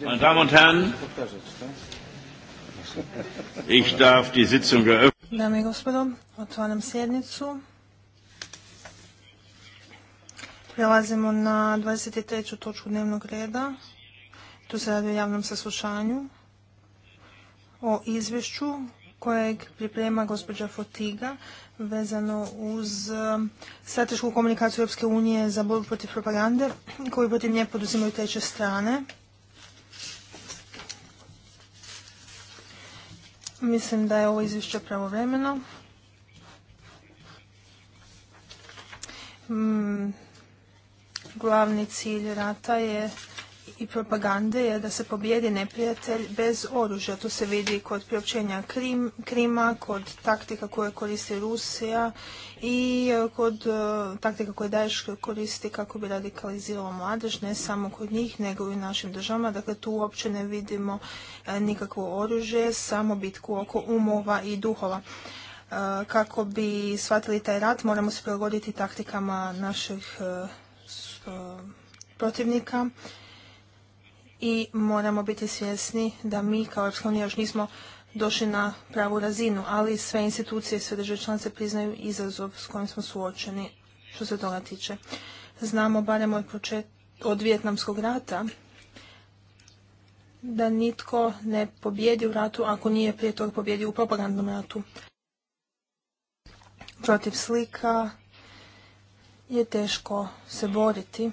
Meine Damen und darf die Sitzung i gospodo, otvaram sjednicu. Prelazimo na 23. točku dnevnog reda. Tu se radi o javnom saslušanju o izvješću kojeg priprema gospođa Fotiga vezano uz um, stratešku komunikaciju Europske unije za borbu protiv propagande koju protiv nje poduzimaju treće strane. Mislim da je ovo izvješće pravovremeno. Mm, glavni cilj rata je i propagande je da se pobjedi neprijatelj bez oružja. To se vidi kod priopćenja Krima, kod taktika koje koristi Rusija i e, kod e, taktika koje daješ koristi kako bi radikaliziralo mladež, ne samo kod njih, nego i u našim državama. Dakle, tu uopće ne vidimo e, nikakvo oružje, samo bitku oko umova i duhova kako bi shvatili taj rat moramo se prilagoditi taktikama naših protivnika i moramo biti svjesni da mi kao EU još nismo došli na pravu razinu, ali sve institucije sve države članice priznaju izazov s kojim smo suočeni što se toga tiče. Znamo barem od, počet, od Vjetnamskog rata da nitko ne pobjedi u ratu ako nije prije toga pobjedio u propagandnom ratu. Protiv slika je teško se boriti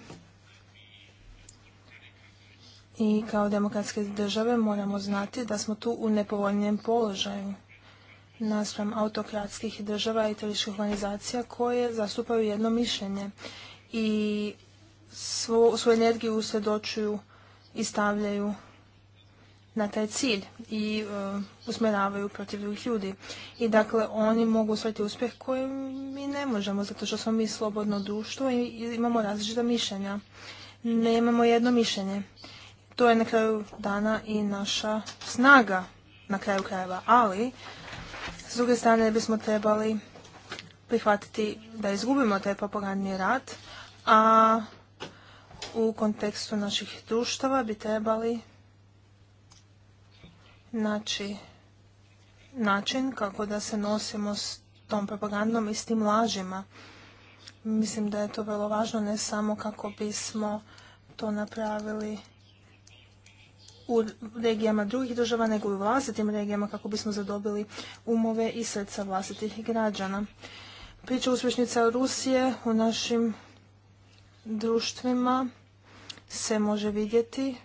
i kao demokratske države moramo znati da smo tu u nepovoljnijem položaju naspram autokratskih država i terorističkih organizacija koje zastupaju jedno mišljenje i svoju energiju usredočuju i stavljaju na taj cilj i usmeravaju usmjeravaju protiv drugih ljudi. I dakle, oni mogu ostvariti uspjeh koji mi ne možemo, zato što smo mi slobodno društvo i imamo različita mišljenja. Nemamo jedno mišljenje. To je na kraju dana i naša snaga na kraju krajeva, ali s druge strane bismo trebali prihvatiti da izgubimo taj propagandni rad, a u kontekstu naših društava bi trebali naći način kako da se nosimo s tom propagandom i s tim lažima. Mislim da je to vrlo važno ne samo kako bismo to napravili u regijama drugih država nego i u vlastitim regijama kako bismo zadobili umove i srca vlastitih građana. Priča uspješnica Rusije u našim društvima se može vidjeti,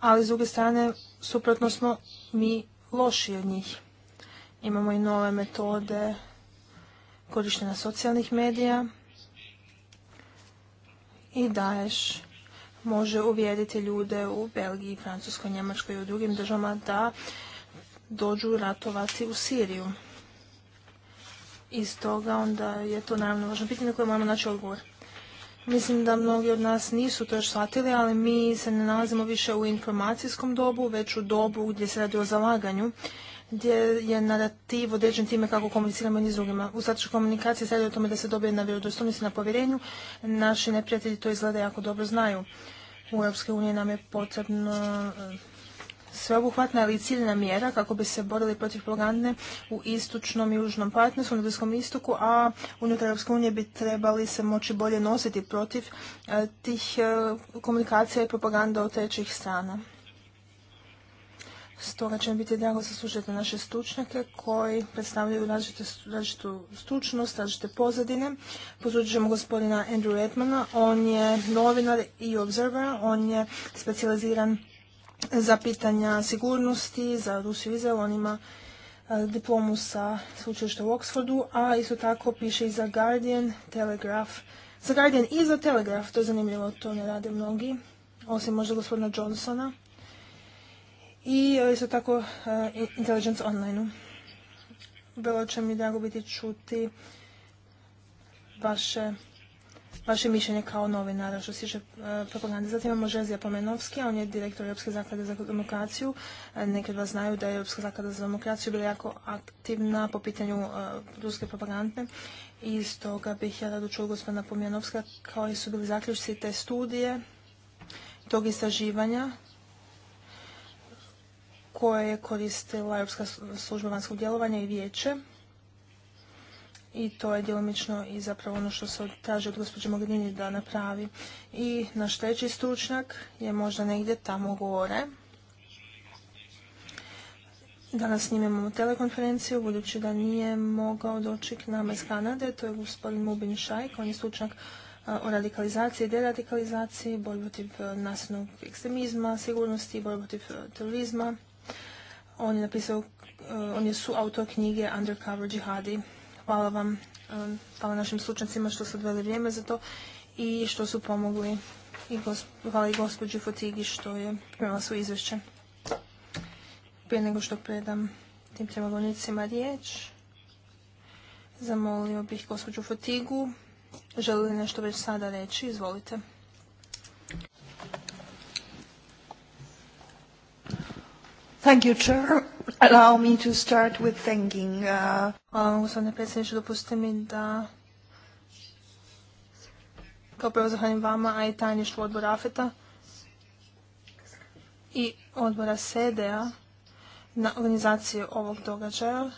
ali s druge strane suprotno smo mi loši od njih. Imamo i nove metode korištenja socijalnih medija i daješ može uvjeriti ljude u Belgiji, Francuskoj, Njemačkoj i u drugim državama da dođu ratovati u Siriju. Iz toga onda je to naravno važno pitanje koje moramo naći odgovor. Mislim da mnogi od nas nisu to još shvatili, ali mi se ne nalazimo više u informacijskom dobu, već u dobu gdje se radi o zalaganju, gdje je narativ određen time kako komuniciramo jedni s drugima. U strateškoj komunikaciji se radi o tome da se dobije na vjerodostojnosti na povjerenju. Naši neprijatelji to izgleda jako dobro znaju u EU nam je potrebno e, sveobuhvatna ali ciljna mjera kako bi se borili protiv propagande u istočnom i južnom partnerstvu, u bliskom istoku, a unutar Europske unije bi trebali se moći bolje nositi protiv e, tih e, komunikacija i propaganda od trećih strana. Stoga će biti drago saslušati naše stručnjake koji predstavljaju različitu stručnost, različite pozadine. Pozudit ćemo gospodina Andrew Redmana, on je novinar i observer, on je specializiran za pitanja sigurnosti, za Rusiju i on ima e, diplomu sa sveučilišta u Oksfordu, a isto tako piše i za Guardian, Telegraph, za Guardian i za Telegraph, to je zanimljivo, to ne rade mnogi, osim možda gospodina Johnsona i e, isto tako e, Intelligence online Bilo će mi drago biti čuti vaše, vaše mišljenje kao novinara što se tiče e, propagande. Zatim imamo Žezija Pomenovski, on je direktor Europske zaklade za demokraciju. Neki od vas znaju da je Europska zaklada za demokraciju bila jako aktivna po pitanju ruske propagande i stoga bih ja rado čuo gospodina kao koji su bili zaključci te studije tog istraživanja koje je koristila Europska služba vanjskog djelovanja i vijeće. I to je djelomično i zapravo ono što se traži od gospođe Mogherini da napravi. I naš treći stručnjak je možda negdje tamo gore. Danas s njim imamo telekonferenciju, budući da nije mogao doći k nama iz Kanade. To je gospodin Mubin Šajk, on je stručnjak o radikalizaciji, i deradikalizaciji, borbi protiv e, nasilnog ekstremizma, sigurnosti, borbi protiv e, terorizma on je napisao, eh, on je su autor knjige Undercover Jihadi. Hvala vam, eh, hvala našim slučnicima što su odveli vrijeme za to i što su pomogli i hvala i gospođi Fotigi što je primala svoje izvješće. Prije nego što predam tim volnicima riječ, zamolio bih gospođu Fotigu. Želi li nešto već sada reći? Izvolite. Thank you, Chair. Allow me to start with thanking. Uh, gospodine predsjedniče. Dopustite mi da kao prvo zahvalim vama, a i tajništvu odbora AFETA i odbora SEDE-a na organizaciju ovog događaja.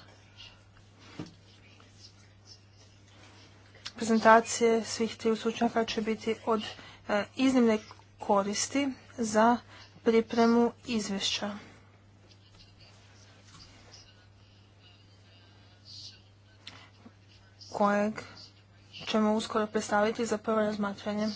Prezentacije svih tri stručnjaka će biti od e, iznimne koristi za pripremu izvješća. kojeg ćemo uskoro predstaviti za prvo razmatranje.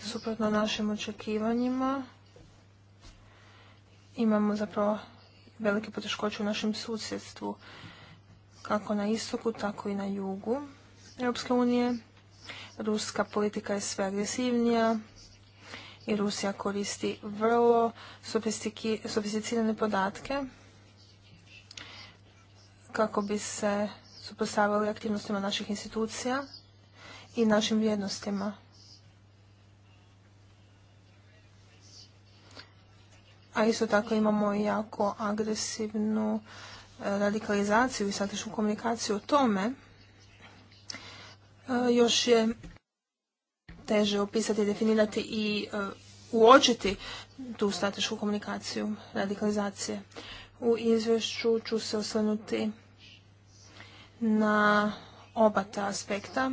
Suprotno našim očekivanjima imamo zapravo velike poteškoće u našem susjedstvu, kako na istoku, tako i na jugu Europske unije. Ruska politika je sve agresivnija, i Rusija koristi vrlo sofisticirane podatke kako bi se supostavili aktivnostima naših institucija i našim vrijednostima. A isto tako imamo jako agresivnu e, radikalizaciju i stratešnu komunikaciju o tome. E, još je teže opisati, definirati i e, uočiti tu stratešku komunikaciju radikalizacije. U izvješću ću se osvrnuti na oba ta aspekta.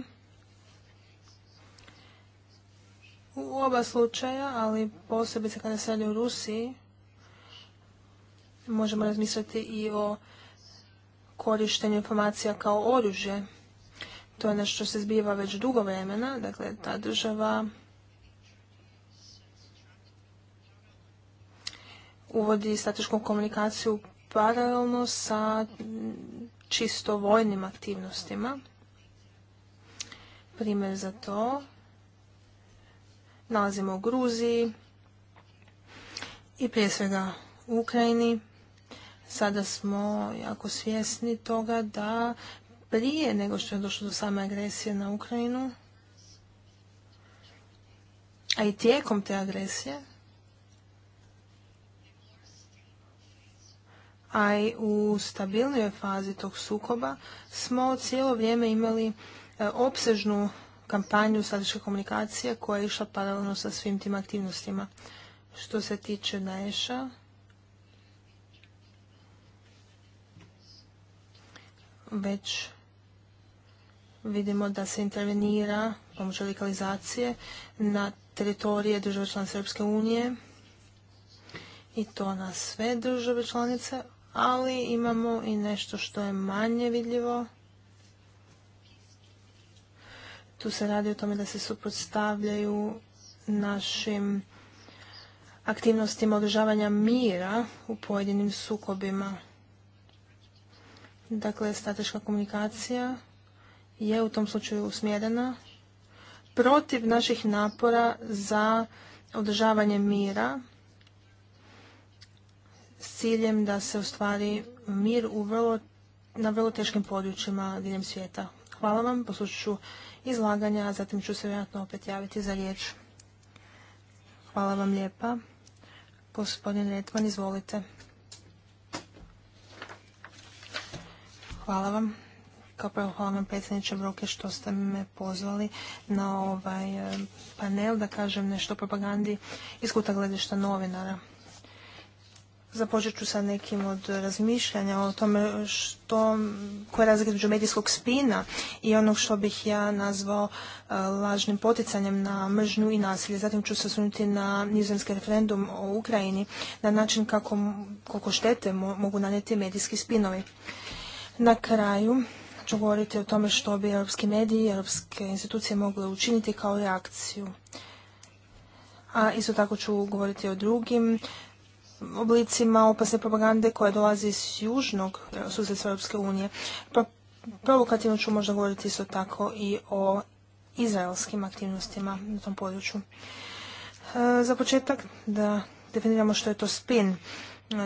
U oba slučaja, ali posebice kada se radi u Rusiji, možemo razmisliti i o korištenju informacija kao oružje to je nešto što se zbiva već dugo vremena, dakle ta država uvodi stratešku komunikaciju paralelno sa čisto vojnim aktivnostima. Primjer za to nalazimo u Gruziji i prije svega u Ukrajini. Sada smo jako svjesni toga da prije nego što je došlo do same agresije na Ukrajinu, a i tijekom te agresije, a i u stabilnijoj fazi tog sukoba smo cijelo vrijeme imali e, opsežnu kampanju sadrške komunikacije koja je išla paralelno sa svim tim aktivnostima. Što se tiče Daesha, već vidimo da se intervenira pomoću legalizacije na teritorije države članice Europske unije i to na sve države članice, ali imamo i nešto što je manje vidljivo. Tu se radi o tome da se suprotstavljaju našim aktivnostima održavanja mira u pojedinim sukobima. Dakle, strateška komunikacija je u tom slučaju usmjerena protiv naših napora za održavanje mira s ciljem da se ostvari mir u vrlo, na vrlo teškim područjima diljem svijeta. Hvala vam, poslušat izlaganja, a zatim ću se vjerojatno opet javiti za riječ. Hvala vam lijepa. Gospodin Retman, izvolite. Hvala vam hvala vam predsjedniče Broke što ste me pozvali na ovaj e, panel da kažem nešto o propagandi iz kuta gledišta novinara. Započet ću sa nekim od razmišljanja o tome što, koja je razlika medijskog spina i onog što bih ja nazvao e, lažnim poticanjem na mržnju i nasilje. Zatim ću se osvrnuti na nizemski referendum o Ukrajini na način kako, koliko štete mogu nanijeti medijski spinovi. Na kraju ću govoriti o tome što bi europski mediji i europske institucije mogle učiniti kao reakciju. A isto tako ću govoriti o drugim oblicima opasne propagande koja dolazi iz južnog susjedstva Europske unije. Pro pa provokativno ću možda govoriti isto tako i o izraelskim aktivnostima na tom području. E, za početak da definiramo što je to spin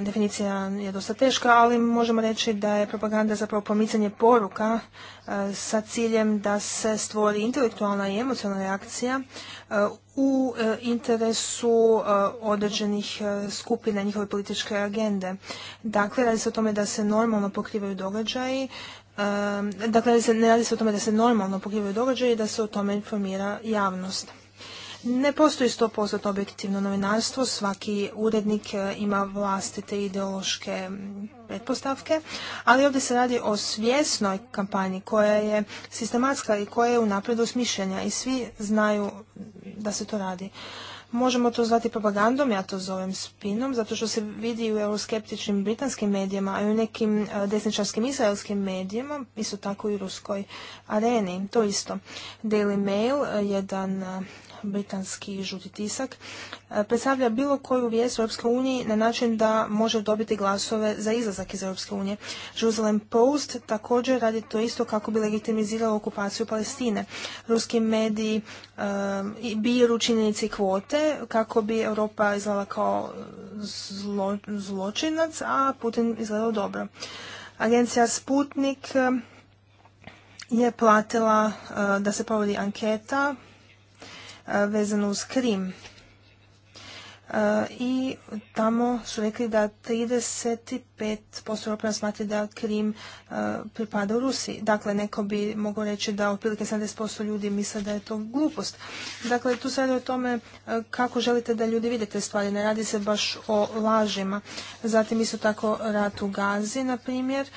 definicija je dosta teška, ali možemo reći da je propaganda zapravo pomicanje poruka e, sa ciljem da se stvori intelektualna i emocionalna reakcija e, u e, interesu određenih skupina njihove političke agende. Dakle, radi se o tome da se normalno pokrivaju događaji, dakle ne radi se o tome da se normalno pokrivaju događaji i da se o tome informira javnost. Ne postoji 100% objektivno novinarstvo, svaki urednik e, ima vlastite ideološke pretpostavke, ali ovdje se radi o svjesnoj kampanji koja je sistematska i koja je napredu smišljenja i svi znaju da se to radi. Možemo to zvati propagandom, ja to zovem spinom, zato što se vidi u euroskeptičnim britanskim medijima, a i u nekim e, desničarskim izraelskim medijima, isto tako i u ruskoj areni, to isto. Daily Mail, e, jedan britanski žuti tisak, e, predstavlja bilo koju vijest u Europskoj uniji na način da može dobiti glasove za izlazak iz Europske unije. Jerusalem Post također radi to isto kako bi legitimizirao okupaciju Palestine. Ruski mediji um, biru činjenici kvote kako bi Europa izgledala kao zločinac, a Putin izgledao dobro. Agencija Sputnik e, je platila da se provodi anketa vezano uz Krim. E, I tamo su rekli da 35% Europljana smatra da Krim e, pripada u Rusiji. Dakle, neko bi mogao reći da otprilike 70% ljudi misle da je to glupost. Dakle, tu se radi o tome e, kako želite da ljudi vide te stvari. Ne radi se baš o lažima. Zatim isto tako rat u Gazi, na primjer.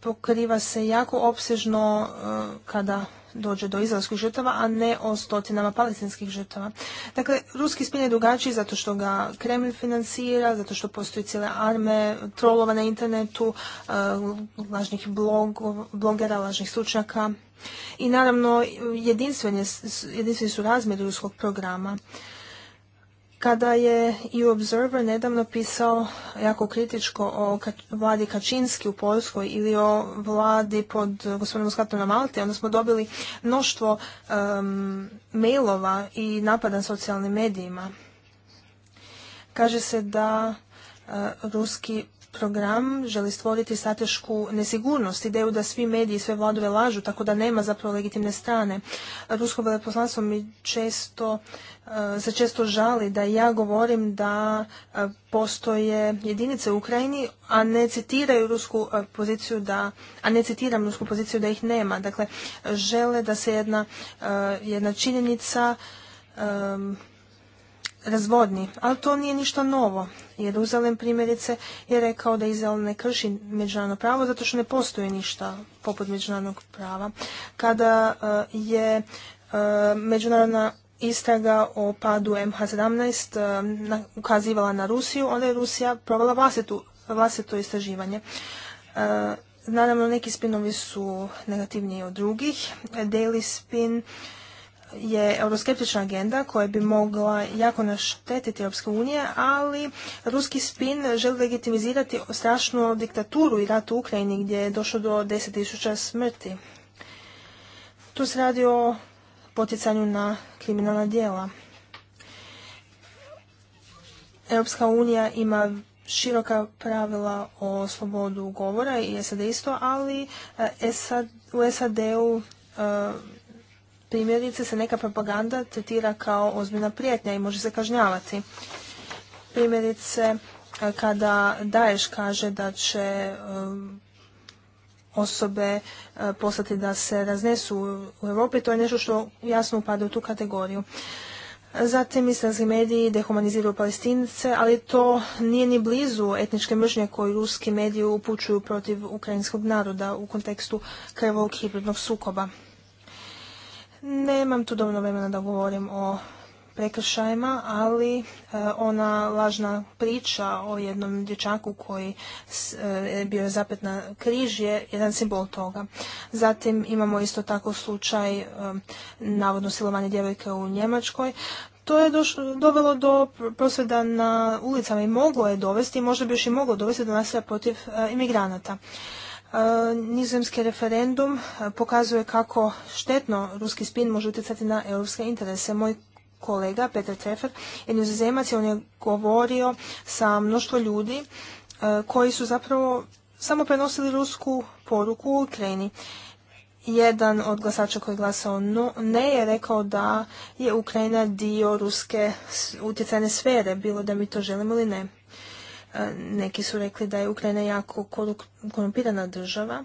Pokriva se jako opsežno kada dođe do izraelskih žrtava, a ne o stotinama palestinskih žrtava. Dakle, ruski spin je drugačiji zato što ga Kremlj financira, zato što postoji cijele arme trolova na internetu, e, lažnih blogera, lažnih stručnjaka. I naravno, jedinstveni su razmjeri ruskog programa kada je i Observer nedavno pisao jako kritičko o vladi Kačinski u Poljskoj ili o vladi pod gospodinom Skatom na Malte, onda smo dobili mnoštvo mailova i napada na socijalnim medijima. Kaže se da e, ruski program želi stvoriti stratešku nesigurnost, ideju da svi mediji i sve vladove lažu, tako da nema zapravo legitimne strane. Rusko veleposlanstvo mi često se često žali da ja govorim da e, postoje jedinice u Ukrajini, a ne citiraju rusku e, poziciju da, a ne citiram rusku poziciju da ih nema. Dakle, žele da se jedna, e, jedna činjenica razvodni, ali to nije ništa novo. Jeruzalem primjerice je rekao da Izrael ne krši međunarodno pravo zato što ne postoji ništa poput međunarodnog prava. Kada je međunarodna istraga o padu MH17 eh, ukazivala na Rusiju, onda je Rusija provela vlastito istraživanje. Eh, naravno, neki spinovi su negativniji od drugih. Daily spin je euroskeptična agenda koja bi mogla jako naštetiti Europske unije, ali ruski spin želi legitimizirati strašnu diktaturu i rat u Ukrajini gdje je došlo do 10.000 smrti. Tu se radi o poticanju na kriminalna djela. Europska unija ima široka pravila o slobodu govora i SAD isto, ali e, u SAD-u e, primjerice se neka propaganda tretira kao ozbiljna prijetnja i može se kažnjavati. Primjerice e, kada Daesh kaže da će osobe e, poslati da se raznesu u Europi, to je nešto što jasno upada u tu kategoriju. Zatim islamski mediji dehumaniziraju palestince, ali to nije ni blizu etničke mržnje koje ruski mediji upućuju protiv ukrajinskog naroda u kontekstu krvog hibridnog sukoba. Nemam tu dovoljno vremena da govorim o prekršajima, ali e, ona lažna priča o jednom dječaku koji e, je bio zapet na križ je jedan simbol toga. Zatim imamo isto tako slučaj e, navodno silovanje djevojke u Njemačkoj. To je dovelo do prosvjeda na ulicama i moglo je dovesti, možda bi još i moglo dovesti do nasilja protiv imigranata. Nizozemski referendum pokazuje kako štetno ruski spin može utjecati na europske interese. Moj kolega Petar Trefer, jedan nizozemac je on je govorio sa mnoštvo ljudi e, koji su zapravo samo prenosili rusku poruku u Ukrajini. Jedan od glasača koji je glasao ne je rekao da je Ukrajina dio ruske utjecajne sfere, bilo da mi to želimo ili ne. E, neki su rekli da je Ukrajina jako korumpirana država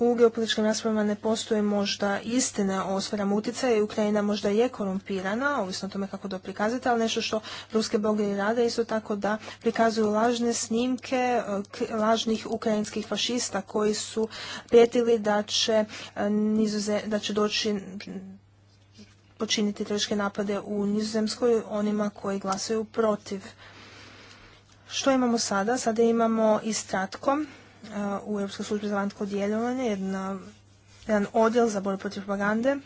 u geopolitičkim raspravama ne postoje možda istine o sferama utjecaja i Ukrajina možda je korumpirana, ovisno o tome kako to prikazate, ali nešto što ruske blogeri rade isto tako da prikazuju lažne snimke e, lažnih ukrajinskih fašista koji su prijetili da će, e, da će doći počiniti teške napade u Nizozemskoj onima koji glasaju protiv. Što imamo sada? Sada imamo i Stratkom, u Europskoj službi za vanjsko djelovanje, jedan odjel za borbu protiv propagande.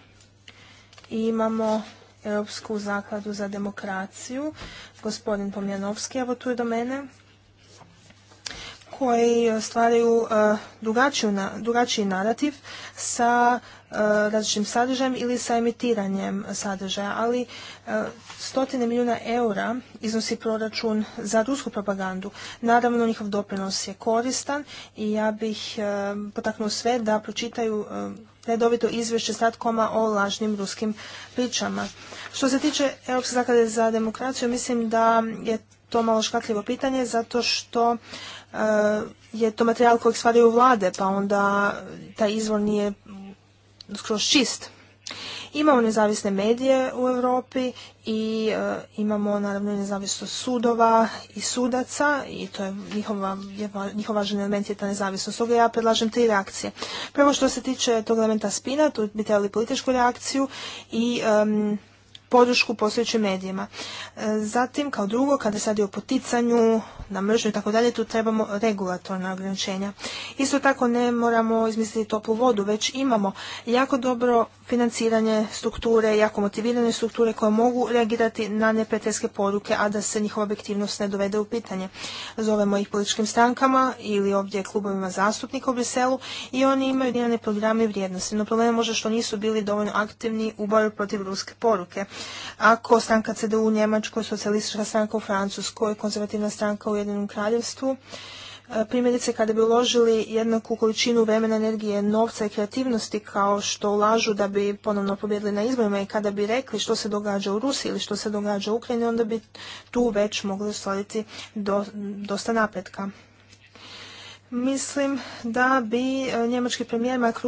I imamo Europsku zakladu za demokraciju, gospodin Pomljanovski, evo tu je do mene koji stvaraju e, na, drugačiji narativ sa e, različitim sadržajem ili sa emitiranjem sadržaja, ali e, stotine milijuna eura iznosi proračun za rusku propagandu. Naravno, njihov doprinos je koristan i ja bih potaknuo sve da pročitaju redovito izvješće statkoma o lažnim ruskim pričama. Što se tiče Europske zaklade za demokraciju, mislim da je to malo škatljivo pitanje zato što Eh, je to materijal kojeg stvaraju vlade, pa onda taj izvor nije skroz čist. Imamo nezavisne medije u Europi i eh, imamo naravno nezavisnost sudova i sudaca i to je njihova, njihov važan element je ta nezavisnost. toga ja predlažem tri reakcije. Prvo što se tiče tog elementa spina, tu bi trebali političku reakciju i podršku postojećim medijima. E, zatim, kao drugo, kada se radi o poticanju na mržnju i tako dalje, tu trebamo regulatorna ograničenja. Isto tako ne moramo izmisliti toplu vodu, već imamo jako dobro financiranje strukture, jako motivirane strukture koje mogu reagirati na neprijateljske poruke, a da se njihova objektivnost ne dovede u pitanje. Zovemo ih političkim strankama ili ovdje klubovima zastupnika u Briselu i oni imaju dinane programe i vrijednosti. No problem je možda što nisu bili dovoljno aktivni u borbi protiv ruske poruke. Ako stranka CDU u Njemačkoj, socijalistička stranka u Francuskoj, konzervativna stranka u Jedinom kraljevstvu, e, primjerice kada bi uložili jednaku količinu vremena, energije, novca i kreativnosti kao što ulažu da bi ponovno pobjedili na izborima i kada bi rekli što se događa u Rusiji ili što se događa u Ukrajini, onda bi tu već mogli ostvariti do, dosta napretka. Mislim da bi e, njemački premijer Mark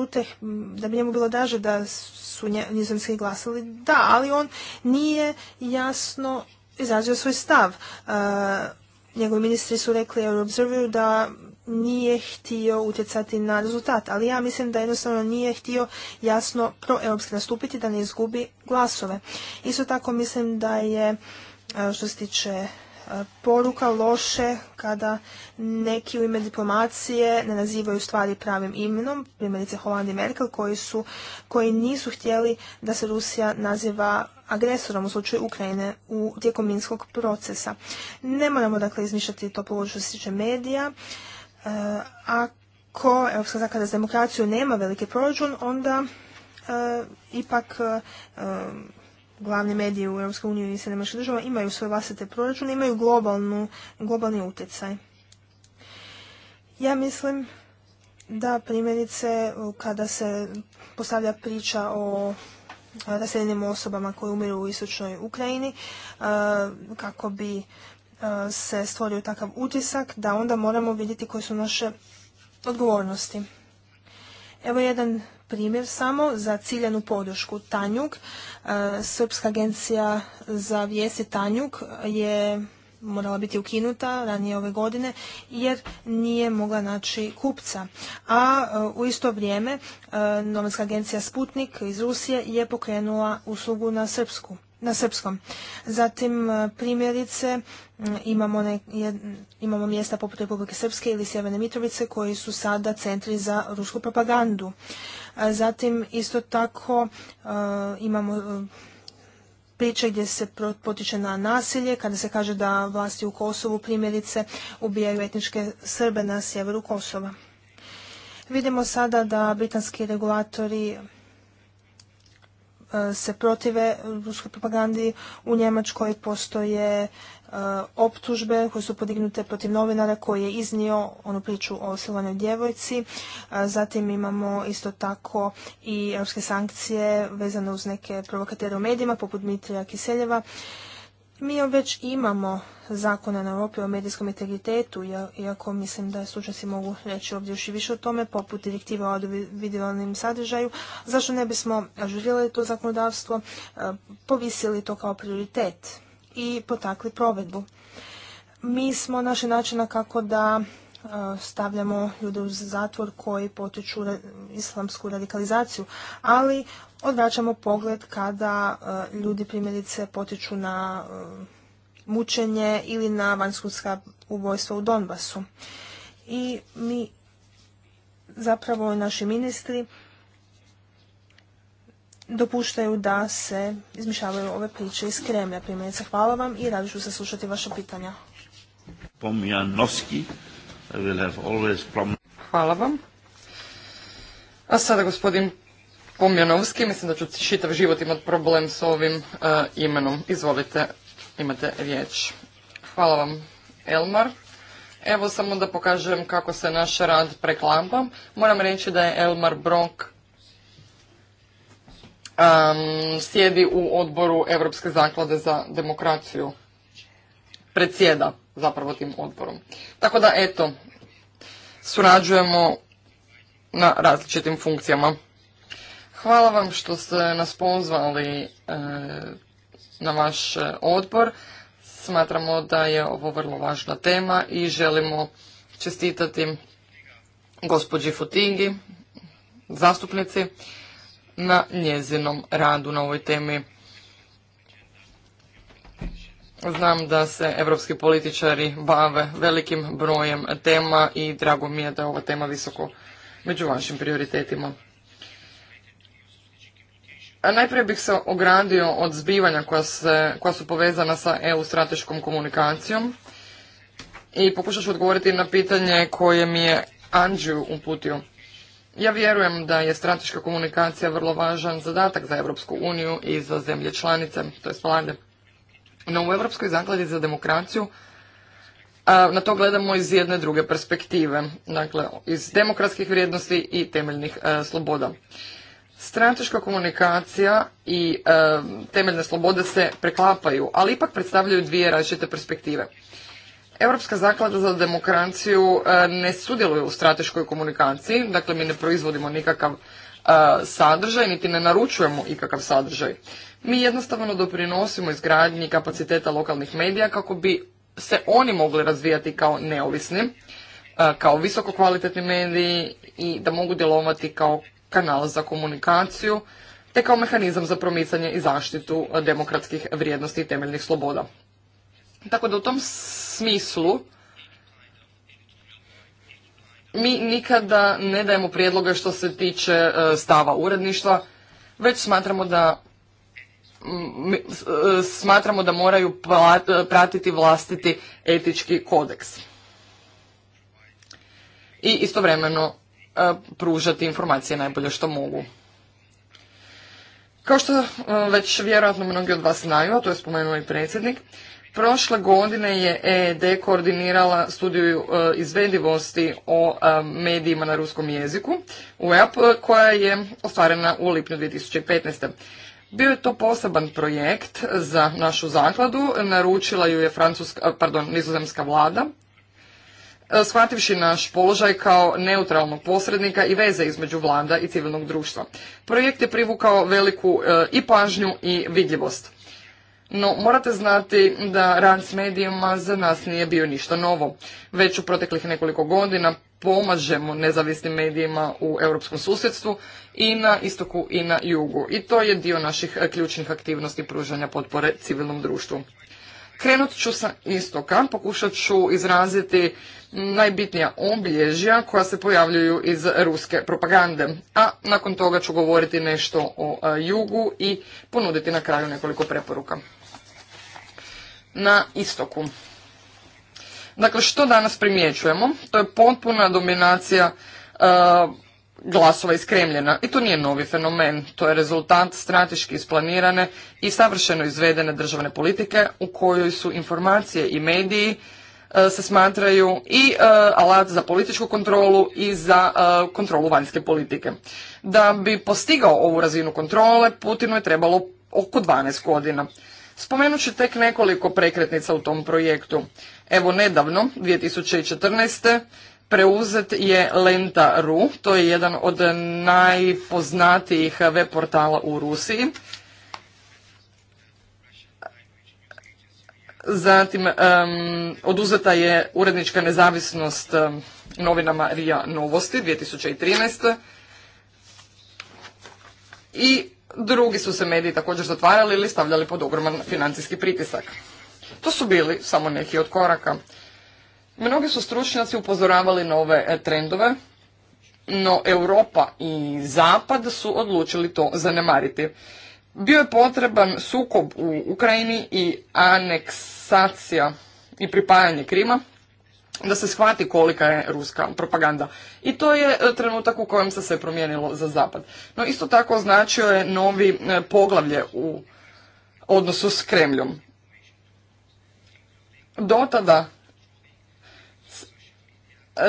da bi njemu bilo daže da su nizozemski glasali da, ali on nije jasno izrazio svoj stav. E, njegovi ministri su rekli Euroobserveru da nije htio utjecati na rezultat, ali ja mislim da jednostavno nije htio jasno proeuropski nastupiti da ne izgubi glasove. Isto tako mislim da je e, što se tiče poruka loše kada neki u ime diplomacije ne nazivaju stvari pravim imenom, primjerice Holand i Merkel, koji, su, koji nisu htjeli da se Rusija naziva agresorom u slučaju Ukrajine u tijekom minskog procesa. Ne moramo dakle izmišljati to povod što se tiče medija. a e, ako Europska zaklada za demokraciju nema veliki proračun, onda e, ipak e, glavni mediji u EU i Sjedinjenih država imaju svoje vlastite proračune, imaju globalni utjecaj. Ja mislim da primjerice kada se postavlja priča o raseljenim osobama koje umiru u istočnoj Ukrajini e, kako bi e, se stvorio takav utisak da onda moramo vidjeti koje su naše odgovornosti. Evo jedan primjer samo za ciljenu podršku. Tanjuk, e, Srpska agencija za vijesti Tanjuk je morala biti ukinuta ranije ove godine jer nije mogla naći kupca. A e, u isto vrijeme e, novinska agencija Sputnik iz Rusije je pokrenula uslugu na srpsku na srpskom. Zatim primjerice imamo, imamo mjesta poput Republike Srpske ili Sjeverne Mitrovice koji su sada centri za rusku propagandu. Zatim isto tako e, imamo e, priče gdje se potiče na nasilje, kada se kaže da vlasti u Kosovu primjerice ubijaju etničke Srbe na sjeveru Kosova. Vidimo sada da britanski regulatori e, se protive ruskoj propagandi u Njemačkoj postoje E, optužbe koje su podignute protiv novinara koji je iznio onu priču o silovanoj djevojci. E, zatim imamo isto tako i europske sankcije vezane uz neke provokatere u medijima poput Dmitrija Kiseljeva. Mi već imamo zakone na Europi o medijskom integritetu, iako mislim da stručnjaci mogu reći ovdje još i više o tome, poput direktive o audiovidualnim sadržaju. Zašto ne bismo ažurirali to zakonodavstvo, e, povisili to kao prioritet? i potakli provedbu. Mi smo našli načina kako da e, stavljamo ljude u zatvor koji potiču islamsku radikalizaciju, ali odvraćamo pogled kada e, ljudi primjerice potiču na e, mučenje ili na vanjskutska ubojstva u Donbasu. I mi zapravo naši ministri dopuštaju da se izmišljavaju ove priče iz Kremlja. Primjerice, hvala vam i rado ću se slušati vaše pitanja. Hvala vam. A sada gospodin Pomjanovski, mislim da ću čitav život imati problem s ovim eh, imenom. Izvolite, imate riječ. Hvala vam, Elmar. Evo samo da pokažem kako se naš rad preklapa. Moram reći da je Elmar Bronk Um, sjedi u odboru Europske zaklade za demokraciju. Predsjeda zapravo tim odborom. Tako da, eto, surađujemo na različitim funkcijama. Hvala vam što ste nas pozvali e, na vaš e, odbor. Smatramo da je ovo vrlo važna tema i želimo čestitati gospođi Futingi, zastupnici, na njezinom radu na ovoj temi. Znam da se evropski političari bave velikim brojem tema i drago mi je da je ova tema visoko među vašim prioritetima. najprije bih se ogradio od zbivanja koja, koja su povezana sa EU strateškom komunikacijom i pokušat ću odgovoriti na pitanje koje mi je Andžiju uputio. Ja vjerujem da je strateška komunikacija vrlo važan zadatak za Europsku uniju i za zemlje članice, to je vlade. No u Europskoj zakladi za demokraciju na to gledamo iz jedne druge perspektive, dakle iz demokratskih vrijednosti i temeljnih e, sloboda. Strateška komunikacija i e, temeljne slobode se preklapaju, ali ipak predstavljaju dvije različite perspektive. Europska zaklada za demokraciju e, ne sudjeluje u strateškoj komunikaciji, dakle mi ne proizvodimo nikakav e, sadržaj, niti ne naručujemo ikakav sadržaj. Mi jednostavno doprinosimo izgradnji kapaciteta lokalnih medija kako bi se oni mogli razvijati kao neovisni, e, kao visoko kvalitetni mediji i da mogu djelovati kao kanal za komunikaciju, te kao mehanizam za promicanje i zaštitu demokratskih vrijednosti i temeljnih sloboda. Tako da u tom smislu mi nikada ne dajemo prijedloge što se tiče e, stava uredništva, već smatramo da e, smatramo da moraju e, pratiti vlastiti etički kodeks i istovremeno pružati informacije najbolje što mogu. Kao što već vjerojatno mnogi od vas znaju, a to je spomenuo i predsjednik, Prošle godine je EED koordinirala studiju e, izvedivosti o e, medijima na ruskom jeziku, EAP koja je ostvarena u lipnju 2015. Bio je to poseban projekt za našu zakladu, naručila ju je francuska, e, pardon, nizozemska vlada, shvativši naš položaj kao neutralnog posrednika i veze između vlada i civilnog društva. Projekt je privukao veliku i pažnju i vidljivost. No, morate znati da rad s medijima za nas nije bio ništa novo. Već u proteklih nekoliko godina pomažemo nezavisnim medijima u europskom susjedstvu i na istoku i na jugu. I to je dio naših e, ključnih aktivnosti pružanja potpore civilnom društvu. Krenut ću sa istoka, pokušat ću izraziti najbitnija obilježja koja se pojavljuju iz ruske propagande, a nakon toga ću govoriti nešto o e, jugu i ponuditi na kraju nekoliko preporuka na istoku. Dakle, što danas primjećujemo? To je potpuna dominacija e, glasova iz Kremljena. I to nije novi fenomen, to je rezultat strateški isplanirane i savršeno izvedene državne politike u kojoj su informacije i mediji e, se smatraju i e, alat za političku kontrolu i za kontrolu vanjske politike. Da bi postigao ovu razinu kontrole, Putinu je trebalo oko 12 godina. Spomenut ću tek nekoliko prekretnica u tom projektu. Evo nedavno, 2014. Preuzet je lenta ru to je jedan od najpoznatijih web portala u Rusiji. Zatim, oduzeta je urednička nezavisnost novinama Rija Novosti 2013. I Drugi su se mediji također zatvarali ili stavljali pod ogroman financijski pritisak. To su bili samo neki od koraka. Mnogi su stručnjaci upozoravali na ove e, trendove, no Europa i Zapad su odlučili to zanemariti. Bio je potreban sukob u Ukrajini i aneksacija i pripajanje Krima da se shvati kolika je ruska propaganda. I to je e, trenutak u kojem se sve promijenilo za zapad. No isto tako označio je novi e, poglavlje u odnosu s Kremljom. Do tada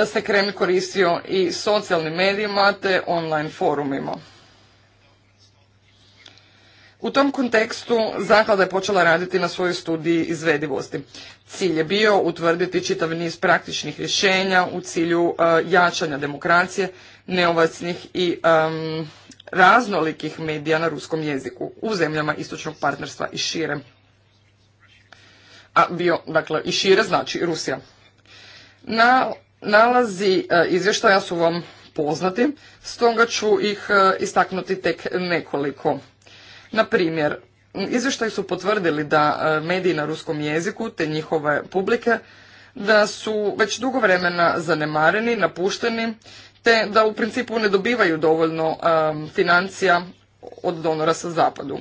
e, se Kremlj koristio i socijalnim medijima te online forumima. U tom kontekstu zaklada je počela raditi na svojoj studiji izvedivosti. Cilj je bio utvrditi čitav niz praktičnih rješenja u cilju e, jačanja demokracije, neovacnih i raznolikih medija na ruskom jeziku u zemljama istočnog partnerstva i šire. A bio, dakle, i šire znači Rusija. Na, nalazi e, izvještaja su vam poznati, stoga ću ih e, istaknuti tek nekoliko. Na primjer, izvještaj su potvrdili da e, mediji na ruskom jeziku te njihove publike da su već dugo vremena zanemareni, napušteni, te da u principu ne dobivaju dovoljno e, financija od donora sa zapadu.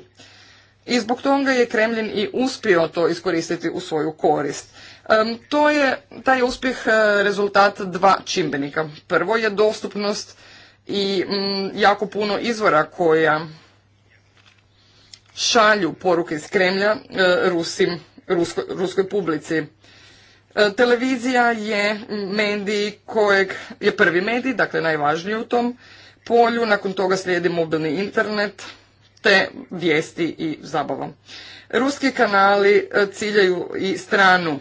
I zbog toga je Kremlin i uspio to iskoristiti u svoju korist. E, to je, taj uspjeh rezultat dva čimbenika. Prvo je dostupnost i jako puno izvora koja šalju poruke iz Kremlja e, ruskoj publici. E, televizija je medij kojeg je prvi medij, dakle najvažniji u tom polju, nakon toga slijedi mobilni internet, te vijesti i zabava. Ruski kanali e, ciljaju i stranu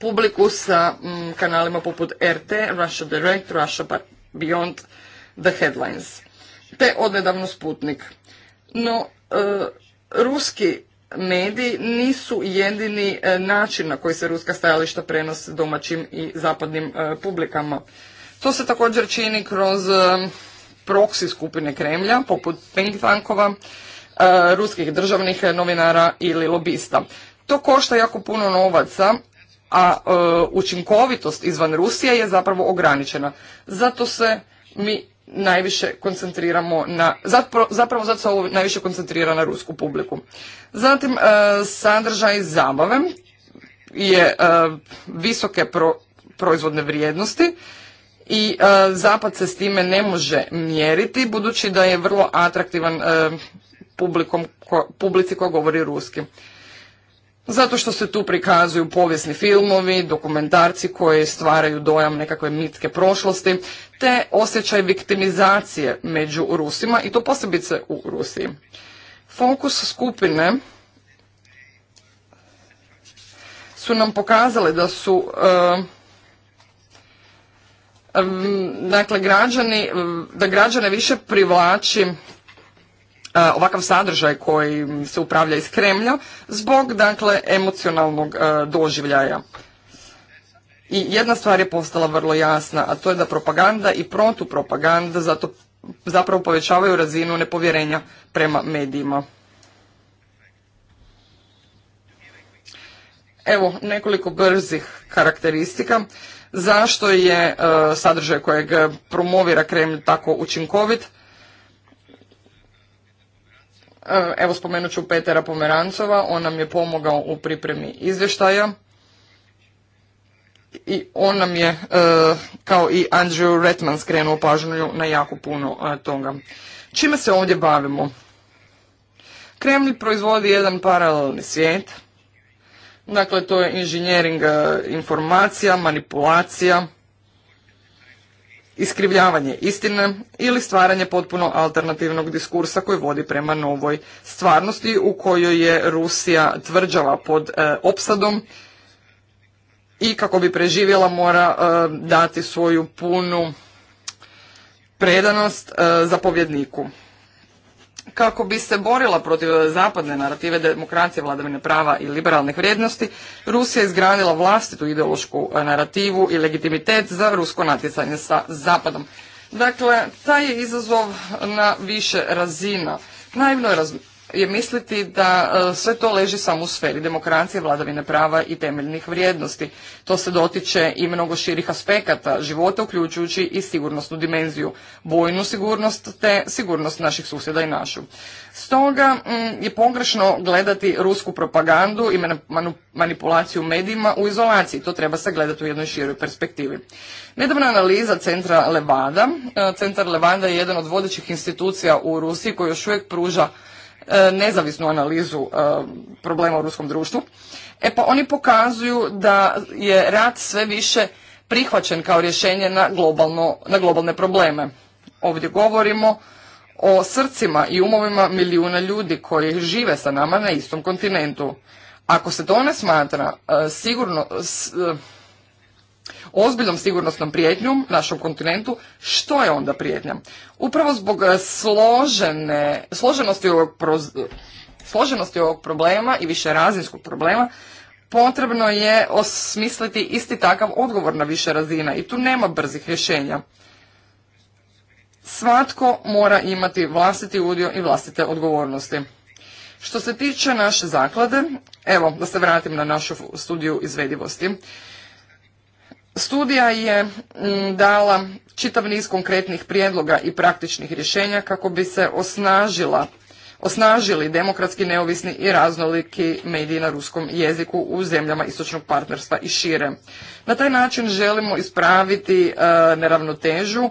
publiku sa mm, kanalima poput RT, Russia Direct, Russia Beyond, The Headlines, te odnedavno Sputnik. No, E, ruski mediji nisu jedini e, način na koji se ruska stajališta prenose domaćim i zapadnim e, publikama. To se također čini kroz proksi skupine Kremlja, poput think tankova, ruskih državnih novinara ili lobista. To košta jako puno novaca, a učinkovitost izvan Rusije je zapravo ograničena. Zato se mi najviše koncentriramo na, zapravo zato se ovo najviše koncentrira na rusku publiku. Zatim, e, sadržaj zabave je e, visoke proizvodne vrijednosti i e, zapad se s time ne može mjeriti budući da je vrlo atraktivan publikom, publici koja govori ruski zato što se tu prikazuju povijesni filmovi, dokumentarci koji stvaraju dojam nekakve mitke prošlosti, te osjećaj viktimizacije među Rusima i to posebice u Rusiji. Fokus skupine su nam pokazale da su eh, dakle građani, da građane više privlači E, ovakav sadržaj koji se upravlja iz Kremlja zbog dakle emocionalnog e, doživljaja. I jedna stvar je postala vrlo jasna, a to je da propaganda i protupropaganda zato zapravo povećavaju razinu nepovjerenja prema medijima. Evo nekoliko brzih karakteristika zašto je e, sadržaj kojeg promovira Kremlj tako učinkovit E, evo spomenut ću Petera Pomerancova, on nam je pomogao u pripremi izvještaja i on nam je, e, kao i Andrew Redman, skrenuo pažnju na jako puno e, toga. Čime se ovdje bavimo? Kremlj proizvodi jedan paralelni svijet, dakle to je inženjering informacija, manipulacija, iskrivljavanje istine ili stvaranje potpuno alternativnog diskursa koji vodi prema novoj stvarnosti u kojoj je Rusija tvrđala pod e, opsadom i kako bi preživjela mora e, dati svoju punu predanost e, zapovjedniku kako bi se borila protiv zapadne narative demokracije, vladavine prava i liberalnih vrijednosti, Rusija je izgradila vlastitu ideološku e, narativu i legitimitet za rusko natjecanje sa Zapadom. Dakle, taj je izazov na više razina. Naivno je je misliti da e, sve to leži samo u sferi demokracije, vladavine prava i temeljnih vrijednosti. To se dotiče i mnogo širih aspekata života, uključujući i sigurnosnu dimenziju, vojnu sigurnost te sigurnost naših susjeda i našu. Stoga je pogrešno gledati rusku propagandu i manipulaciju medijima u izolaciji. To treba se gledati u jednoj široj perspektivi. Nedavna analiza centra Levada. E, centar Levada je jedan od vodećih institucija u Rusiji koji još uvijek pruža E, nezavisnu analizu e, problema u ruskom društvu. E pa oni pokazuju da je rat sve više prihvaćen kao rješenje na, globalno, na globalne probleme. Ovdje govorimo o srcima i umovima milijuna ljudi koji žive sa nama na istom kontinentu. Ako se to ne smatra e, sigurno ozbiljnom sigurnosnom prijetnjom našem kontinentu, što je onda prijetnja? Upravo zbog e, složene, složenosti, ovog složenosti ovog problema i više razinskog problema, potrebno je osmisliti isti takav odgovor na više razina i tu nema brzih rješenja. Svatko mora imati vlastiti udio i vlastite odgovornosti. Što se tiče naše zaklade, evo da se vratim na našu studiju izvedivosti. Studija je mm, dala čitav niz konkretnih prijedloga i praktičnih rješenja kako bi se osnažila, osnažili demokratski neovisni i raznoliki mediji na ruskom jeziku u zemljama istočnog partnerstva i šire. Na taj način želimo ispraviti e, neravnotežu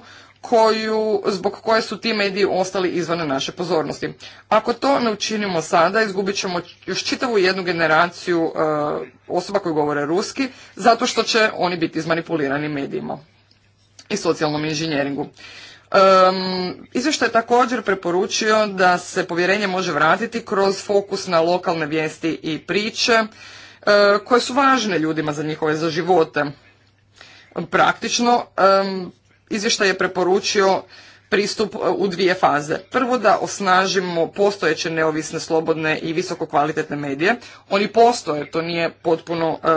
koju, zbog koje su ti mediji ostali izvan naše pozornosti. Ako to ne učinimo sada, izgubit ćemo još čitavu jednu generaciju e, osoba koje govore ruski, zato što će oni biti izmanipulirani medijima i socijalnom inženjeringu. E, Izvještaj je također preporučio da se povjerenje može vratiti kroz fokus na lokalne vijesti i priče e, koje su važne ljudima za njihove za živote. Praktično, izvještaj je preporučio pristup e, u dvije faze. Prvo da osnažimo postojeće neovisne, slobodne i visoko kvalitetne medije. Oni postoje, to nije potpuno e,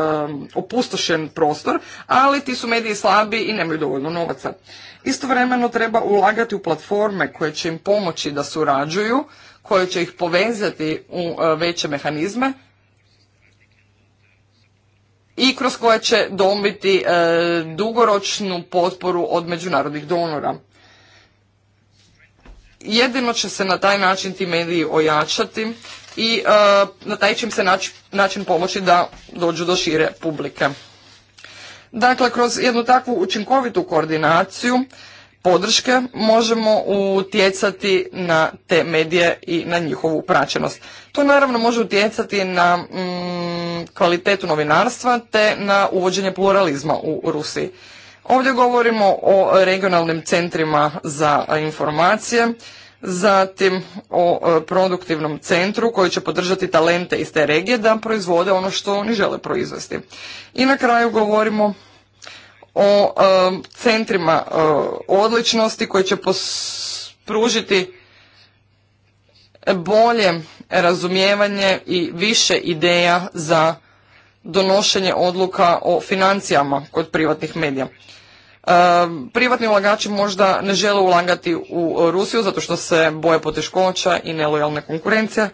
opustošen prostor, ali ti su mediji slabi i nemaju dovoljno novaca. Istovremeno treba ulagati u platforme koje će im pomoći da surađuju, koje će ih povezati u e, veće mehanizme i kroz koje će dobiti e, dugoročnu potporu od međunarodnih donora. Jedino će se na taj način ti mediji ojačati i e, na taj će se način pomoći da dođu do šire publike. Dakle, kroz jednu takvu učinkovitu koordinaciju podrške možemo utjecati na te medije i na njihovu praćenost. To naravno može utjecati na mm, kvalitetu novinarstva te na uvođenje pluralizma u Rusiji. Ovdje govorimo o regionalnim centrima za informacije, zatim o e, produktivnom centru koji će podržati talente iz te regije da proizvode ono što oni žele proizvesti. I na kraju govorimo o centrima e, odličnosti koji će pružiti bolje razumijevanje i više ideja za donošenje odluka o financijama kod privatnih medija. E, privatni ulagači možda ne žele ulagati u Rusiju zato što se boje poteškoća i nelojalne konkurencije,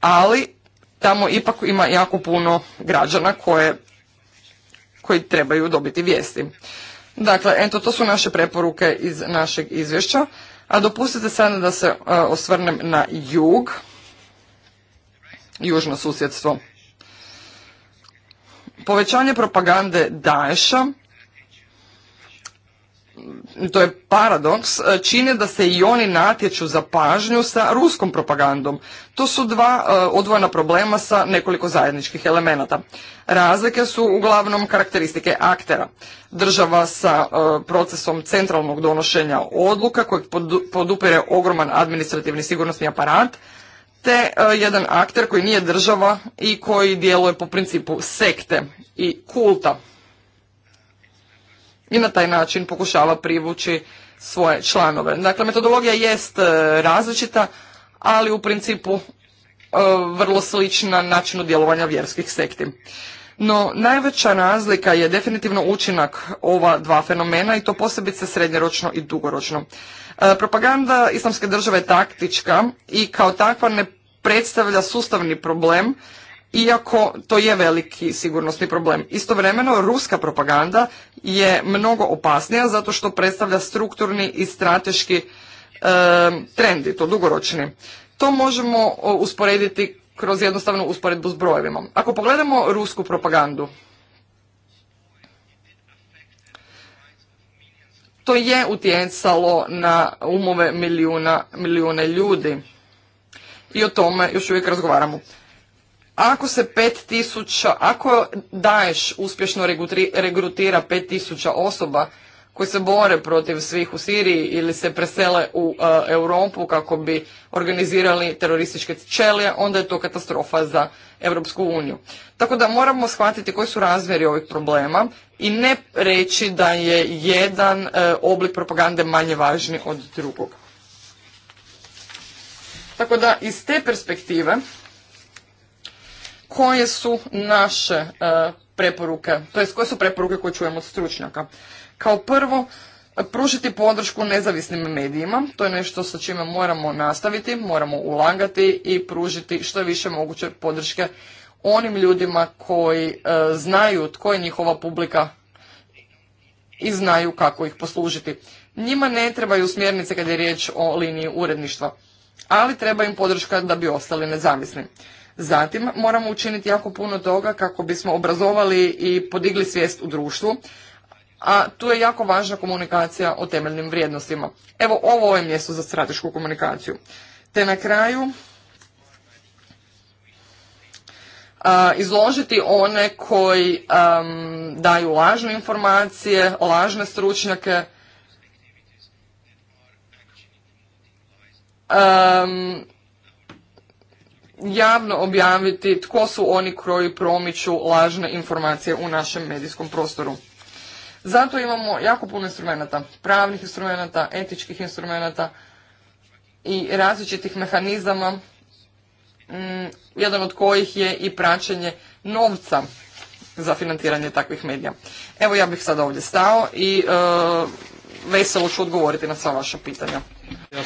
ali tamo ipak ima jako puno građana koje koji trebaju dobiti vijesti. Dakle, eto, to su naše preporuke iz našeg izvješća. A dopustite sada da se e, osvrnem na jug, južno susjedstvo. Povećanje propagande Daesha to je paradoks, e, čine da se i oni natječu za pažnju sa ruskom propagandom. To su dva e, odvojena problema sa nekoliko zajedničkih elemenata. Razlike su uglavnom karakteristike aktera. Država sa e, procesom centralnog donošenja odluka kojeg podupire ogroman administrativni sigurnosni aparat, te jedan akter koji nije država i koji djeluje po principu sekte i kulta i na taj način pokušava privući svoje članove. Dakle, metodologija jest e, različita, ali u principu e, vrlo slična načinu djelovanja vjerskih sekti. No, najveća razlika je definitivno učinak ova dva fenomena i to posebice srednjeročno i dugoročno. E, propaganda islamske države je taktička i kao takva ne predstavlja sustavni problem iako to je veliki sigurnosni problem. Istovremeno, ruska propaganda je mnogo opasnija zato što predstavlja strukturni i strateški trendi, trend i to dugoročni. To možemo usporediti kroz jednostavnu usporedbu s brojevima. Ako pogledamo rusku propagandu, to je utjecalo na umove milijuna, milijune ljudi i o tome još uvijek razgovaramo. Ako se 5000, ako daješ uspješno regrutira 5000 osoba koji se bore protiv svih u Siriji ili se presele u e, Europu kako bi organizirali terorističke čelije, onda je to katastrofa za Europsku uniju. Tako da moramo shvatiti koji su razmjeri ovih problema i ne reći da je jedan e, oblik propagande manje važni od drugog. Tako da iz te perspektive koje su naše e, preporuke, to jest koje su preporuke koje čujemo od stručnjaka. Kao prvo, pružiti podršku nezavisnim medijima, to je nešto sa čime moramo nastaviti, moramo ulagati i pružiti što više moguće podrške onim ljudima koji e, znaju tko je njihova publika i znaju kako ih poslužiti. Njima ne trebaju smjernice kad je riječ o liniji uredništva, ali treba im podrška da bi ostali nezavisni. Zatim moramo učiniti jako puno toga kako bismo obrazovali i podigli svijest u društvu, a tu je jako važna komunikacija o temeljnim vrijednostima. Evo ovo je mjesto za stratešku komunikaciju. Te na kraju izložiti one koji daju lažne informacije, lažne stručnjake, javno objaviti tko su oni koji promiču lažne informacije u našem medijskom prostoru. Zato imamo jako puno instrumenata, pravnih instrumenata, etičkih instrumenata i različitih mehanizama, mm, jedan od kojih je i praćenje novca za financiranje takvih medija. Evo ja bih sad ovdje stao i e, veselo ću odgovoriti na sva vaša pitanja. Ja,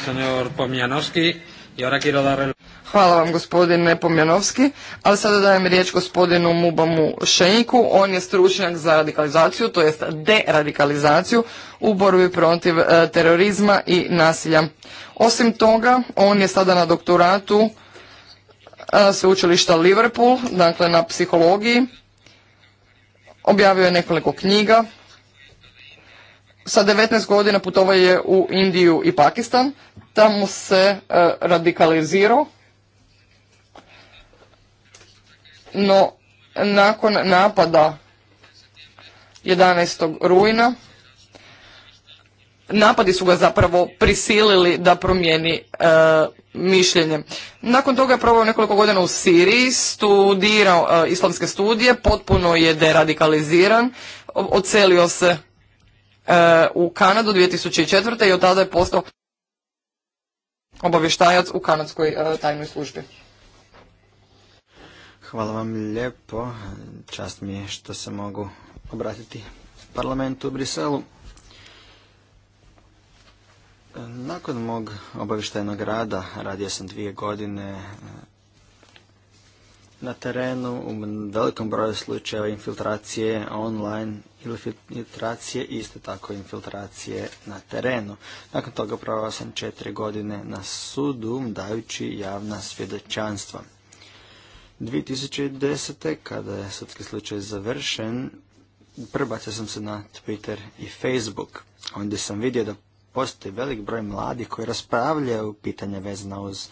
Hvala vam gospodine Pomjanovski, ali sada dajem riječ gospodinu Mubamu Šenjiku, on je stručnjak za radikalizaciju, to jest deradikalizaciju u borbi protiv e, terorizma i nasilja. Osim toga, on je sada na doktoratu e, sveučilišta Liverpool, dakle na psihologiji, objavio je nekoliko knjiga, sa 19 godina putovao je u Indiju i Pakistan, tamo se e, radikalizirao No, nakon napada 11. rujna, napadi su ga zapravo prisilili da promijeni e, mišljenje. Nakon toga je proveo nekoliko godina u Siriji, studirao e, islamske studije, potpuno je deradikaliziran, ocelio se e, u Kanadu 2004. i od tada je postao obavještajac u kanadskoj tajnoj službi. Hvala vam lijepo. Čast mi je što se mogu obratiti parlamentu u Briselu. Nakon mog obavještajnog rada, radio sam dvije godine e, na terenu u velikom broju slučajeva infiltracije online infiltracije isto tako infiltracije na terenu. Nakon toga provao sam četiri godine na sudu dajući javna svjedočanstva. 2010. kada je sudski slučaj završen, prebacio sam se na Twitter i Facebook. Ondje sam vidio da postoji velik broj mladih koji raspravljaju pitanja vezana uz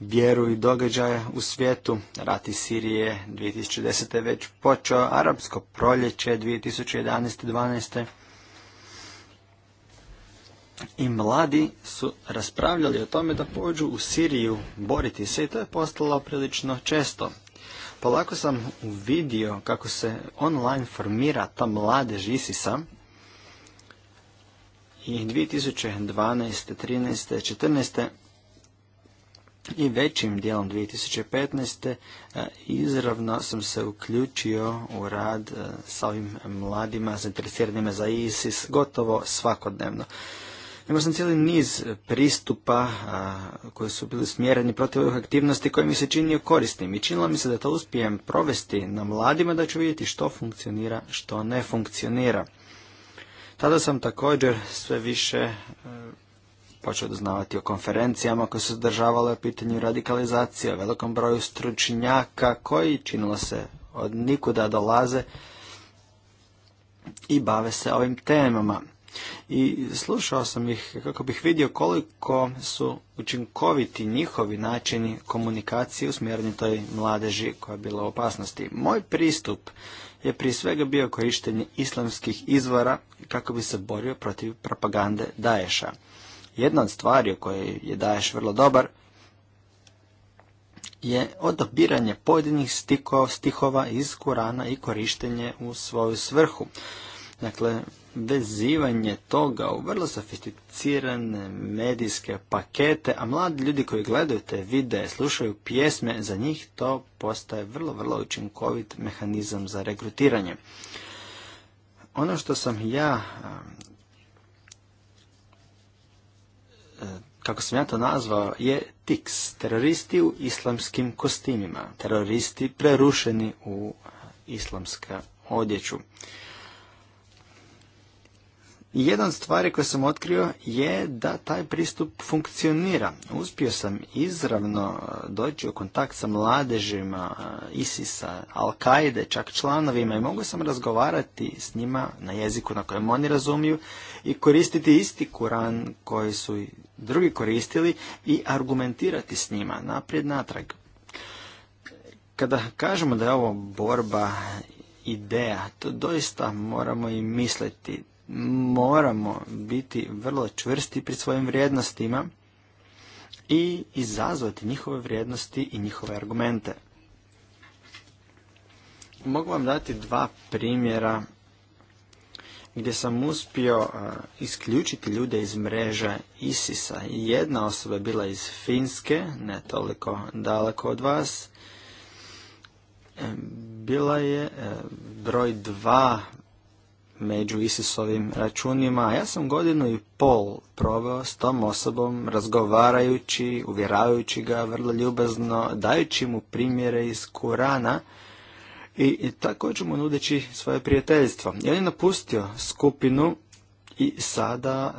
vjeru i događaje u svijetu. Rati Sirije 2010. već počeo, arapsko proljeće 2011. 12 i mladi su raspravljali o tome da pođu u Siriju boriti se i to je postalo prilično često. Polako sam uvidio kako se online formira ta mladež Isisa i 2012. 13. 14. i većim dijelom 2015. E, izravno sam se uključio u rad e, sa ovim mladima zainteresiranima za ISIS gotovo svakodnevno. Imao sam cijeli niz e, pristupa koji su bili smjereni protiv ovih aktivnosti koji mi se činio korisnim i činilo mi se da to uspijem provesti na mladima da ću vidjeti što funkcionira, što ne funkcionira. Tada sam također sve više e, počeo doznavati o konferencijama koje su zadržavale o pitanju radikalizacije, o velikom broju stručnjaka koji činilo se od nikuda dolaze i bave se ovim temama i slušao sam ih kako bih vidio koliko su učinkoviti njihovi načini komunikacije usmjereni toj mladeži koja je bila u opasnosti. Moj pristup je prije svega bio korištenje islamskih izvora kako bi se borio protiv propagande Daesha. Jedna od stvari u kojoj je Daesh vrlo dobar je odabiranje pojedinih stihova iz Kurana i korištenje u svoju svrhu. Dakle, vezivanje toga u vrlo sofisticirane medijske pakete, a mladi ljudi koji gledaju te videe, slušaju pjesme, za njih to postaje vrlo, vrlo učinkovit mehanizam za rekrutiranje. Ono što sam ja eh, kako sam ja to nazvao, je TIX, teroristi u islamskim kostimima, teroristi prerušeni u islamska odjeću. Jedan stvari koje sam otkrio je da taj pristup funkcionira. Uspio sam izravno e, doći u kontakt sa mladežima e, ISIS-a, Al-Kaide, čak članovima i mogu sam razgovarati s njima na jeziku na kojem oni razumiju i koristiti isti Kuran koji su i drugi koristili i argumentirati s njima naprijed natrag. Kada kažemo da je ovo borba ideja, to doista moramo i misliti moramo biti vrlo čvrsti pri svojim vrijednostima i izazvati njihove vrijednosti i njihove argumente. Mogu vam dati dva primjera gdje sam uspio isključiti ljude iz mreže Isisa a Jedna osoba je bila iz Finske, ne toliko daleko od vas. E, bila je e, broj dva među Isusovim računima, a ja sam godinu i pol proveo s tom osobom, razgovarajući, uvjeravajući ga vrlo ljubazno, dajući mu primjere iz Kurana i, također mu nudeći svoje prijateljstvo. I on je napustio skupinu i sada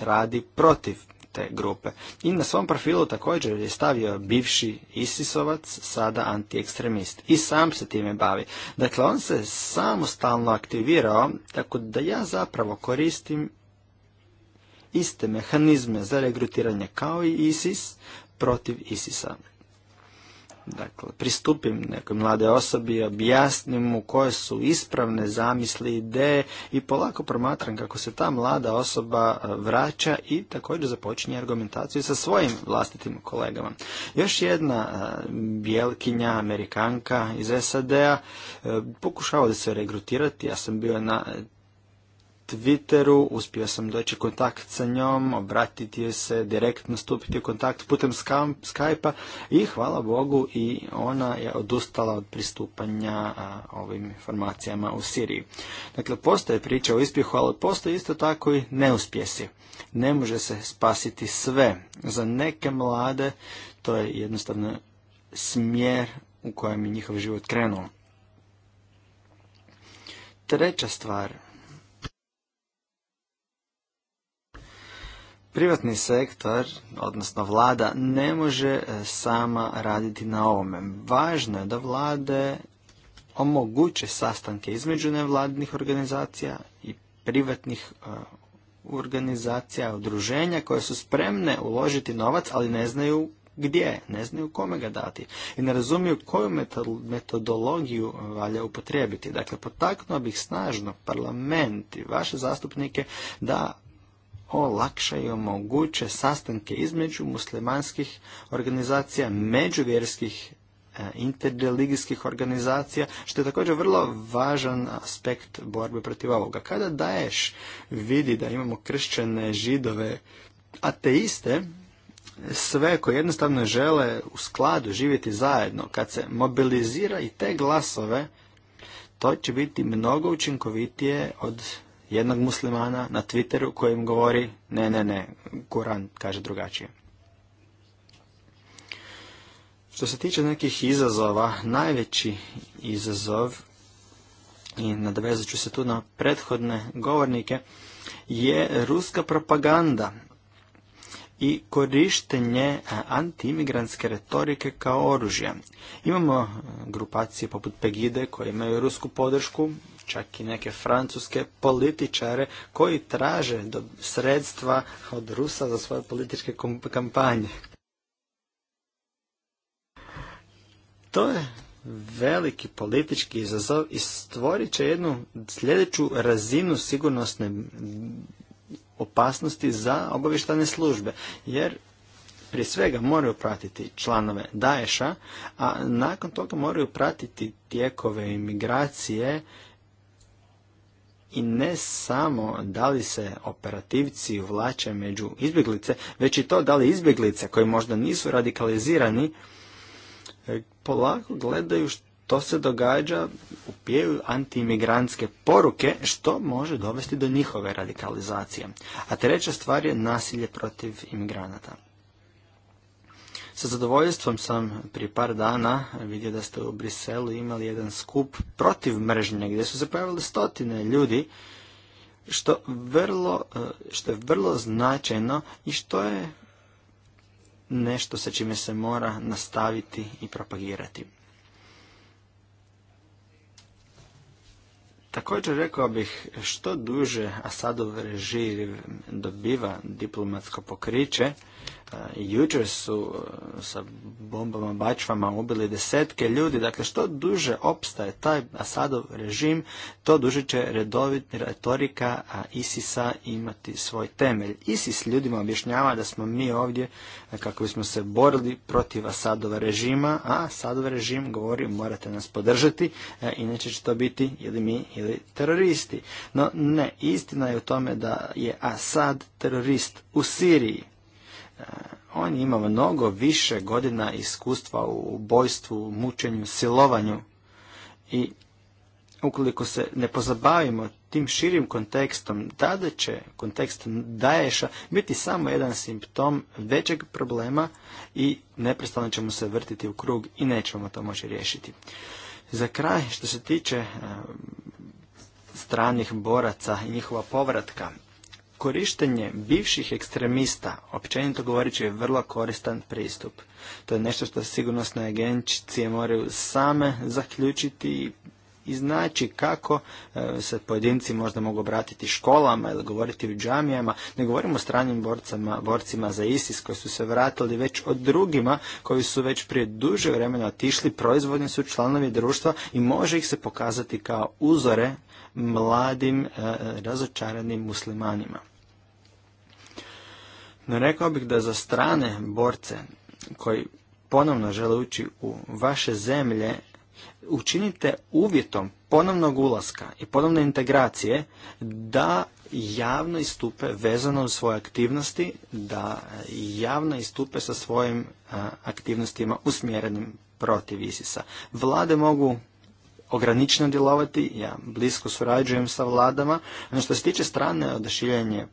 radi protiv te grupe. I na svom profilu također je stavio bivši isisovac, sada antiekstremist. I sam se time bavi. Dakle, on se samostalno aktivirao, tako da ja zapravo koristim iste mehanizme za regrutiranje kao i ISIS protiv isis dakle, pristupim nekoj mlade osobi, objasnim mu koje su ispravne zamisli, ideje i polako promatram kako se ta mlada osoba e, vraća i također započinje argumentaciju sa svojim vlastitim kolegama. Još jedna e, bjelkinja, amerikanka iz SAD-a, e, pokušava da se regrutirati, ja sam bio na Twitteru, uspio sam doći u kontakt sa njom, obratiti joj se, direktno stupiti u kontakt putem Skype-a i hvala Bogu i ona je odustala od pristupanja ovim informacijama u Siriji. Dakle, postoje priča o ispjehu, ali postoje isto tako i neuspjesi. Ne može se spasiti sve. Za neke mlade to je jednostavno smjer u kojem je njihov život krenuo. Treća stvar – privatni sektor, odnosno vlada, ne može e, sama raditi na ovome. Važno je da vlade omoguće sastanke između nevladnih organizacija i privatnih e, organizacija, udruženja koje su spremne uložiti novac, ali ne znaju gdje, ne znaju kome ga dati i ne razumiju koju metodologiju valja upotrijebiti. Dakle, potaknuo bih snažno parlament i vaše zastupnike da olakšaju i sastanke između muslimanskih organizacija, međuvjerskih e, interreligijskih organizacija, što je također vrlo važan aspekt borbe protiv ovoga. Kada daješ vidi da imamo kršćane, židove, ateiste, sve koje jednostavno žele u skladu živjeti zajedno, kad se mobilizira i te glasove, to će biti mnogo učinkovitije od jednog muslimana na Twitteru koji govori ne, ne, ne, Koran kaže drugačije. Što se tiče nekih izazova, najveći izazov, i nadovezat ću se tu na prethodne govornike, je ruska propaganda i korištenje e, antiimigrantske retorike kao oružja. Imamo grupacije poput Pegide koje imaju rusku podršku, čak i neke francuske političare koji traže sredstva od Rusa za svoje političke kampanje. To je veliki politički izazov i stvorit će jednu sljedeću razinu sigurnosne opasnosti za obavještajne službe, jer prije svega moraju pratiti članove Daesha, a nakon toga moraju pratiti tijekove imigracije i ne samo da li se operativci vlače među izbjeglice, već i to da li izbjeglice koji možda nisu radikalizirani e, polako gledaju što se događa, upijaju antiimigrantske poruke što može dovesti do njihove radikalizacije. A treća stvar je nasilje protiv imigranata. Sa zadovoljstvom sam prije par dana vidio da ste u Briselu imali jedan skup protiv mržnje gdje su se pojavili stotine ljudi što, vrlo, e, što je vrlo značajno i što je nešto sa čime se mora nastaviti i propagirati. Također rekao bih što duže Asadov režim dobiva diplomatsko pokriće, E, jučer su e, sa bombama, bačvama ubili desetke ljudi. Dakle, što duže opstaje taj Asadov režim, to duže će redovitni retorika a isis imati svoj temelj. ISIS ljudima objašnjava da smo mi ovdje e, kako bismo se borili protiv Asadova režima, a Asadov režim govori morate nas podržati, inače će to biti ili mi ili teroristi. No ne, istina je u tome da je Asad terorist u Siriji on ima mnogo više godina iskustva u ubojstvu, mučenju, silovanju i ukoliko se ne pozabavimo tim širim kontekstom, tada će kontekst Daješa biti samo jedan simptom većeg problema i neprestano ćemo se vrtiti u krug i nećemo to moći riješiti. Za kraj, što se tiče stranih boraca i njihova povratka, Korištenje bivših ekstremista, općenito govoreći, je vrlo koristan pristup. To je nešto što sigurnosne agencije moraju same zaključiti i znači kako e, se pojedinci možda mogu obratiti školama ili govoriti u džamijama. Ne govorimo o stranim borcama, borcima za ISIS koji su se vratili već od drugima koji su već prije duže vremena otišli, proizvodni su članovi društva i može ih se pokazati kao uzore mladim e, razočaranim muslimanima. No rekao bih da za strane borce koji ponovno žele ući u vaše zemlje, učinite uvjetom ponovnog ulaska i ponovne integracije da javno istupe vezano u svoje aktivnosti, da javno istupe sa svojim aktivnostima usmjerenim protiv isis Vlade mogu ograničeno djelovati, ja blisko surađujem sa vladama, no što se tiče strane odašiljanje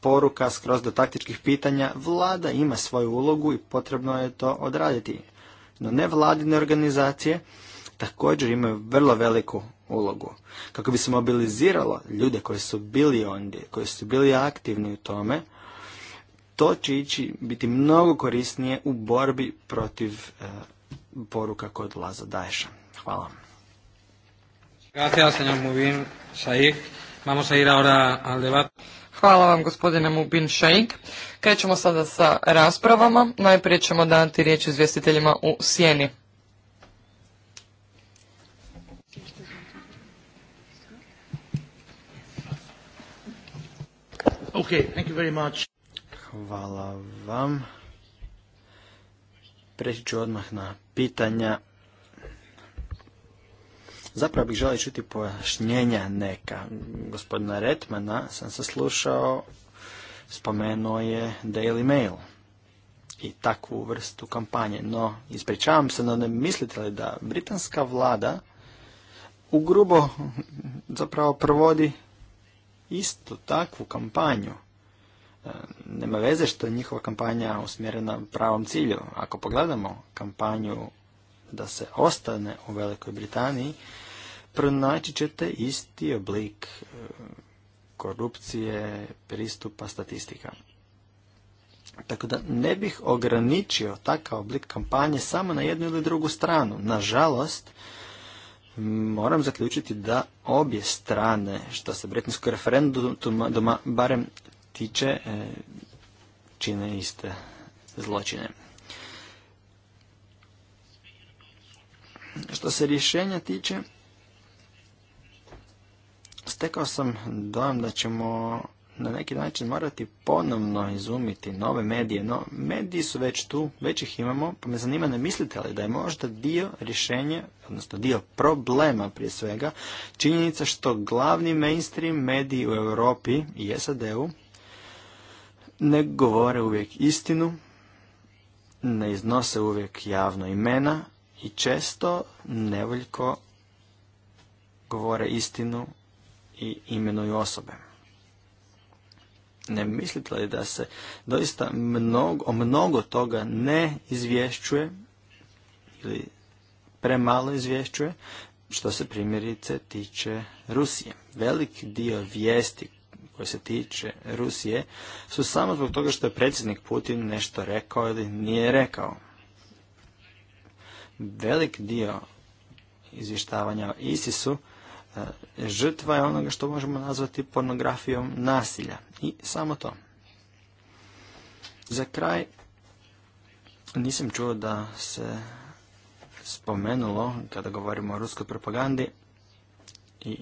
poruka skroz do taktičkih pitanja, vlada ima svoju ulogu i potrebno je to odraditi. No nevladine organizacije također imaju vrlo veliku ulogu. Kako bi se mobiliziralo ljude koji su bili ondje, koji su bili aktivni u tome, to će ići biti mnogo korisnije u borbi protiv e, poruka koje odlaza Daesha. Hvala. Gracias, Vamos a ir ahora Hvala vam gospodine Mubin Šeik. Krećemo sada sa raspravama. Najprije ćemo dati riječ izvjestiteljima u sjeni. Hvala vam. Preći ću odmah na pitanja. Zapravo bih želio čuti pojašnjenja neka. Gospodina Retmana sam saslušao, spomenuo je Daily Mail i takvu vrstu kampanje. No, ispričavam se, no ne mislite li da britanska vlada u grubo zapravo provodi istu takvu kampanju. E, nema veze što je njihova kampanja usmjerena pravom cilju. Ako pogledamo kampanju da se ostane u Velikoj Britaniji, pronaći ćete isti oblik e, korupcije, pristupa statistika. Tako da ne bih ograničio takav oblik kampanje samo na jednu ili drugu stranu. Nažalost, moram zaključiti da obje strane, što se britanskog referenduma barem tiče, e, čine iste zločine. Što se rješenja tiče, stekao sam dojam da ćemo na neki način morati ponovno izumiti nove medije, no mediji su već tu, već ih imamo, pa me zanima ne mislite li da je možda dio rješenja, odnosno dio problema prije svega, činjenica što glavni mainstream mediji u Europi i SAD-u ne govore uvijek istinu, ne iznose uvijek javno imena i često nevoljko govore istinu i imenuju osobe. Ne mislite li da se doista mnogo, o mnogo toga ne izvješćuje ili premalo izvješćuje što se primjerice tiče Rusije? Velik dio vijesti koje se tiče Rusije su samo zbog toga što je predsjednik Putin nešto rekao ili nije rekao. Velik dio izvještavanja o ISIS-u žrtva je onoga što možemo nazvati pornografijom nasilja. I samo to. Za kraj, nisam čuo da se spomenulo, kada govorimo o ruskoj propagandi i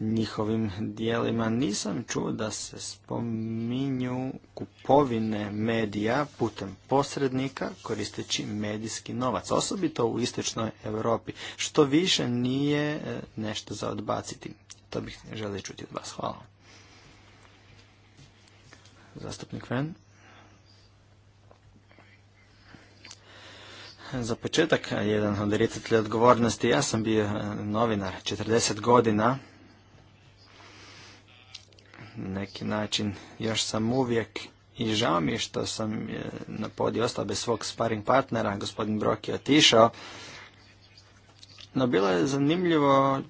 njihovim dijelima. Nisam čuo da se spominju kupovine medija putem posrednika koristeći medijski novac, osobito u istočnoj Europi, što više nije e, nešto za odbaciti. To bih želio čuti od vas. Hvala. Zastupnik Ven. Za početak, jedan od odgovornosti, ja sam bio novinar 40 godina, neki način još sam uvijek i žao mi što sam e, na podi ostao bez svog sparing partnera, gospodin Brok je otišao. No bilo je zanimljivo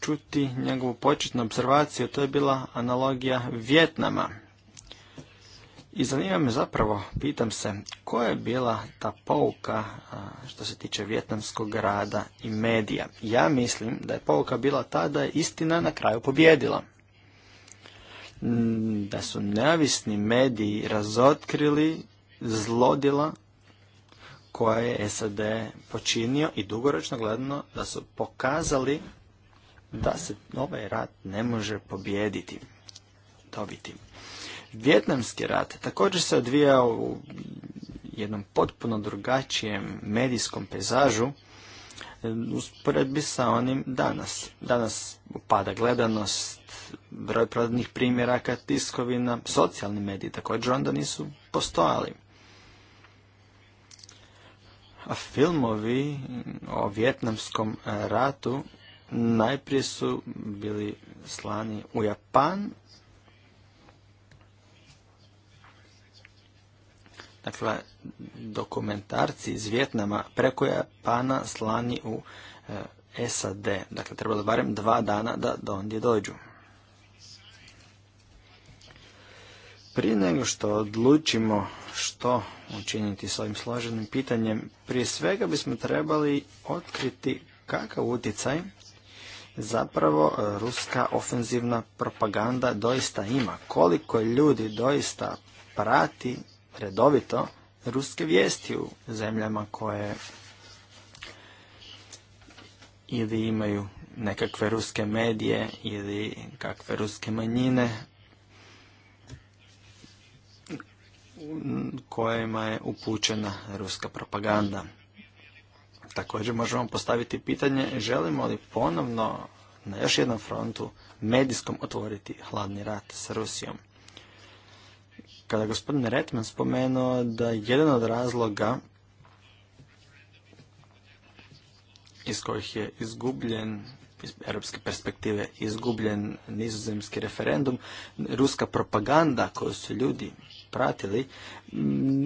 čuti njegovu početnu observaciju, to je bila analogija Vjetnama. I zanima me zapravo, pitam se, koja je bila ta pouka što se tiče vjetnamskog rada i medija? Ja mislim da je pouka bila ta da je istina na kraju pobjedila. Mm, da su neavisni mediji razotkrili zlodila koje je SAD počinio i dugoročno gledano da su pokazali da se ovaj rat ne može pobijediti, dobiti. Vjetnamski rat također se odvijao u jednom potpuno drugačijem medijskom pezažu usporedbi sa onim danas. Danas pada gledanost, broj prodanih primjeraka, tiskovina, socijalni mediji također onda nisu postojali. A filmovi o vjetnamskom ratu najprije su bili slani u Japan, dakle, dokumentarci iz Vjetnama preko Japana slani u e, SAD. Dakle, trebalo barem dva dana da do ondje dođu. Prije nego što odlučimo što učiniti s ovim složenim pitanjem, prije svega bismo trebali otkriti kakav utjecaj zapravo e, ruska ofenzivna propaganda doista ima. Koliko ljudi doista prati redovito ruske vijesti u zemljama koje ili imaju nekakve ruske medije ili kakve ruske manjine kojima je upućena ruska propaganda. Također možemo postaviti pitanje želimo li ponovno na još jednom frontu medijskom otvoriti hladni rat sa Rusijom. Kada je gospodin Retman spomenuo da jedan od razloga iz kojih je izgubljen iz europske perspektive izgubljen nizozemski referendum, ruska propaganda koju su ljudi pratili,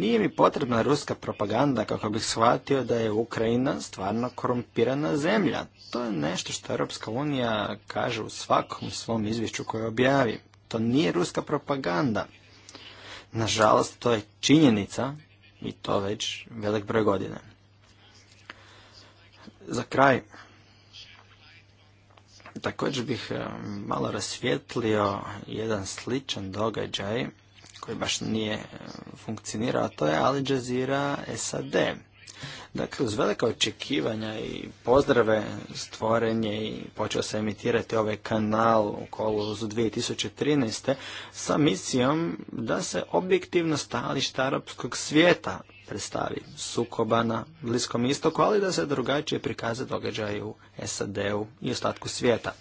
nije mi potrebna ruska propaganda kako bih shvatio da je Ukrajina stvarno korumpirana zemlja. To je nešto što Europska unija kaže u svakom svom izvješću koje objavi. To nije ruska propaganda. Nažalost, to je činjenica i to već velik broj godine. Za kraj, također bih e, malo rasvjetlio jedan sličan događaj koji baš nije e, funkcionirao, a to je Al Jazeera SAD Dakle, uz velika očekivanja i pozdrave stvorenje i počeo se emitirati ovaj kanal u kolovozu 2013. sa misijom da se objektivno stalište arapskog svijeta predstavi sukoba na Bliskom istoku, ali da se drugačije prikaze događaj u SAD-u i ostatku svijeta.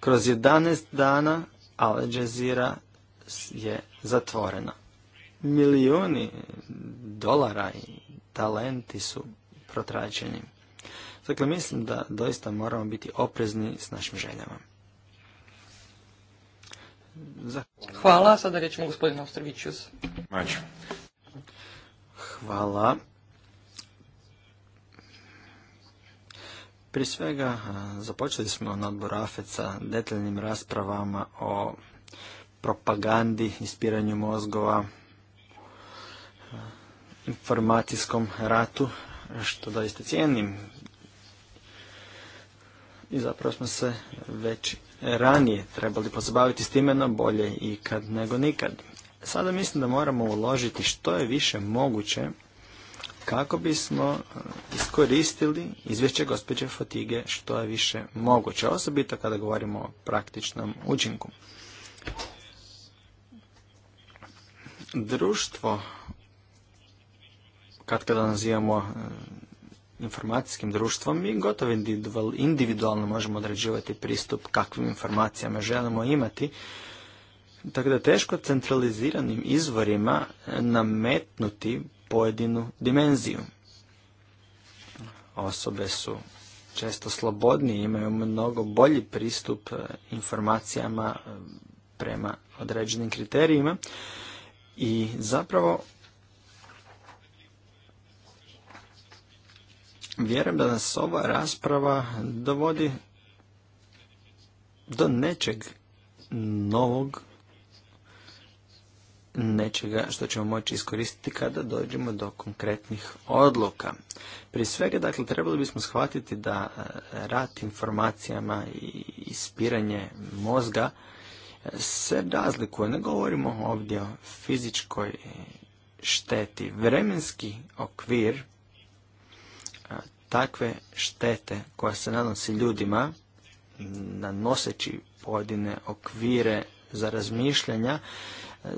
Kroz 11 dana Al Jazeera je zatvorena. Milijuni dolara i talenti su protraćeni. Dakle, mislim da doista moramo biti oprezni s našim željama. Hvala, sada rećemo gospodinu Ostrovićus. Hvala. Prije svega, započeli smo na odboru AFED sa detaljnim raspravama o propagandi, ispiranju mozgova, informacijskom ratu, što doista cijenim. I zapravo smo se već ranije trebali pozabaviti s time, na bolje ikad nego nikad. Sada mislim da moramo uložiti što je više moguće kako bismo e, iskoristili izvješće gospođe Fotige što je više moguće, osobito kada govorimo o praktičnom učinku. Društvo kad kada nazivamo e, informacijskim društvom i gotovo individualno možemo određivati pristup kakvim informacijama želimo imati. Tako da teško centraliziranim izvorima e, nametnuti pojedinu dimenziju. Osobe su često slobodnije, imaju mnogo bolji pristup e, informacijama prema određenim kriterijima i zapravo Vjerujem da nas ova rasprava dovodi do nečeg novog, nečega što ćemo moći iskoristiti kada dođemo do konkretnih odluka. Prije svega, dakle, trebali bismo shvatiti da e, rat informacijama i ispiranje mozga e, se razlikuje. Ne govorimo ovdje o fizičkoj šteti. Vremenski okvir takve štete koja se nanosi ljudima, nanoseći pojedine okvire za razmišljanja, e,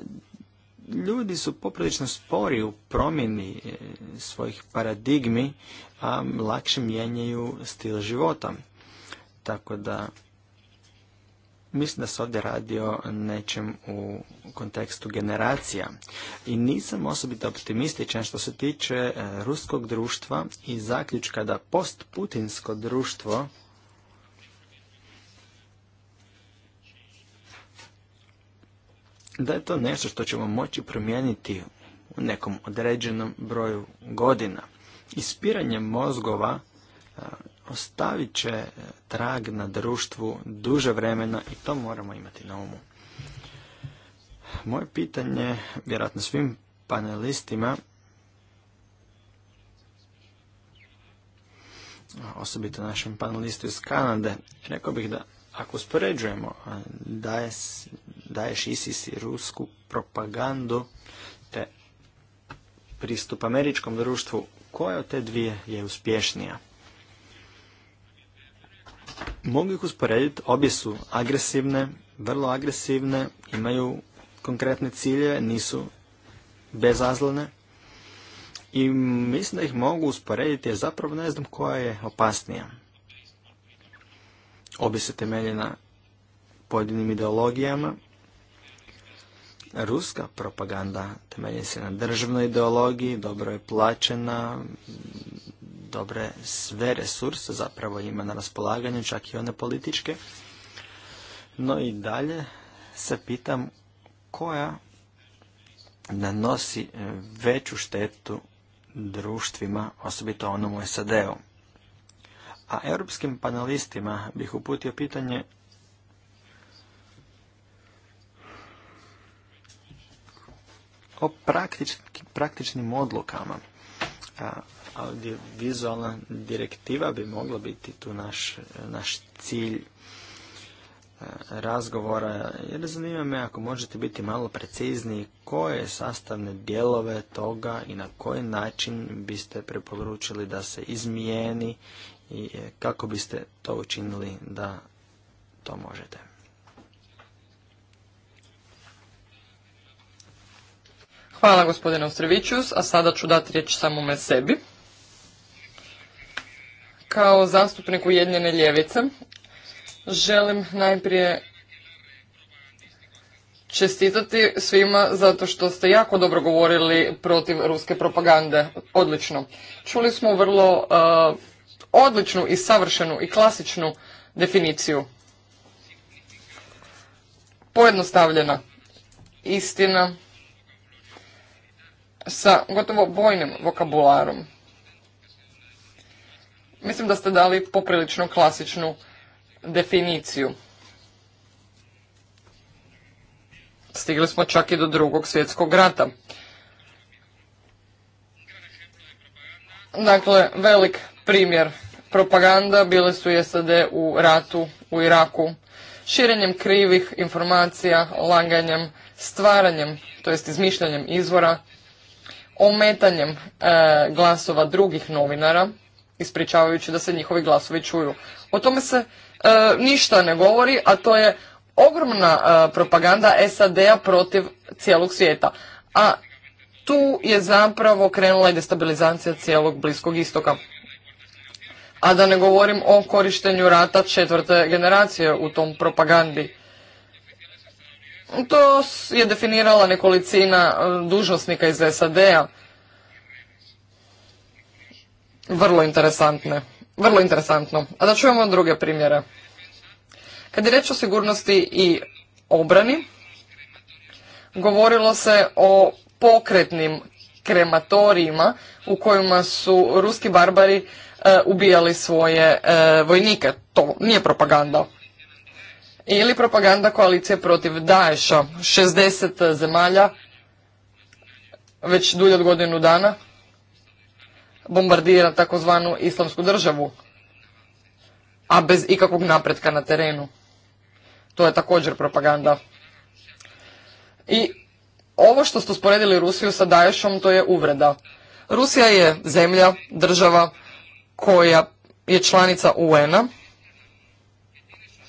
ljudi su poprilično spori u promjeni e, svojih paradigmi, a lakše mijenjaju stil života. Tako da Mislim da se ovdje radi o nečem u kontekstu generacija. I nisam osobito optimističan što se tiče e, ruskog društva i zaključka da postputinsko društvo da je to nešto što ćemo moći promijeniti u nekom određenom broju godina. Ispiranje mozgova e, ostavit će trag na društvu duže vremena i to moramo imati na umu. Moje pitanje, vjerojatno svim panelistima, osobito našem panelistu iz Kanade, rekao bih da ako uspoređujemo daješ, daješ ISIS i rusku propagandu te pristup američkom društvu, koja od te dvije je uspješnija? Mogu ih usporediti, obje su agresivne, vrlo agresivne, imaju konkretne cilje, nisu bezazlene. I mislim da ih mogu usporediti jer zapravo ne znam koja je opasnija. Obje se temelje na pojedinim ideologijama. Ruska propaganda temelji se na državnoj ideologiji, dobro je plaćena, dobre sve resurse zapravo ima na raspolaganju, čak i one političke. No i dalje se pitam koja nanosi e, veću štetu društvima, osobito onom u SAD-u. A europskim panelistima bih uputio pitanje o praktičnim odlukama audiovizualna direktiva bi mogla biti tu naš, naš cilj e, razgovora, jer zanima me ako možete biti malo precizniji koje sastavne dijelove toga i na koji način biste preporučili da se izmijeni i e, kako biste to učinili da to možete. Hvala gospodine Ostrevićus, a sada ću dati riječ samome sebi. Kao zastupnik Ujedinjene ljevice želim najprije čestitati svima zato što ste jako dobro govorili protiv ruske propagande. Odlično. Čuli smo vrlo uh, odličnu i savršenu i klasičnu definiciju. Pojednostavljena istina sa gotovo bojnim vokabularom. Mislim da ste dali poprilično klasičnu definiciju. Stigli smo čak i do drugog svjetskog rata. Dakle, velik primjer propaganda bile su i SAD u ratu u Iraku, širenjem krivih informacija, laganjem, stvaranjem, to jest izmišljanjem izvora, ometanjem e, glasova drugih novinara, ispričavajući da se njihovi glasovi čuju. O tome se e, ništa ne govori, a to je ogromna e, propaganda SAD-a protiv cijelog svijeta. A tu je zapravo krenula i destabilizacija cijelog Bliskog istoka. A da ne govorim o korištenju rata četvrte generacije u tom propagandi. To je definirala nekolicina e, dužnosnika iz SAD-a vrlo interesantne. Vrlo interesantno. A da čujemo druge primjere. Kad je reč o sigurnosti i obrani, govorilo se o pokretnim krematorijima u kojima su ruski barbari e, ubijali svoje e, vojnike. To nije propaganda. Ili propaganda koalicije protiv Daesha. 60 zemalja, već dulje od godinu dana, bombardira takozvanu islamsku državu, a bez ikakvog napretka na terenu. To je također propaganda. I ovo što ste usporedili Rusiju sa Daješom, to je uvreda. Rusija je zemlja, država koja je članica UN-a.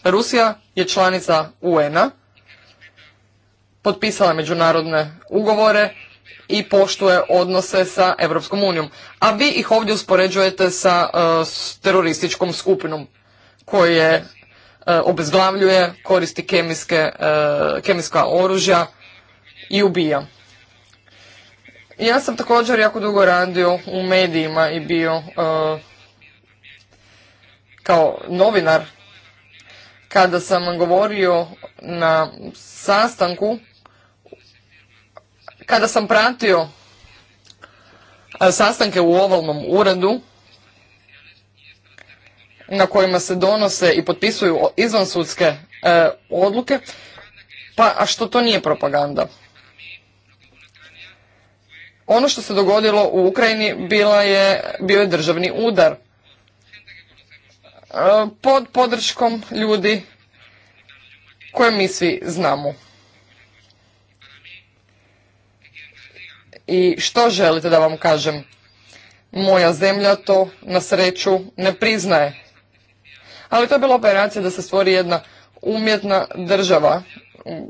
Rusija je članica UN-a, potpisala međunarodne ugovore i poštuje odnose sa Europskom unijom. A vi ih ovdje uspoređujete sa e, terorističkom skupinom koje uh, obezglavljuje, koristi kemijske, e, kemijska oružja i ubija. Ja sam također jako dugo radio u medijima i bio kao novinar kada sam govorio na sastanku kada sam pratio sastanke u ovalnom uredu na kojima se donose i potpisuju izvansudske sudske odluke, pa a što to nije propaganda? Ono što se dogodilo u Ukrajini bila je, bio je državni udar e, pod podrškom ljudi koje mi svi znamo. I što želite da vam kažem? Moja zemlja to na sreću ne priznaje. Ali to je bila operacija da se stvori jedna umjetna država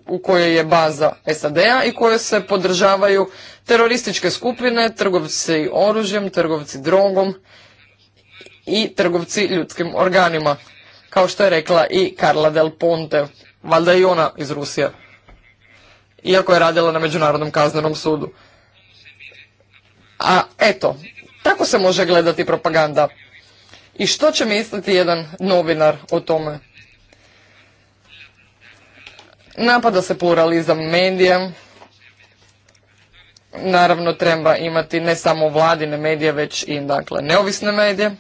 u kojoj je baza SAD-a i kojoj se podržavaju terorističke skupine, trgovci oružjem, trgovci drogom i trgovci ljudskim organima, kao što je rekla i Karla Del Ponte, valjda i ona iz Rusije, iako je radila na Međunarodnom kaznenom sudu. A eto, tako se može gledati propaganda. I što će misliti jedan novinar o tome? Napada se pluralizam medija. Naravno treba imati ne samo vladine medije, već i dakle neovisne medije.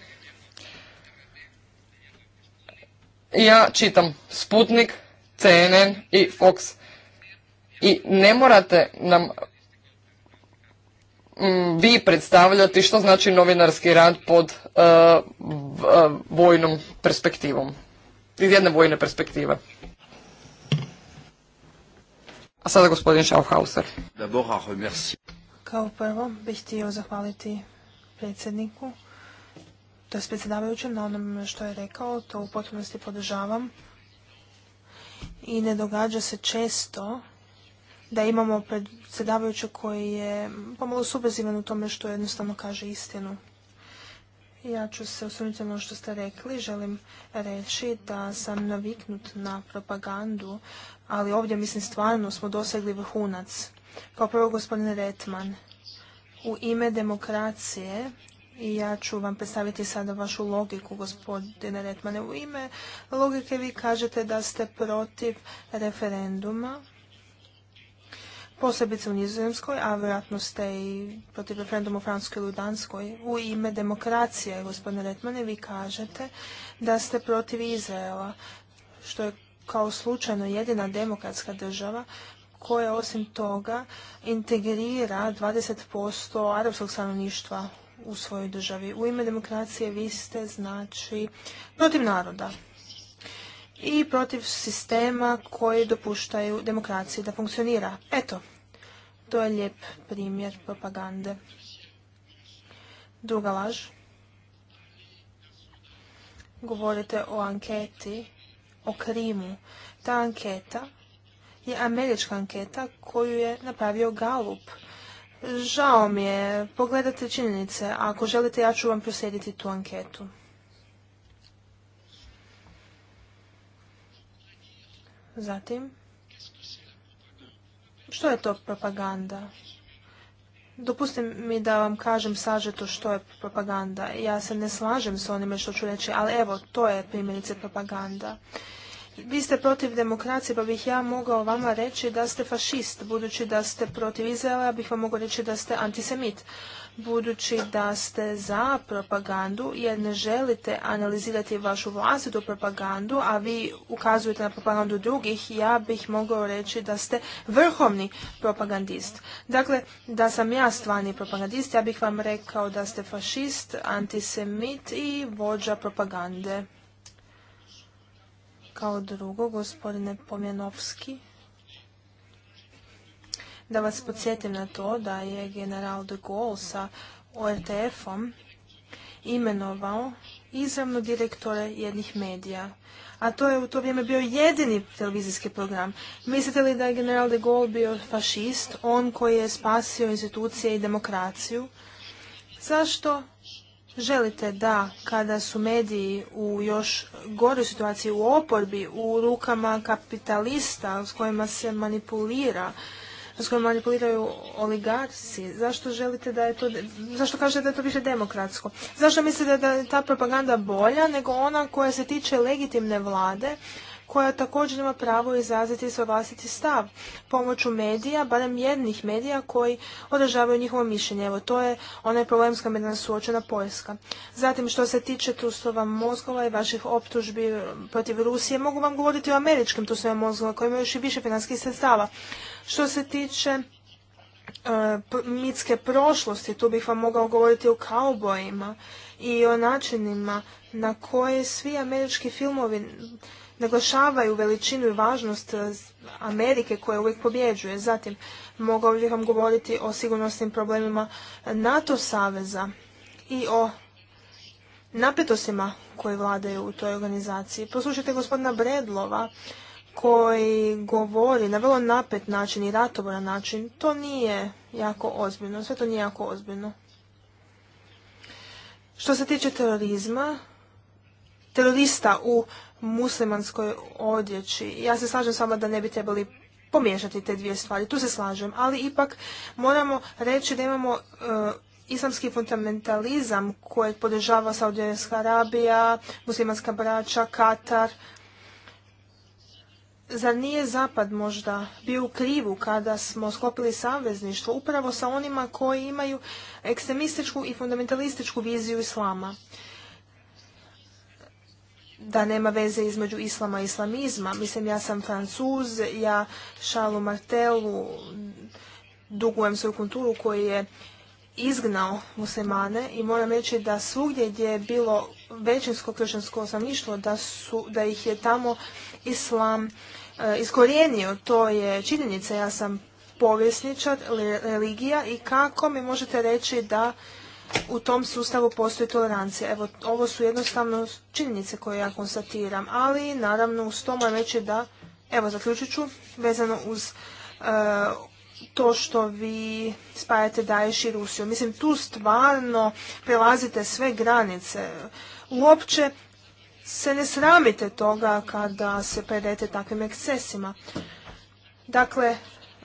Ja čitam Sputnik, CNN i Fox. I ne morate nam Mm, vi predstavljati što znači novinarski rad pod uh, uh, vojnom perspektivom, iz jedne vojne perspektive. A sada gospodin Schaufhauser. Kao prvo bih htio zahvaliti predsjedniku, to je predsjedavajućem na onom što je rekao, to u potpunosti podržavam. I ne događa se često da imamo predsjedavajućeg koji je pomalo subrezivan u tome što jednostavno kaže istinu. Ja ću se osvrnuti na ono što ste rekli. Želim reći da sam naviknut na propagandu, ali ovdje mislim stvarno smo dosegli vrhunac. Kao prvo gospodine Retman, u ime demokracije i ja ću vam predstaviti sada vašu logiku, gospodine Retmane. U ime logike vi kažete da ste protiv referenduma posebice u Nizozemskoj, a vjerojatno ste i protiv referenduma u Francuskoj ili u Danskoj, u ime demokracije, gospodine Retmane, vi kažete da ste protiv Izraela, što je kao slučajno jedina demokratska država koja osim toga integrira 20% arapskog stanovništva u svojoj državi. U ime demokracije vi ste znači protiv naroda i protiv sistema koji dopuštaju demokraciji da funkcionira. Eto, to je lijep primjer propagande. Druga laž. Govorite o anketi, o Krimu. Ta anketa je američka anketa koju je napravio Galup. Žao mi je, pogledajte činjenice. ako želite, ja ću vam prosjediti tu anketu. Zatim, što je to propaganda? Dopustim mi da vam kažem sažeto što je propaganda. Ja se ne slažem s onime što ću reći, ali evo, to je primjerice propaganda. Vi ste protiv demokracije, pa bih ja mogao vama reći da ste fašist, budući da ste protiv Izraela, bih vam mogao reći da ste antisemit budući da ste za propagandu jer ne želite analizirati vašu vlastitu propagandu, a vi ukazujete na propagandu drugih, ja bih mogao reći da ste vrhovni propagandist. Dakle, da sam ja stvarni propagandist, ja bih vam rekao da ste fašist, antisemit i vođa propagande. Kao drugo, gospodine Pomjanovski. Da vas podsjetim na to da je general de Gaulle sa ORTF-om imenovao izravno direktore jednih medija. A to je u to vrijeme bio jedini televizijski program. Mislite li da je general de Gaulle bio fašist, on koji je spasio institucije i demokraciju? Zašto želite da kada su mediji u još goroj situaciji u oporbi, u rukama kapitalista s kojima se manipulira, s kojom manipuliraju oligarci Zašto želite da je to, zašto kažete da je to više demokratsko? Zašto mislite da je ta propaganda bolja nego ona koja se tiče legitimne vlade koja također ima pravo izraziti svoj vlastiti stav pomoću medija, barem jednih medija koji održavaju njihovo mišljenje. Evo, to je onaj problem s kojim je suočena Poljska. Zatim, što se tiče trustova mozgova i vaših optužbi protiv Rusije, mogu vam govoriti o američkim trustovima mozgova koji imaju još i više finanskih sredstava. Što se tiče e, mitske prošlosti, tu bih vam mogao govoriti o kaubojima i o načinima na koje svi američki filmovi naglašavaju veličinu i važnost e, Amerike koja uvijek pobjeđuje. Zatim, mogao bih vam govoriti o sigurnosnim problemima NATO saveza i o napetostima koje vladaju u toj organizaciji. Poslušajte gospodina Bredlova, koji govori na vrlo napet način i ratovoran način, to nije jako ozbiljno, sve to nije jako ozbiljno. Što se tiče terorizma, terorista u muslimanskoj odjeći, ja se slažem s vama da ne bi trebali pomiješati te dvije stvari, tu se slažem, ali ipak moramo reći da imamo e, islamski fundamentalizam koje podržava Saudijska Arabija, muslimanska braća, Katar, Zar nije Zapad možda bio u krivu kada smo sklopili savezništvo upravo sa onima koji imaju ekstremističku i fundamentalističku viziju islama? da nema veze između islama i islamizma. Mislim, ja sam francuz, ja Šalu Martelu dugujem svoju kulturu koji je izgnao muslimane i moram reći da svugdje gdje je bilo većinsko kršćansko osamništvo, da, su, da ih je tamo islam E, iskorijenio, to je činjenica. Ja sam povjesničar religija i kako mi možete reći da u tom sustavu postoji tolerancija. Evo, ovo su jednostavno činjenice koje ja konstatiram, ali naravno uz to moram reći da, evo zaključit ću, vezano uz e, to što vi spajate Daješ i Rusiju. Mislim, tu stvarno prelazite sve granice. Uopće se ne sramite toga kada se predete takvim ekscesima. Dakle,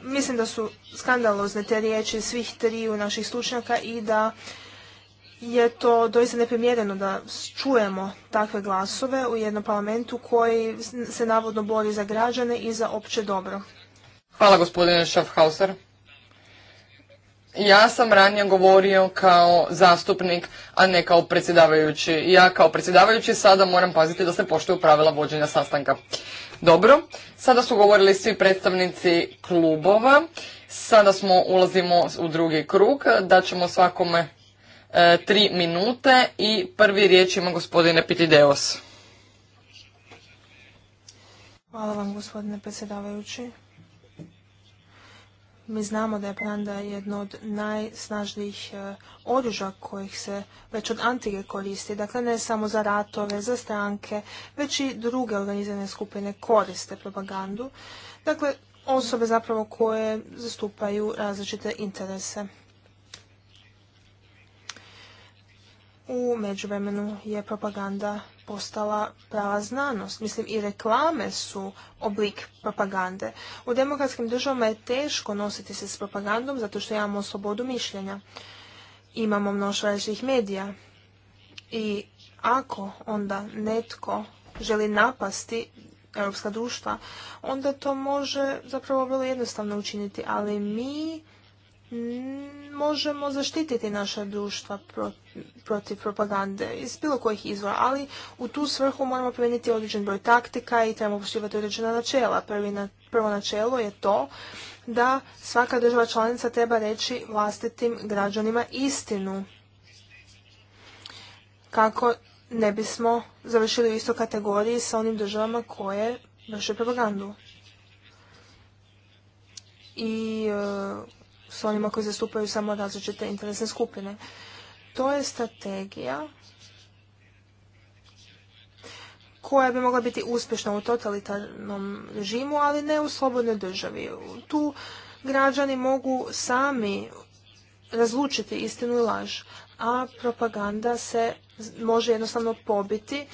mislim da su skandalozne te riječi svih triju naših stručnjaka i da je to doista neprimjereno da čujemo takve glasove u jednom parlamentu koji se navodno bori za građane i za opće dobro. Hvala gospodine Schaffhauser ja sam ranije govorio kao zastupnik, a ne kao predsjedavajući. Ja kao predsjedavajući sada moram paziti da se poštuju pravila vođenja sastanka. Dobro, sada su govorili svi predstavnici klubova. Sada smo ulazimo u drugi krug, da ćemo svakome e, tri minute i prvi riječ ima gospodine Pitideos. Hvala vam gospodine predsjedavajući. Mi znamo da je pranda jedno od najsnažnijih e, oružja kojih se već od antike koristi, dakle ne samo za ratove, za stranke, već i druge organizirane skupine koriste propagandu. Dakle, osobe zapravo koje zastupaju različite interese. U međuvremenu je propaganda postala prava znanost. Mislim, i reklame su oblik propagande. U demokratskim državama je teško nositi se s propagandom zato što imamo slobodu mišljenja. Imamo mnoštvo različitih medija. I ako onda netko želi napasti europska društva, onda to može zapravo vrlo jednostavno učiniti. Ali mi možemo zaštititi naša društva protiv propagande iz bilo kojih izvora, ali u tu svrhu moramo promijeniti određen broj taktika i trebamo poštivati određena načela. prvo načelo je to da svaka država članica treba reći vlastitim građanima istinu kako ne bismo završili u istoj kategoriji sa onim državama koje vrše propagandu. I e, s onima koji zastupaju samo različite interesne skupine. To je strategija koja bi mogla biti uspješna u totalitarnom režimu, ali ne u slobodnoj državi. Tu građani mogu sami razlučiti istinu i laž a propaganda se može jednostavno pobiti e,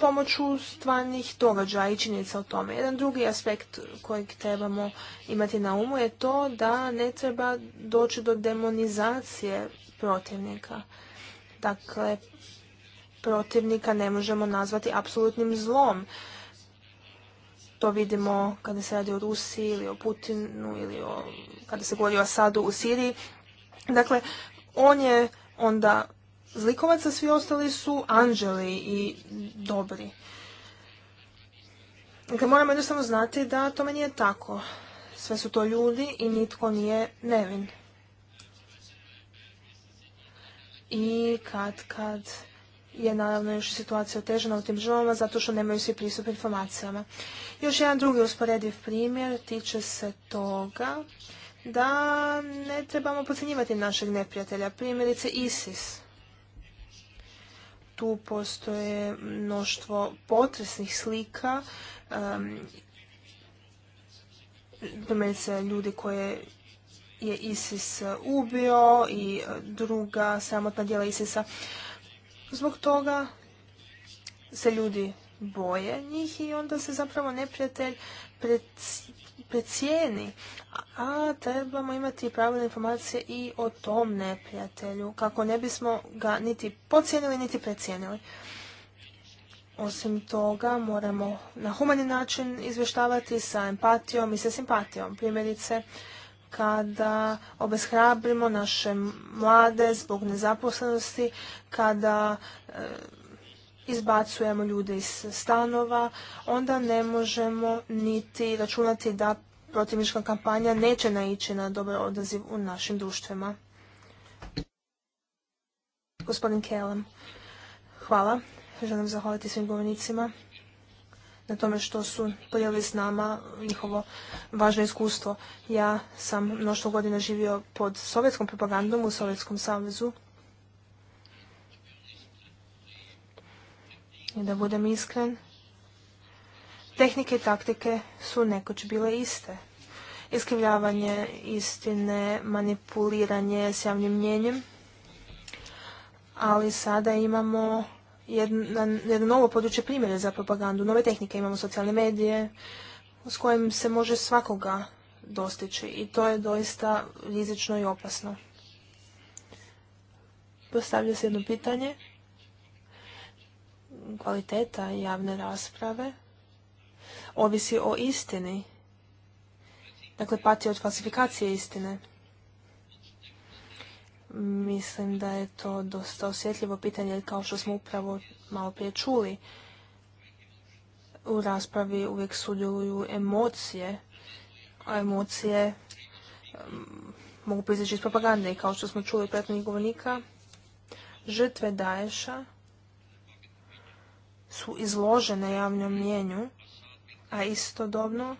pomoću stvarnih događaja i činjenica o tome. Jedan drugi aspekt kojeg trebamo imati na umu je to da ne treba doći do demonizacije protivnika. Dakle, protivnika ne možemo nazvati apsolutnim zlom. To vidimo kada se radi o Rusiji ili o Putinu ili kada se govori o Asadu u Siriji. Dakle, on je onda zlikovaca, svi ostali su anđeli i dobri. Dakle, moramo jednostavno znati da tome nije tako. Sve su to ljudi i nitko nije nevin. I kad, kad je naravno još situacija otežena u tim državama zato što nemaju svi pristup informacijama. Još jedan drugi usporediv primjer tiče se toga da ne trebamo pocenjivati našeg neprijatelja, primjerice ISIS. Tu postoje mnoštvo potresnih slika, um, primjerice ljudi koje je ISIS ubio i druga sramotna dijela isis Zbog toga se ljudi boje njih i onda se zapravo neprijatelj precijeni, a trebamo imati pravilne informacije i o tom neprijatelju, kako ne bismo ga niti pocijenili, niti precijenili. Osim toga, moramo na humani način izvještavati sa empatijom i sa simpatijom. Primjerice, kada obeshrabrimo naše mlade zbog nezaposlenosti, kada e, izbacujemo ljude iz stanova, onda ne možemo niti računati da protivnička kampanja neće naići na dobar odaziv u našim društvima. Gospodin Kelem, hvala. Želim zahvaliti svim govornicima na tome što su podijelili s nama njihovo važno iskustvo. Ja sam mnoštvo godina živio pod sovjetskom propagandom u Sovjetskom savezu da budem iskren. Tehnike i taktike su nekoć bile iste. Iskrivljavanje istine, manipuliranje s javnim mnjenjem, ali sada imamo jedno, jedno novo područje primjere za propagandu, nove tehnike, imamo socijalne medije s kojim se može svakoga dostići i to je doista rizično i opasno. Postavlja se jedno pitanje kvaliteta javne rasprave ovisi o istini. Dakle, pati od falsifikacije istine. Mislim da je to dosta osjetljivo pitanje, kao što smo upravo malo prije čuli. U raspravi uvijek sudjeluju emocije, a emocije mm, mogu priznaći iz propagande i kao što smo čuli u govornika, žrtve Daješa su izložene javnom mjenju, a istodobno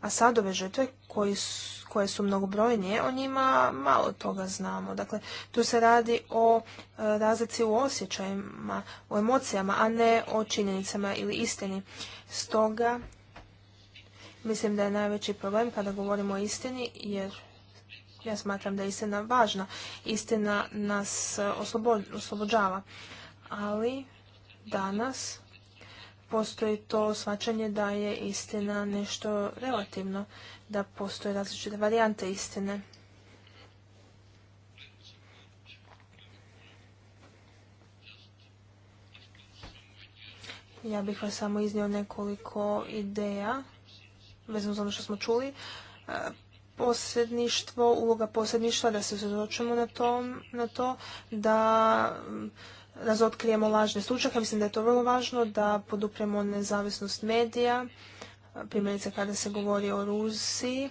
Asadove žrtve koji su, koje su mnogobrojnije, o njima malo toga znamo. Dakle, tu se radi o e, razlici u osjećajima, o emocijama, a ne o činjenicama ili istini. Stoga, mislim da je najveći problem kada govorimo o istini, jer ja smatram da je istina važna. Istina nas e, oslobođava. Ali, danas postoji to svačanje da je istina nešto relativno, da postoje različite varijante istine. Ja bih vas samo iznio nekoliko ideja vezano za ono što smo čuli. E, posredništvo, uloga posredništva, da se uzročujemo na, na to, da razotkrijemo lažne slučaje. Mislim da je to vrlo važno da podupremo nezavisnost medija, primjerice kada se govori o Rusiji.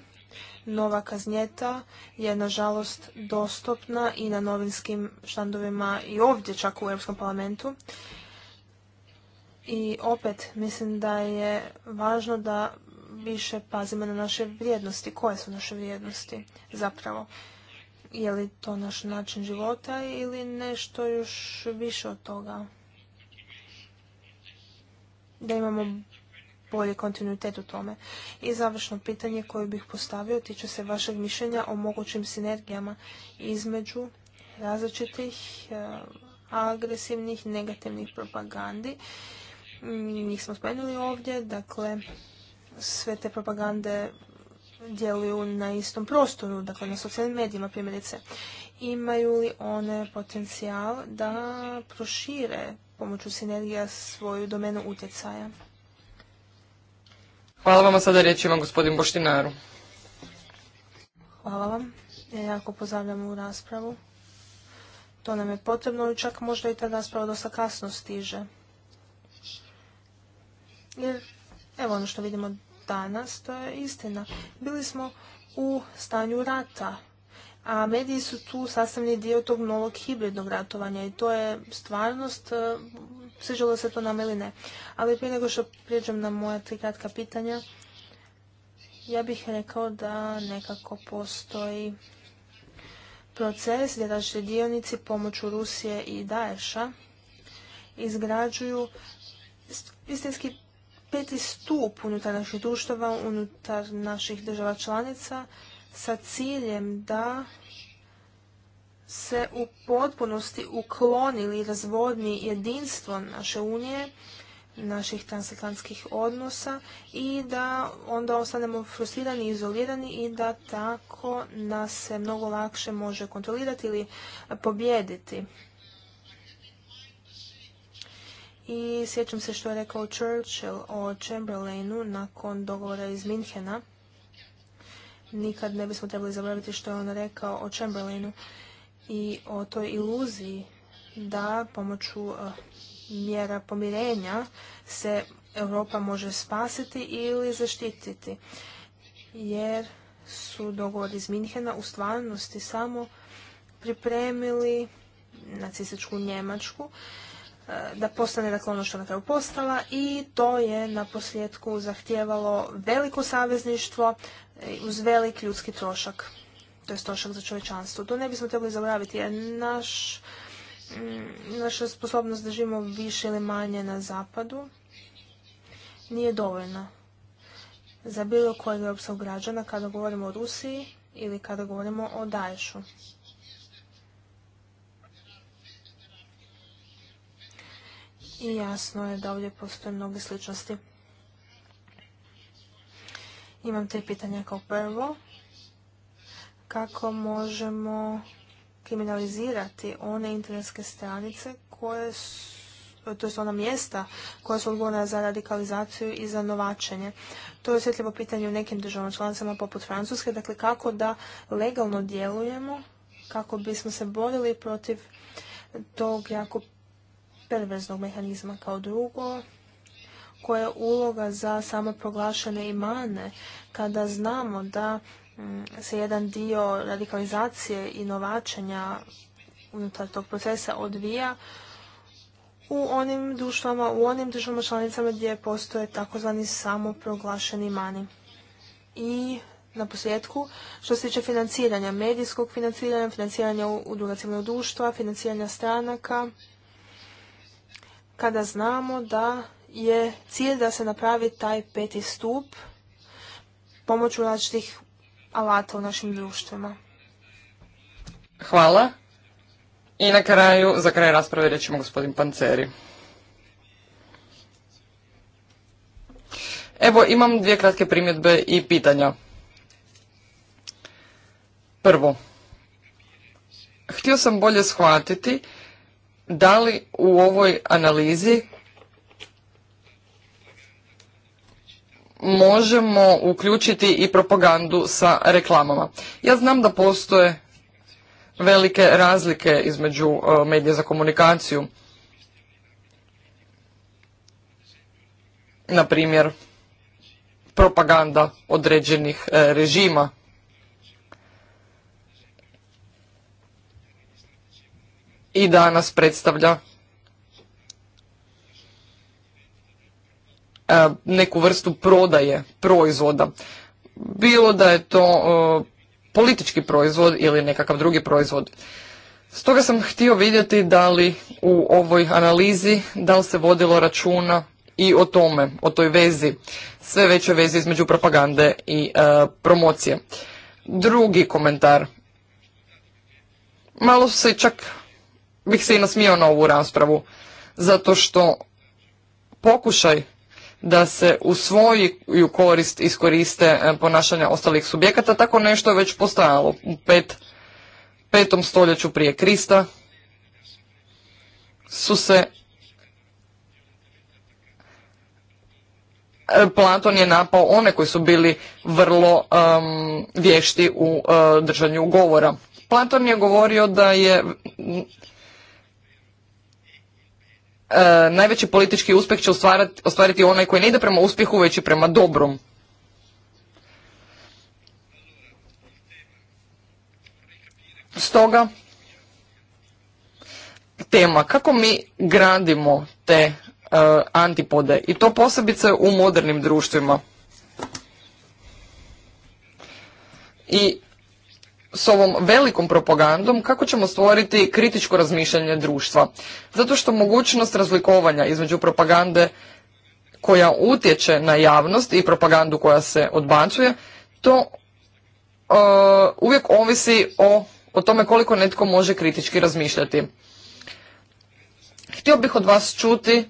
Nova kaznjeta je nažalost dostupna i na novinskim štandovima i ovdje čak u Europskom parlamentu. I opet mislim da je važno da više pazimo na naše vrijednosti. Koje su naše vrijednosti zapravo? Je li to naš način života ili nešto još više od toga? Da imamo bolji kontinuitet u tome. I završno pitanje koje bih postavio tiče se vašeg mišljenja o mogućim sinergijama između različitih e, agresivnih negativnih propagandi. Mm, njih smo spomenuli ovdje, dakle sve te propagande djeluju na istom prostoru, dakle na socijalnim medijima primjerice. Imaju li one potencijal da prošire pomoću sinergija svoju domenu utjecaja? Hvala vam, a sada gospodin Boštinaru. Hvala vam. jako pozdravljam u raspravu. To nam je potrebno i čak možda i ta rasprava dosta kasno stiže. Jer, evo ono što vidimo danas, to je istina. Bili smo u stanju rata, a mediji su tu sastavni dio tog novog hibridnog ratovanja i to je stvarnost, e, sviđalo se to nam ili ne. Ali prije nego što prijeđem na moja tri kratka pitanja, ja bih rekao da nekako postoji proces gdje različiti dionici pomoću Rusije i Daesha izgrađuju istinski peti stup unutar naših društava, unutar naših država članica sa ciljem da se u potpunosti uklonili razvodni jedinstvo naše unije, naših transatlantskih odnosa i da onda ostanemo frustrirani i izolirani i da tako nas se mnogo lakše može kontrolirati ili pobjediti. I sjećam se što je rekao Churchill o Chamberlainu nakon dogovora iz Minhena. Nikad ne bismo trebali zaboraviti što je on rekao o Chamberlainu i o toj iluziji da pomoću eh, mjera pomirenja se Europa može spasiti ili zaštititi. Jer su dogovori iz Minhena u stvarnosti samo pripremili nacističku Njemačku Eh, da postane dakle ono što na kraju postala i to je na posljedku zahtijevalo veliko savezništvo eh, uz velik ljudski trošak, to je trošak za čovječanstvo. To ne bismo trebali zaboraviti jer naš, mm, naša sposobnost da živimo više ili manje na zapadu nije dovoljna za bilo kojeg europskog građana kada govorimo o Rusiji ili kada govorimo o Daješu. i jasno je da ovdje postoje mnoge sličnosti. Imam tri pitanja kao prvo. Kako možemo kriminalizirati one internetske stranice koje to je ona mjesta koja su odgovorna za radikalizaciju i za novačenje. To je osjetljivo pitanje u nekim državama članicama poput Francuske, dakle kako da legalno djelujemo, kako bismo se borili protiv tog jako perverznog mehanizma kao drugo, koja je uloga za samoproglašene imane, kada znamo da mm, se jedan dio radikalizacije i novačenja unutar tog procesa odvija u onim društvama, u onim državama članicama gdje postoje takozvani samoproglašeni mani. I na posljedku, što se tiče financiranja, medijskog financiranja, financiranja udruga civilnog društva, financiranja stranaka, kada znamo da je cilj da se napravi taj peti stup pomoću različitih alata u našim društvima. Hvala. I na kraju, za kraj rasprave rećemo gospodin Panceri. Evo, imam dvije kratke primjedbe i pitanja. Prvo, htio sam bolje shvatiti da li u ovoj analizi možemo uključiti i propagandu sa reklamama. Ja znam da postoje velike razlike između e, medija za komunikaciju. Na primjer, propaganda određenih e, režima i danas predstavlja e, neku vrstu prodaje proizvoda. Bilo da je to e, politički proizvod ili nekakav drugi proizvod. Stoga sam htio vidjeti da li u ovoj analizi da li se vodilo računa i o tome, o toj vezi, sve većoj vezi između propagande i e, promocije. Drugi komentar. Malo se čak bih se i nasmio na ovu raspravu, zato što pokušaj da se u svoju korist iskoriste e, ponašanja ostalih subjekata, tako nešto je već postojalo u pet, petom stoljeću prije Krista su se e, Platon je napao one koji su bili vrlo vješti u e, držanju govora. Platon je govorio da je E, najveći politički uspjeh će ostvariti onaj koji ne ide prema uspjehu već i prema dobrom. Stoga, tema kako mi gradimo te e, antipode i to posebice u modernim društvima. I s ovom velikom propagandom kako ćemo stvoriti kritičko razmišljanje društva. Zato što mogućnost razlikovanja između propagande koja utječe na javnost i propagandu koja se odbacuje, to e, uvijek ovisi o, o tome koliko netko može kritički razmišljati. Htio bih od vas čuti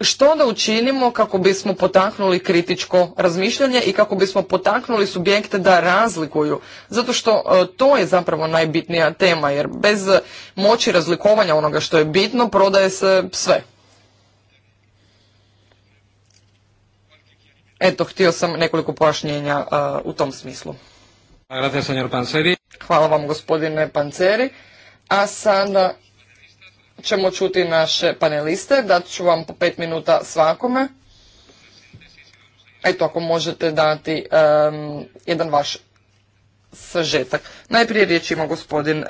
što onda učinimo kako bismo potaknuli kritičko razmišljanje i kako bismo potaknuli subjekte da razlikuju zato što e, to je zapravo najbitnija tema jer bez moći razlikovanja onoga što je bitno prodaje se sve eto htio sam nekoliko pojašnjenja e, u tom smislu hvala vam gospodine panceri a sada ćemo čuti naše paneliste, dat ću vam po pet minuta svakome. Eto, ako možete dati um, jedan vaš sažetak. Najprije riječ ima gospodin uh,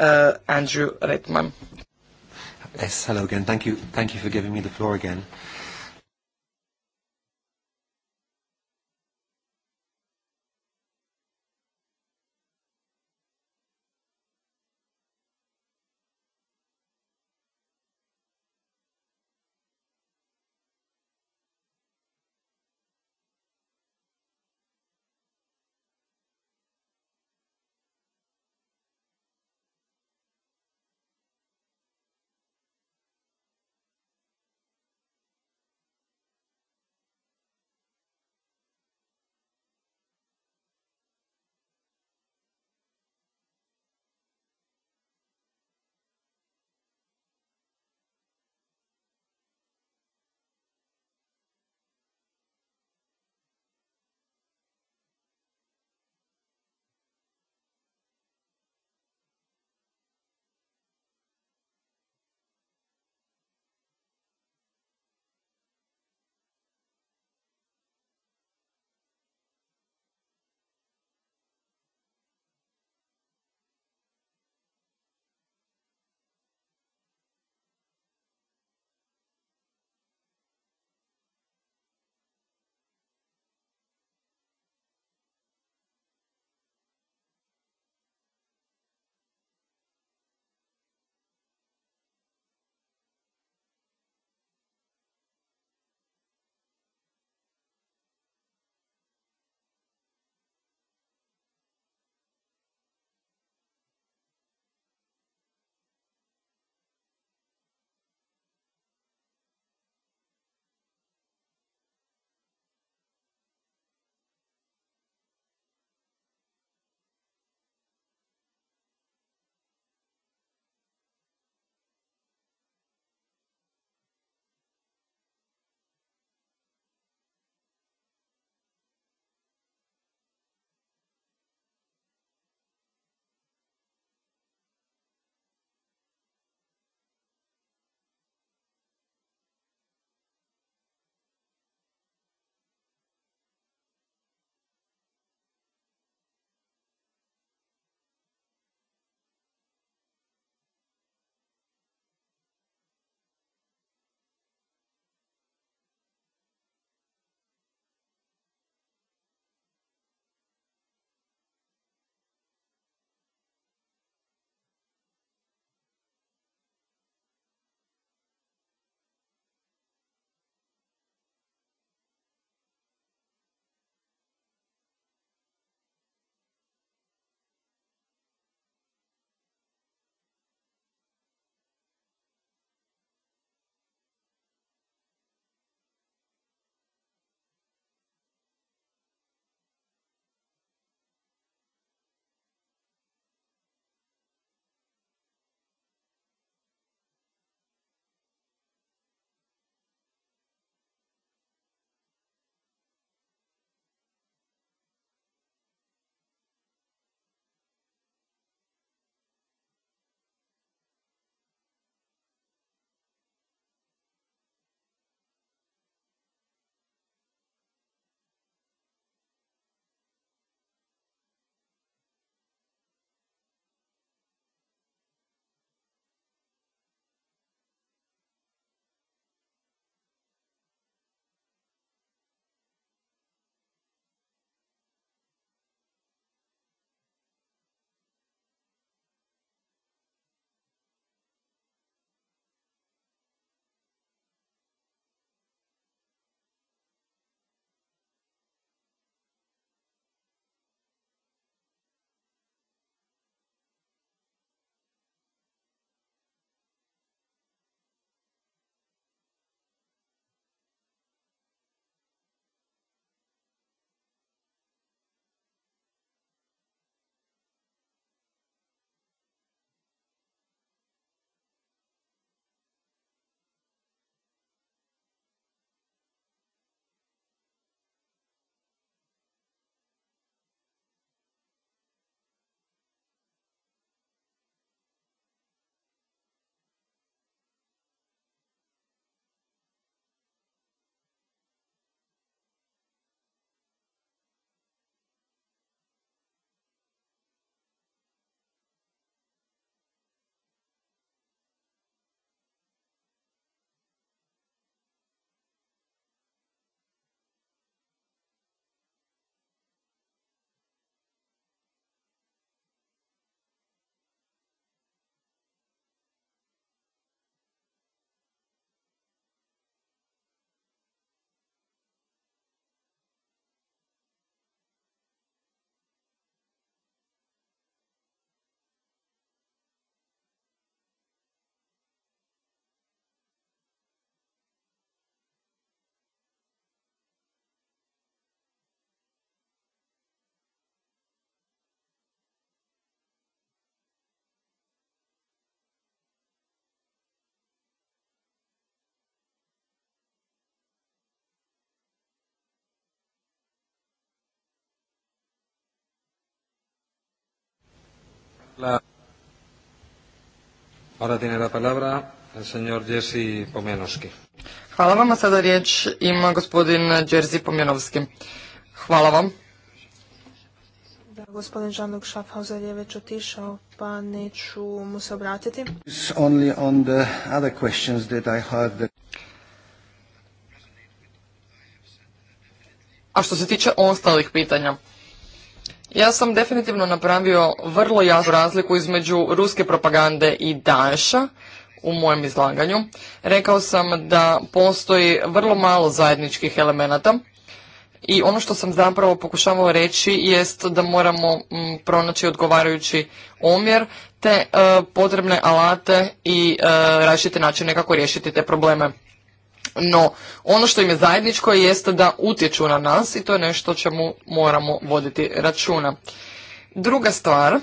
Andrew Redman. hello again. Thank you, thank you for giving me the floor again. La... Ahora tiene la palabra el señor Jerzy Pomjanovski. Hvala vam, a sada riječ ima gospodin Jerzy Pomjanovski. Hvala vam. Da, gospodin Žanuk Schaffhauser je već otišao, pa neću mu se obratiti. Only on the other questions that I heard that... A što se tiče ostalih pitanja, ja sam definitivno napravio vrlo jasnu razliku između ruske propagande i Daesha u mojem izlaganju. Rekao sam da postoji vrlo malo zajedničkih elemenata i ono što sam zapravo pokušavao reći jest da moramo mm, pronaći odgovarajući omjer te e, potrebne alate i e, različite načine kako riješiti te probleme. No, ono što im je zajedničko jeste da utječu na nas i to je nešto čemu moramo voditi računa. Druga stvar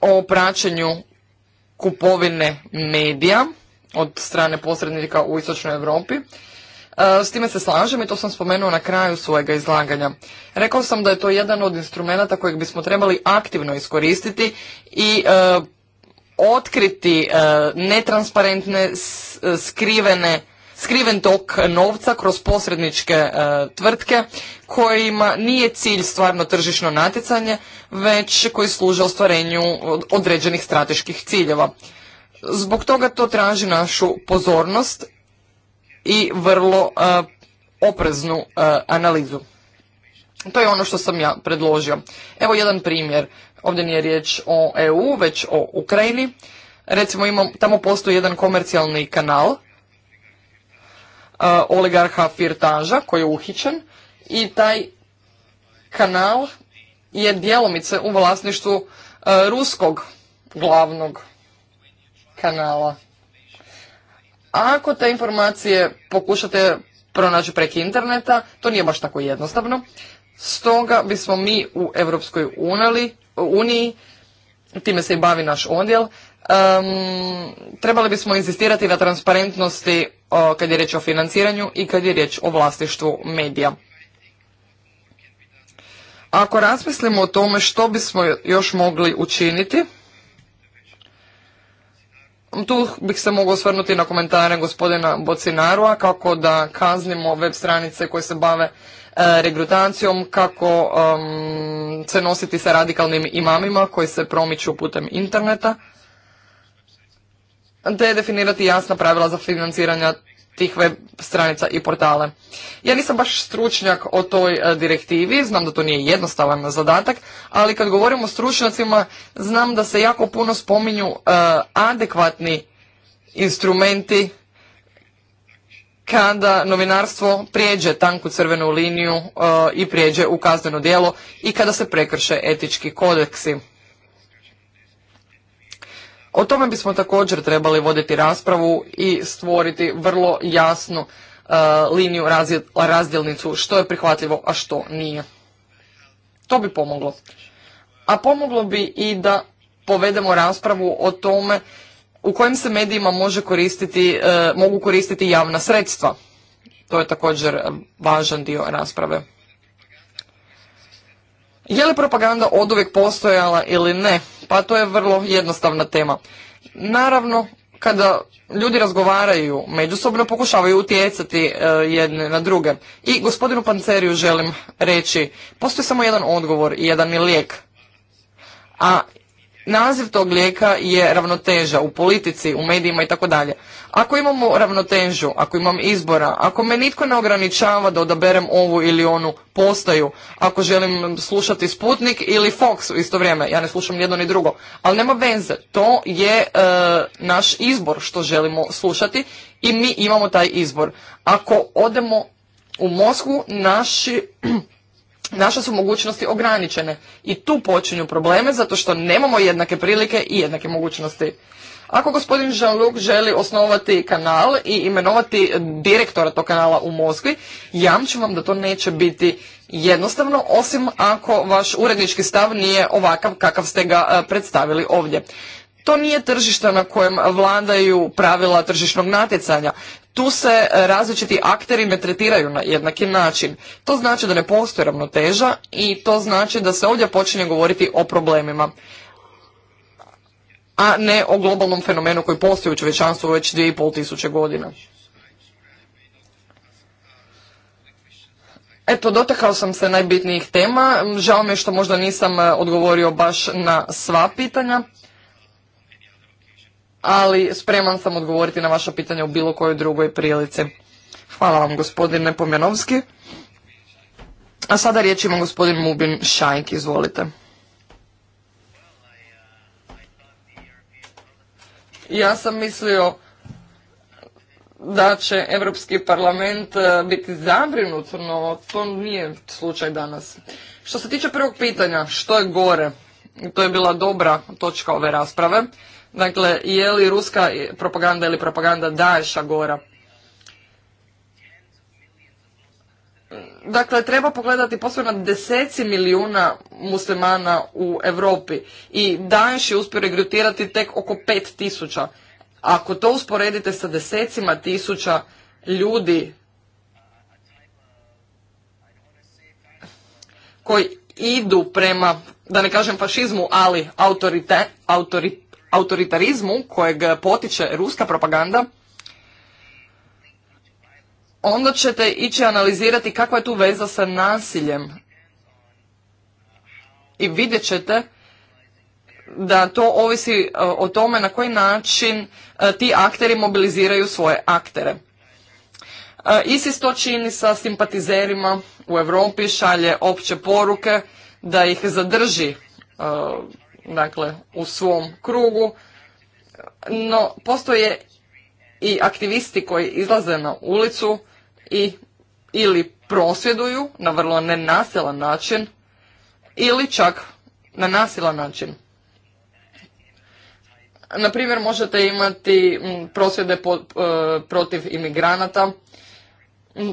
o praćenju kupovine medija od strane posrednika u istočnoj Europi. E, s time se slažem i to sam spomenuo na kraju svojega izlaganja. Rekao sam da je to jedan od instrumenta kojeg bismo trebali aktivno iskoristiti i e, otkriti e, netransparentne, e, skrivene, skriven tok novca kroz posredničke e, tvrtke kojima nije cilj stvarno tržišno natjecanje, već koji služe ostvarenju određenih strateških ciljeva. Zbog toga to traži našu pozornost i vrlo opreznu analizu. To je ono što sam ja predložio. Evo jedan primjer. Ovdje nije riječ o EU, već o Ukrajini. Recimo imam, tamo postoji jedan komercijalni kanal uh, oligarha Firtaža koji je uhićen i taj kanal je djelomice u vlasništvu uh, ruskog glavnog kanala. ako te informacije pokušate pronaći preko interneta, to nije baš tako jednostavno. Stoga bismo mi u Europskoj uniji, time se i bavi naš odjel, trebali bismo insistirati na transparentnosti kad je riječ o financiranju i kad je riječ o vlasništvu medija. Ako razmislimo o tome što bismo još mogli učiniti, tu bih se mogao osvrnuti na komentare gospodina Bocinarua kako da kaznimo web stranice koje se bave e, regrutacijom, kako se nositi sa radikalnim imamima koji se promiču putem interneta, te definirati jasna pravila za financiranje tih web stranica i portale. Ja nisam baš stručnjak o toj e, direktivi, znam da to nije jednostavan zadatak, ali kad govorimo o stručnjacima, znam da se jako puno spominju e, adekvatni instrumenti kada novinarstvo prijeđe tanku crvenu liniju e, i prijeđe u kazneno djelo i kada se prekrše etički kodeksi. O tome bismo također trebali voditi raspravu i stvoriti vrlo jasnu e, liniju razdjelnicu što je prihvatljivo, a što nije. To bi pomoglo. A pomoglo bi i da povedemo raspravu o tome u kojim se medijima može koristiti, e, mogu koristiti javna sredstva. To je također e, važan dio rasprave. Je li propaganda od uvijek postojala ili ne? Pa to je vrlo jednostavna tema. Naravno, kada ljudi razgovaraju, međusobno pokušavaju utjecati e, jedne na druge. I gospodinu Panceriju želim reći, postoji samo jedan odgovor i jedan je lijek. A Naziv tog lijeka je ravnoteža u politici, u medijima i tako dalje. Ako imamo ravnotežu, ako imam izbora, ako me nitko ne ograničava da odaberem ovu ili onu postaju, ako želim slušati Sputnik ili Fox u isto vrijeme, ja ne slušam jedno ni drugo, ali nema veze, to je e, naš izbor što želimo slušati i mi imamo taj izbor. Ako odemo u Moskvu, naši naše su mogućnosti ograničene i tu počinju probleme zato što nemamo jednake prilike i jednake mogućnosti. Ako gospodin Jean-Luc želi osnovati kanal i imenovati direktora tog kanala u Moskvi, jamčim vam da to neće biti jednostavno, osim ako vaš urednički stav nije ovakav kakav ste ga e, predstavili ovdje. To nije tržište na kojem vladaju pravila tržišnog natjecanja. Tu se različiti akteri ne tretiraju na jednaki način. To znači da ne postoji ravnoteža i to znači da se ovdje počinje govoriti o problemima a ne o globalnom fenomenu koji postoji u čovječanstvu već 2,5 tisuće godina. Eto, dotakao sam se najbitnijih tema. Žao mi je što možda nisam e, odgovorio baš na sva pitanja ali spreman sam odgovoriti na vaša pitanja u bilo kojoj drugoj prilici. Hvala vam gospodine Pomjanovski. A sada riječ ima gospodin Mubin Šajk, izvolite. Ja sam mislio da će Europski parlament e, biti zabrinut, no to nije slučaj danas. Što se tiče prvog pitanja, što je gore, to je bila dobra točka ove rasprave. Dakle, je li ruska propaganda ili propaganda Daesha gora? Dakle, treba pogledati posebno deseci milijuna muslimana u Europi i Daesh je uspio regrutirati tek oko pet tisuća. Ako to usporedite sa desecima tisuća ljudi koji idu prema, da ne kažem fašizmu, ali autorite, autori, autoritarizmu kojeg potiče ruska propaganda, onda ćete ići analizirati kakva je tu veza sa nasiljem. I vidjet ćete da to ovisi e, o tome na koji način e, ti akteri mobiliziraju svoje aktere. E, ISIS to čini sa simpatizerima u Europi, šalje opće poruke da ih zadrži dakle, u svom krugu, no postoje i aktivisti koji izlaze na ulicu i ili prosvjeduju na vrlo nenasilan način ili čak na nasilan način. Na možete imati mm, prosvjede e, protiv imigranata,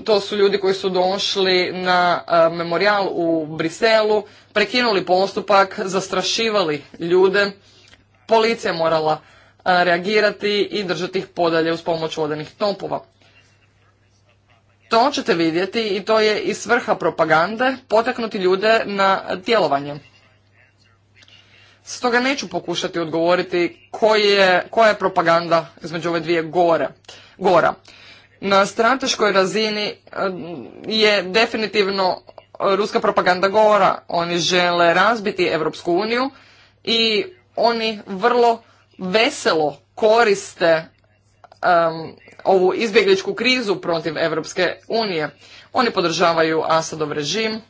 to su ljudi koji su došli na e, memorial u Briselu, prekinuli postupak, zastrašivali ljude, policija morala e, reagirati i držati ih podalje uz pomoć vodenih topova. To ćete vidjeti i to je i svrha propagande potaknuti ljude na djelovanje. Stoga neću pokušati odgovoriti koja je propaganda između ove dvije gore, gora. Na strateškoj razini eh, je definitivno ruska propaganda govora. Oni žele razbiti Europsku uniju i oni vrlo veselo koriste ovu izbjegličku krizu protiv Evropske unije. Oni podržavaju Asadov režim,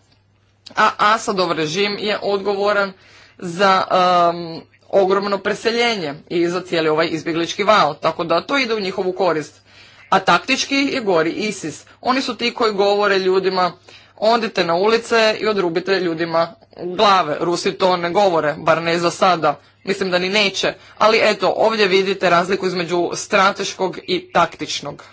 a Asadov režim je odgovoran za ogromno preseljenje i za cijeli ovaj izbjeglički val, tako da to ide u njihovu korist. A taktički je gori ISIS. Oni su ti koji govore ljudima odite na ulice i odrubite ljudima glave. Rusi to ne govore, bar ne za sada. Mislim da ni neće. Ali eto, ovdje vidite razliku između strateškog i taktičnog.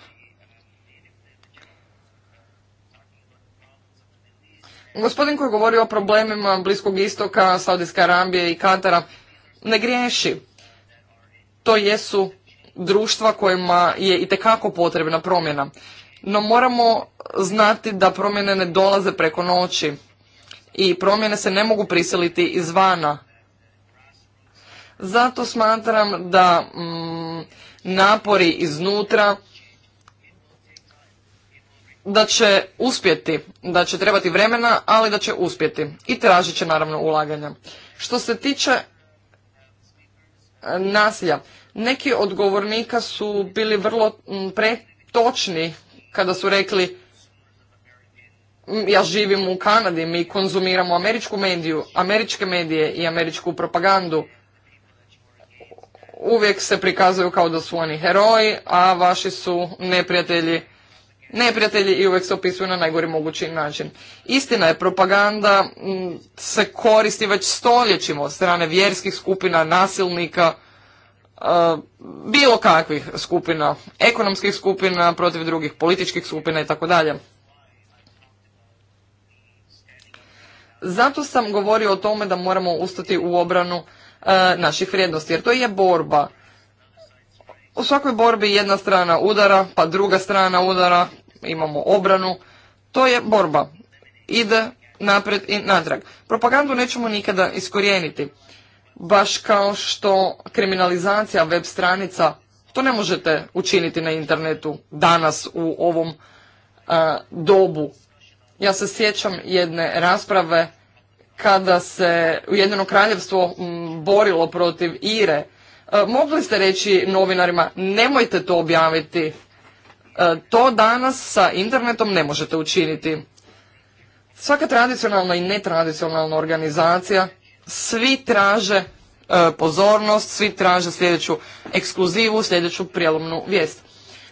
Gospodin koji govori o problemima Bliskog istoka, Saudijske Arabije i Katara ne griješi. To jesu društva kojima je itekako potrebna promjena. No moramo znati da promjene ne dolaze preko noći i promjene se ne mogu prisiliti izvana. Zato smatram da mm, napori iznutra da će uspjeti, da će trebati vremena, ali da će uspjeti i tražit će naravno ulaganja. Što se tiče e, nasilja, neki od govornika su bili vrlo pretočni kada su rekli ja živim u Kanadi, mi konzumiramo američku mediju, američke medije i američku propagandu. Uvijek se prikazuju kao da su oni heroji, a vaši su neprijatelji neprijatelji i uvijek se opisuju na najgori mogući način. Istina je, propaganda se koristi već stoljećima od strane vjerskih skupina, nasilnika, bilo kakvih skupina, ekonomskih skupina, protiv drugih političkih skupina i tako dalje. Zato sam govorio o tome da moramo ustati u obranu e, naših vrijednosti, jer to je borba. U svakoj borbi jedna strana udara, pa druga strana udara, imamo obranu. To je borba. Ide naprijed i natrag. Propagandu nećemo nikada iskorijeniti baš kao što kriminalizacija web stranica, to ne možete učiniti na internetu danas u ovom dobu. Ja se sjećam jedne rasprave kada se Ujedinjeno kraljevstvo borilo protiv Ire. E, mogli ste reći novinarima nemojte to objaviti. E, to danas sa internetom ne možete učiniti. Svaka tradicionalna i netradicionalna organizacija svi traže e, pozornost, svi traže sljedeću ekskluzivu, sljedeću prijelomnu vijest.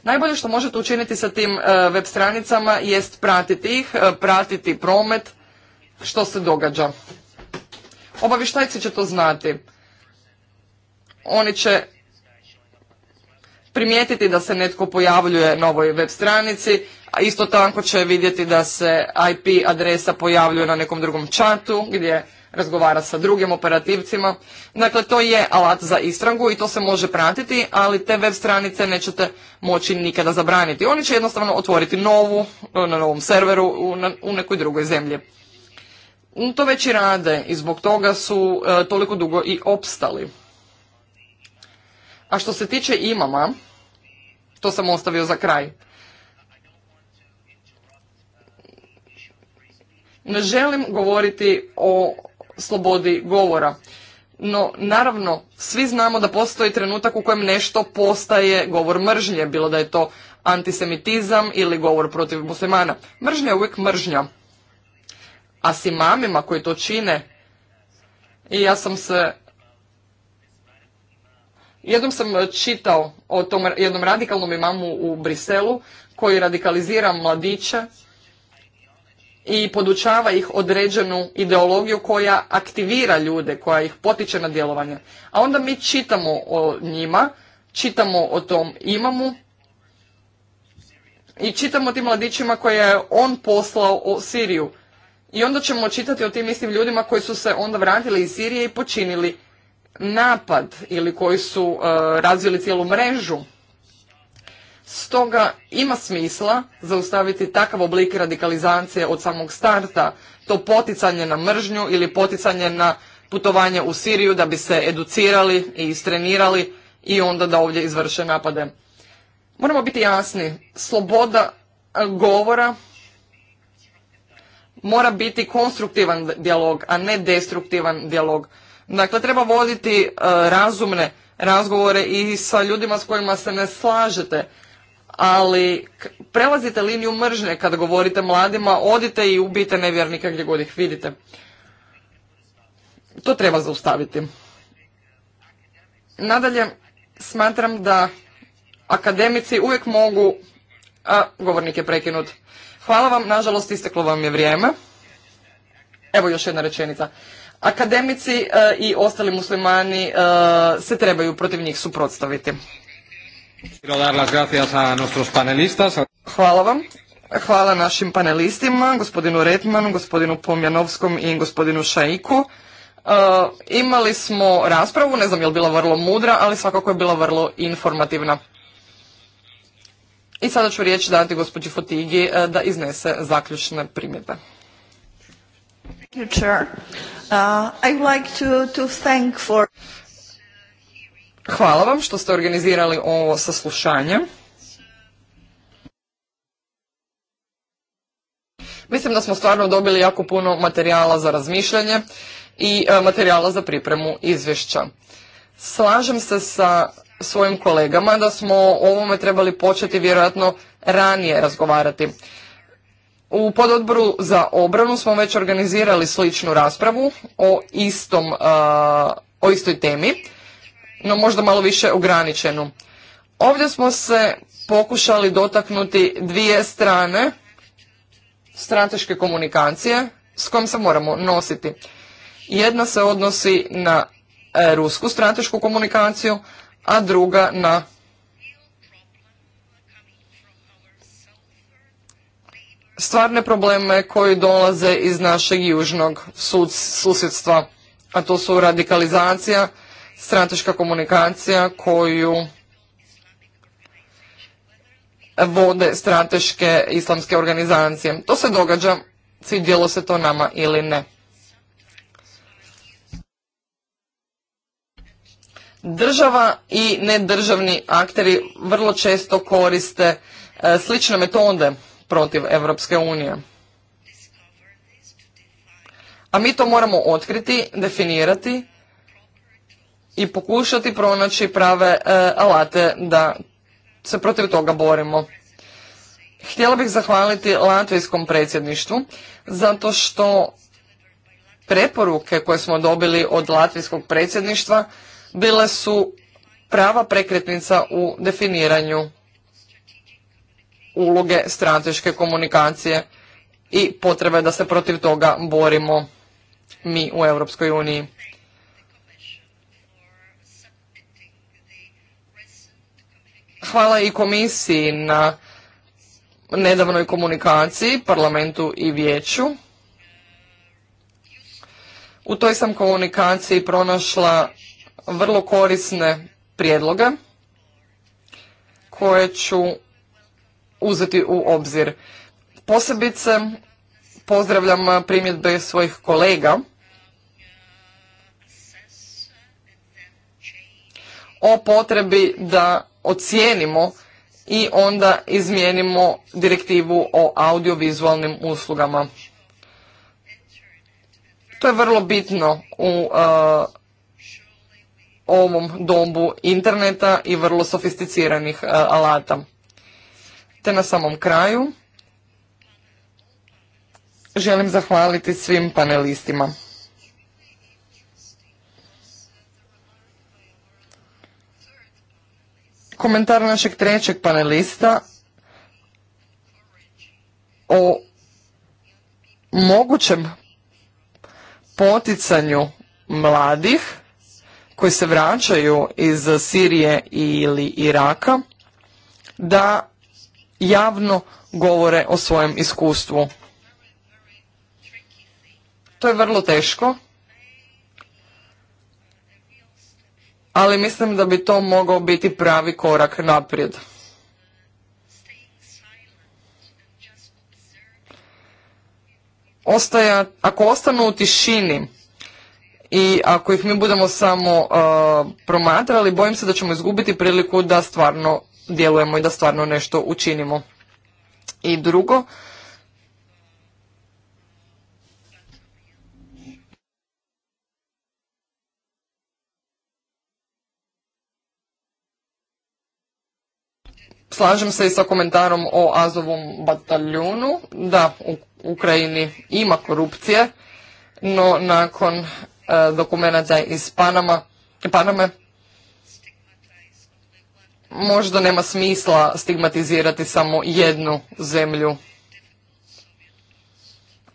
Najbolje što možete učiniti sa tim e, web stranicama jest pratiti ih, e, pratiti promet, što se događa. Obavištajci će to znati. Oni će primijetiti da se netko pojavljuje na ovoj web stranici, a isto tako će vidjeti da se IP adresa pojavljuje na nekom drugom čatu gdje razgovara sa drugim operativcima. Dakle, to je alat za istrangu i to se može pratiti, ali te web stranice nećete moći nikada zabraniti. Oni će jednostavno otvoriti novu, e, na novom serveru u, nekoj drugoj zemlji. To već i rade i zbog toga su e, toliko dugo i opstali. A što se tiče imama, to sam ostavio za kraj. Ne želim govoriti o slobodi govora. No, naravno, svi znamo da postoji trenutak u kojem nešto postaje govor mržnje, bilo da je to antisemitizam ili govor protiv muslimana. Mržnja je uvijek mržnja. A si koji to čine, i ja sam se Jednom sam e, čitao o tom jednom radikalnom imamu u Briselu koji radikalizira mladiće i podučava ih određenu ideologiju koja aktivira ljude, koja ih potiče na djelovanje. A onda mi čitamo o njima, čitamo o tom imamu i čitamo o tim mladićima koje je on poslao u Siriju. I onda ćemo čitati o tim istim ljudima koji su se onda vratili iz Sirije i počinili napad ili koji su eh, razvili cijelu mrežu Stoga ima smisla zaustaviti takav oblik radikalizacije od samog starta, to poticanje na mržnju ili poticanje na putovanje u Siriju da bi se educirali i istrenirali i onda da ovdje izvrše napade. Moramo biti jasni, sloboda e, govora mora biti konstruktivan dijalog, a ne destruktivan dijalog. Dakle, treba voditi e, razumne razgovore i sa ljudima s kojima se ne slažete, ali prelazite liniju mržnje kada govorite mladima, odite i ubijte nevjernike gdje god ih vidite. To treba zaustaviti. Nadalje, smatram da akademici uvijek mogu... A, govornik je prekinut. Hvala vam, nažalost isteklo vam je vrijeme. Evo još jedna rečenica. Akademici e, i ostali muslimani e, se trebaju protiv njih suprotstaviti. Hvala vam. Hvala našim panelistima, gospodinu Retmanu, gospodinu Pomjanovskom i gospodinu Šaiku. E, imali smo raspravu, ne znam je li bila vrlo mudra, ali svakako je bila vrlo informativna. I sada ću riječ dati gospođi Fotigi e, da iznese zaključne primjedbe. Hvala vam što ste organizirali ovo saslušanje. Mislim da smo stvarno dobili jako puno materijala za razmišljanje i e, materijala za pripremu izvješća. Slažem se sa svojim kolegama da smo o ovome trebali početi vjerojatno ranije razgovarati. U pododboru za obranu smo već organizirali sličnu raspravu o, istom, e, o istoj temi no možda malo više ograničenu. Ovdje smo se pokušali dotaknuti dvije strane strateške komunikacije s kojom se moramo nositi. Jedna se odnosi na e, rusku stratešku komunikaciju, a druga na stvarne probleme koji dolaze iz našeg južnog susjedstva, a to su radikalizacija, strateška komunikacija koju vode strateške islamske organizacije. To se događa, svidjelo se to nama ili ne. Država i nedržavni akteri vrlo često koriste e, slične metode protiv Europske unije. A mi to moramo otkriti, definirati i pokušati pronaći prave e, alate da se protiv toga borimo. Htjela bih zahvaliti Latvijskom predsjedništvu zato što preporuke koje smo dobili od Latvijskog predsjedništva bile su prava prekretnica u definiranju uloge strateške komunikacije i potrebe da se protiv toga borimo mi u Europskoj uniji. Hvala i komisiji na nedavnoj komunikaciji, parlamentu i vijeću. U toj sam komunikaciji pronašla vrlo korisne prijedloge koje ću uzeti u obzir. Posebice pozdravljam primjedbe svojih kolega o potrebi da ocijenimo i onda izmijenimo direktivu o audiovizualnim uslugama. To je vrlo bitno u e, ovom dobu interneta i vrlo sofisticiranih e, alata. Te na samom kraju želim zahvaliti svim panelistima. komentar našeg trećeg panelista o mogućem poticanju mladih koji se vraćaju iz Sirije ili Iraka da javno govore o svojem iskustvu. To je vrlo teško ali mislim da bi to mogao biti pravi korak naprijed. Ostaja, ako ostanu u tišini i ako ih mi budemo samo uh, promatrali, bojim se da ćemo izgubiti priliku da stvarno djelujemo i da stvarno nešto učinimo. I drugo, Slažem se i sa komentarom o Azovom bataljunu. Da, u Ukrajini ima korupcije, no nakon e, dokumenta iz Panama, Paname možda nema smisla stigmatizirati samo jednu zemlju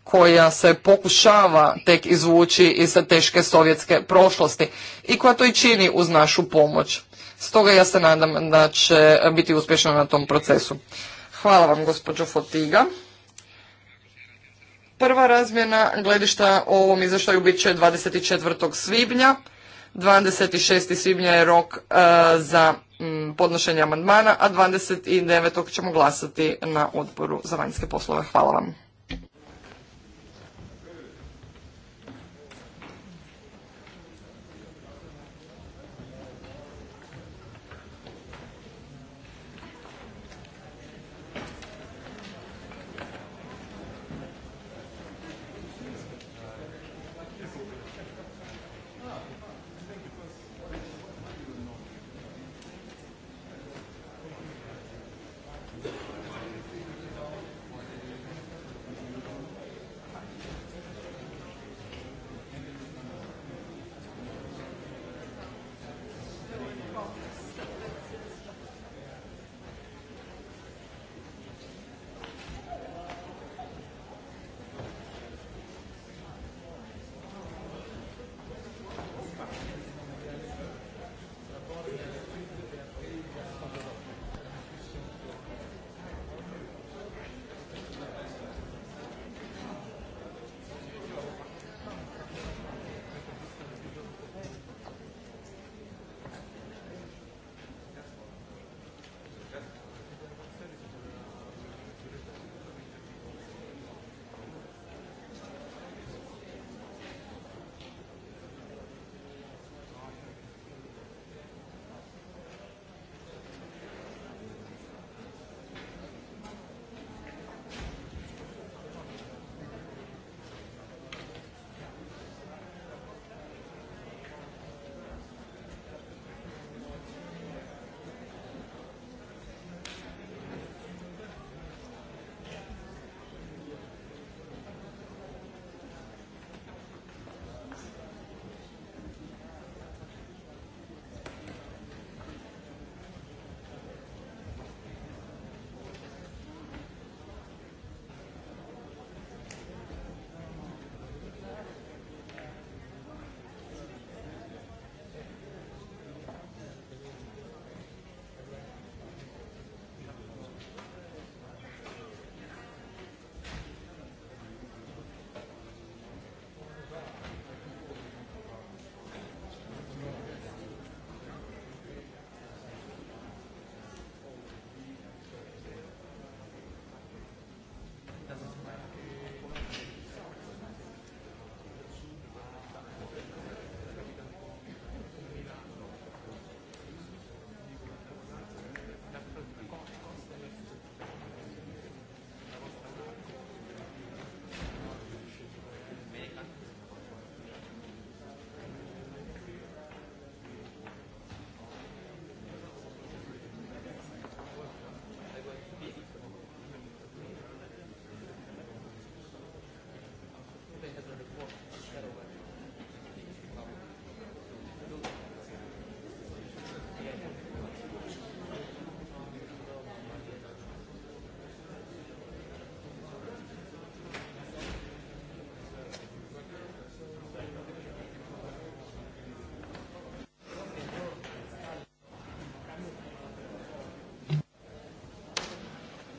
koja se pokušava tek izvući iz teške sovjetske prošlosti i koja to i čini uz našu pomoć. Stoga ja se nadam da će biti uspješna na tom procesu. Hvala vam gospođo Fotiga. Prva razmjena gledišta o ovom izvještaju bit će 24. svibnja. 26. svibnja je rok e, za podnošenje amandmana, a 29. ćemo glasati na odboru za vanjske poslove. Hvala vam.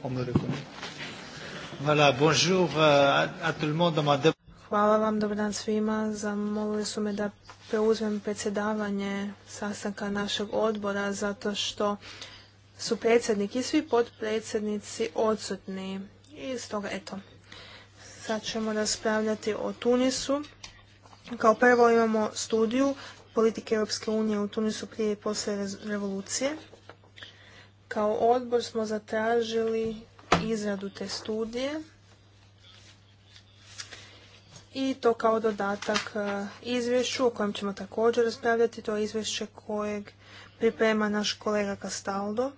on me reconnaît. bonjour euh, à, tout le monde Hvala vam, dobar dan svima. Zamolili su me da preuzmem predsjedavanje sastanka našeg odbora zato što su predsjednik i svi potpredsjednici odsutni. I stoga eto, sad ćemo raspravljati o Tunisu. Kao prvo imamo studiju politike Europske unije u Tunisu prije i poslije revolucije. Kao odbor smo zatražili izradu te studije i to kao dodatak e, izvješću o kojem ćemo također raspravljati. To je izvješće kojeg priprema naš kolega Kastaldo.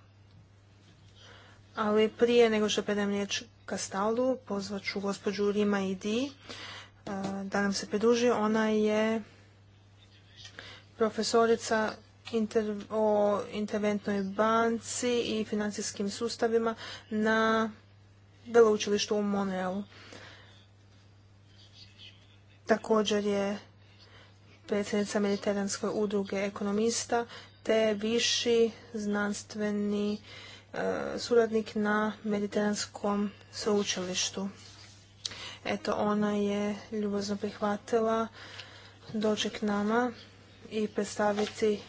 Ali prije nego što predam riječ Kastaldu, pozvat ću gospođu Rima Idi e, da nam se pridruži. Ona je profesorica inter, o interventnoj banci i financijskim sustavima na veleučilištu u Monrealu. Također je predsjednica Mediteranske udruge ekonomista te viši znanstveni e, suradnik na Mediteranskom sveučilištu. Eto, ona je ljubozno prihvatila doček nama i predstaviti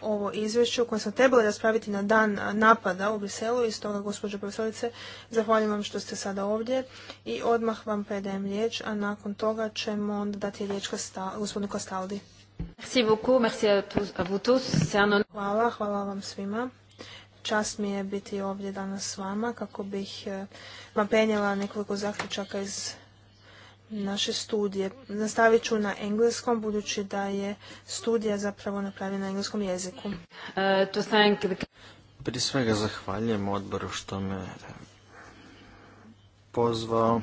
ovo izvješće koje smo trebali raspraviti na dan napada u Briselu i stoga, gospođo profesorice, zahvaljujem vam što ste sada ovdje i odmah vam predajem riječ, a nakon toga ćemo onda dati riječ gospodinu Kostaldi. Hvala, hvala vam svima. Čast mi je biti ovdje danas s vama kako bih eh, vam penjela nekoliko zaključaka iz naše studije. Nastavit ću na engleskom, budući da je studija zapravo napravljena na engleskom jeziku. Prije svega zahvaljujem odboru što me pozvao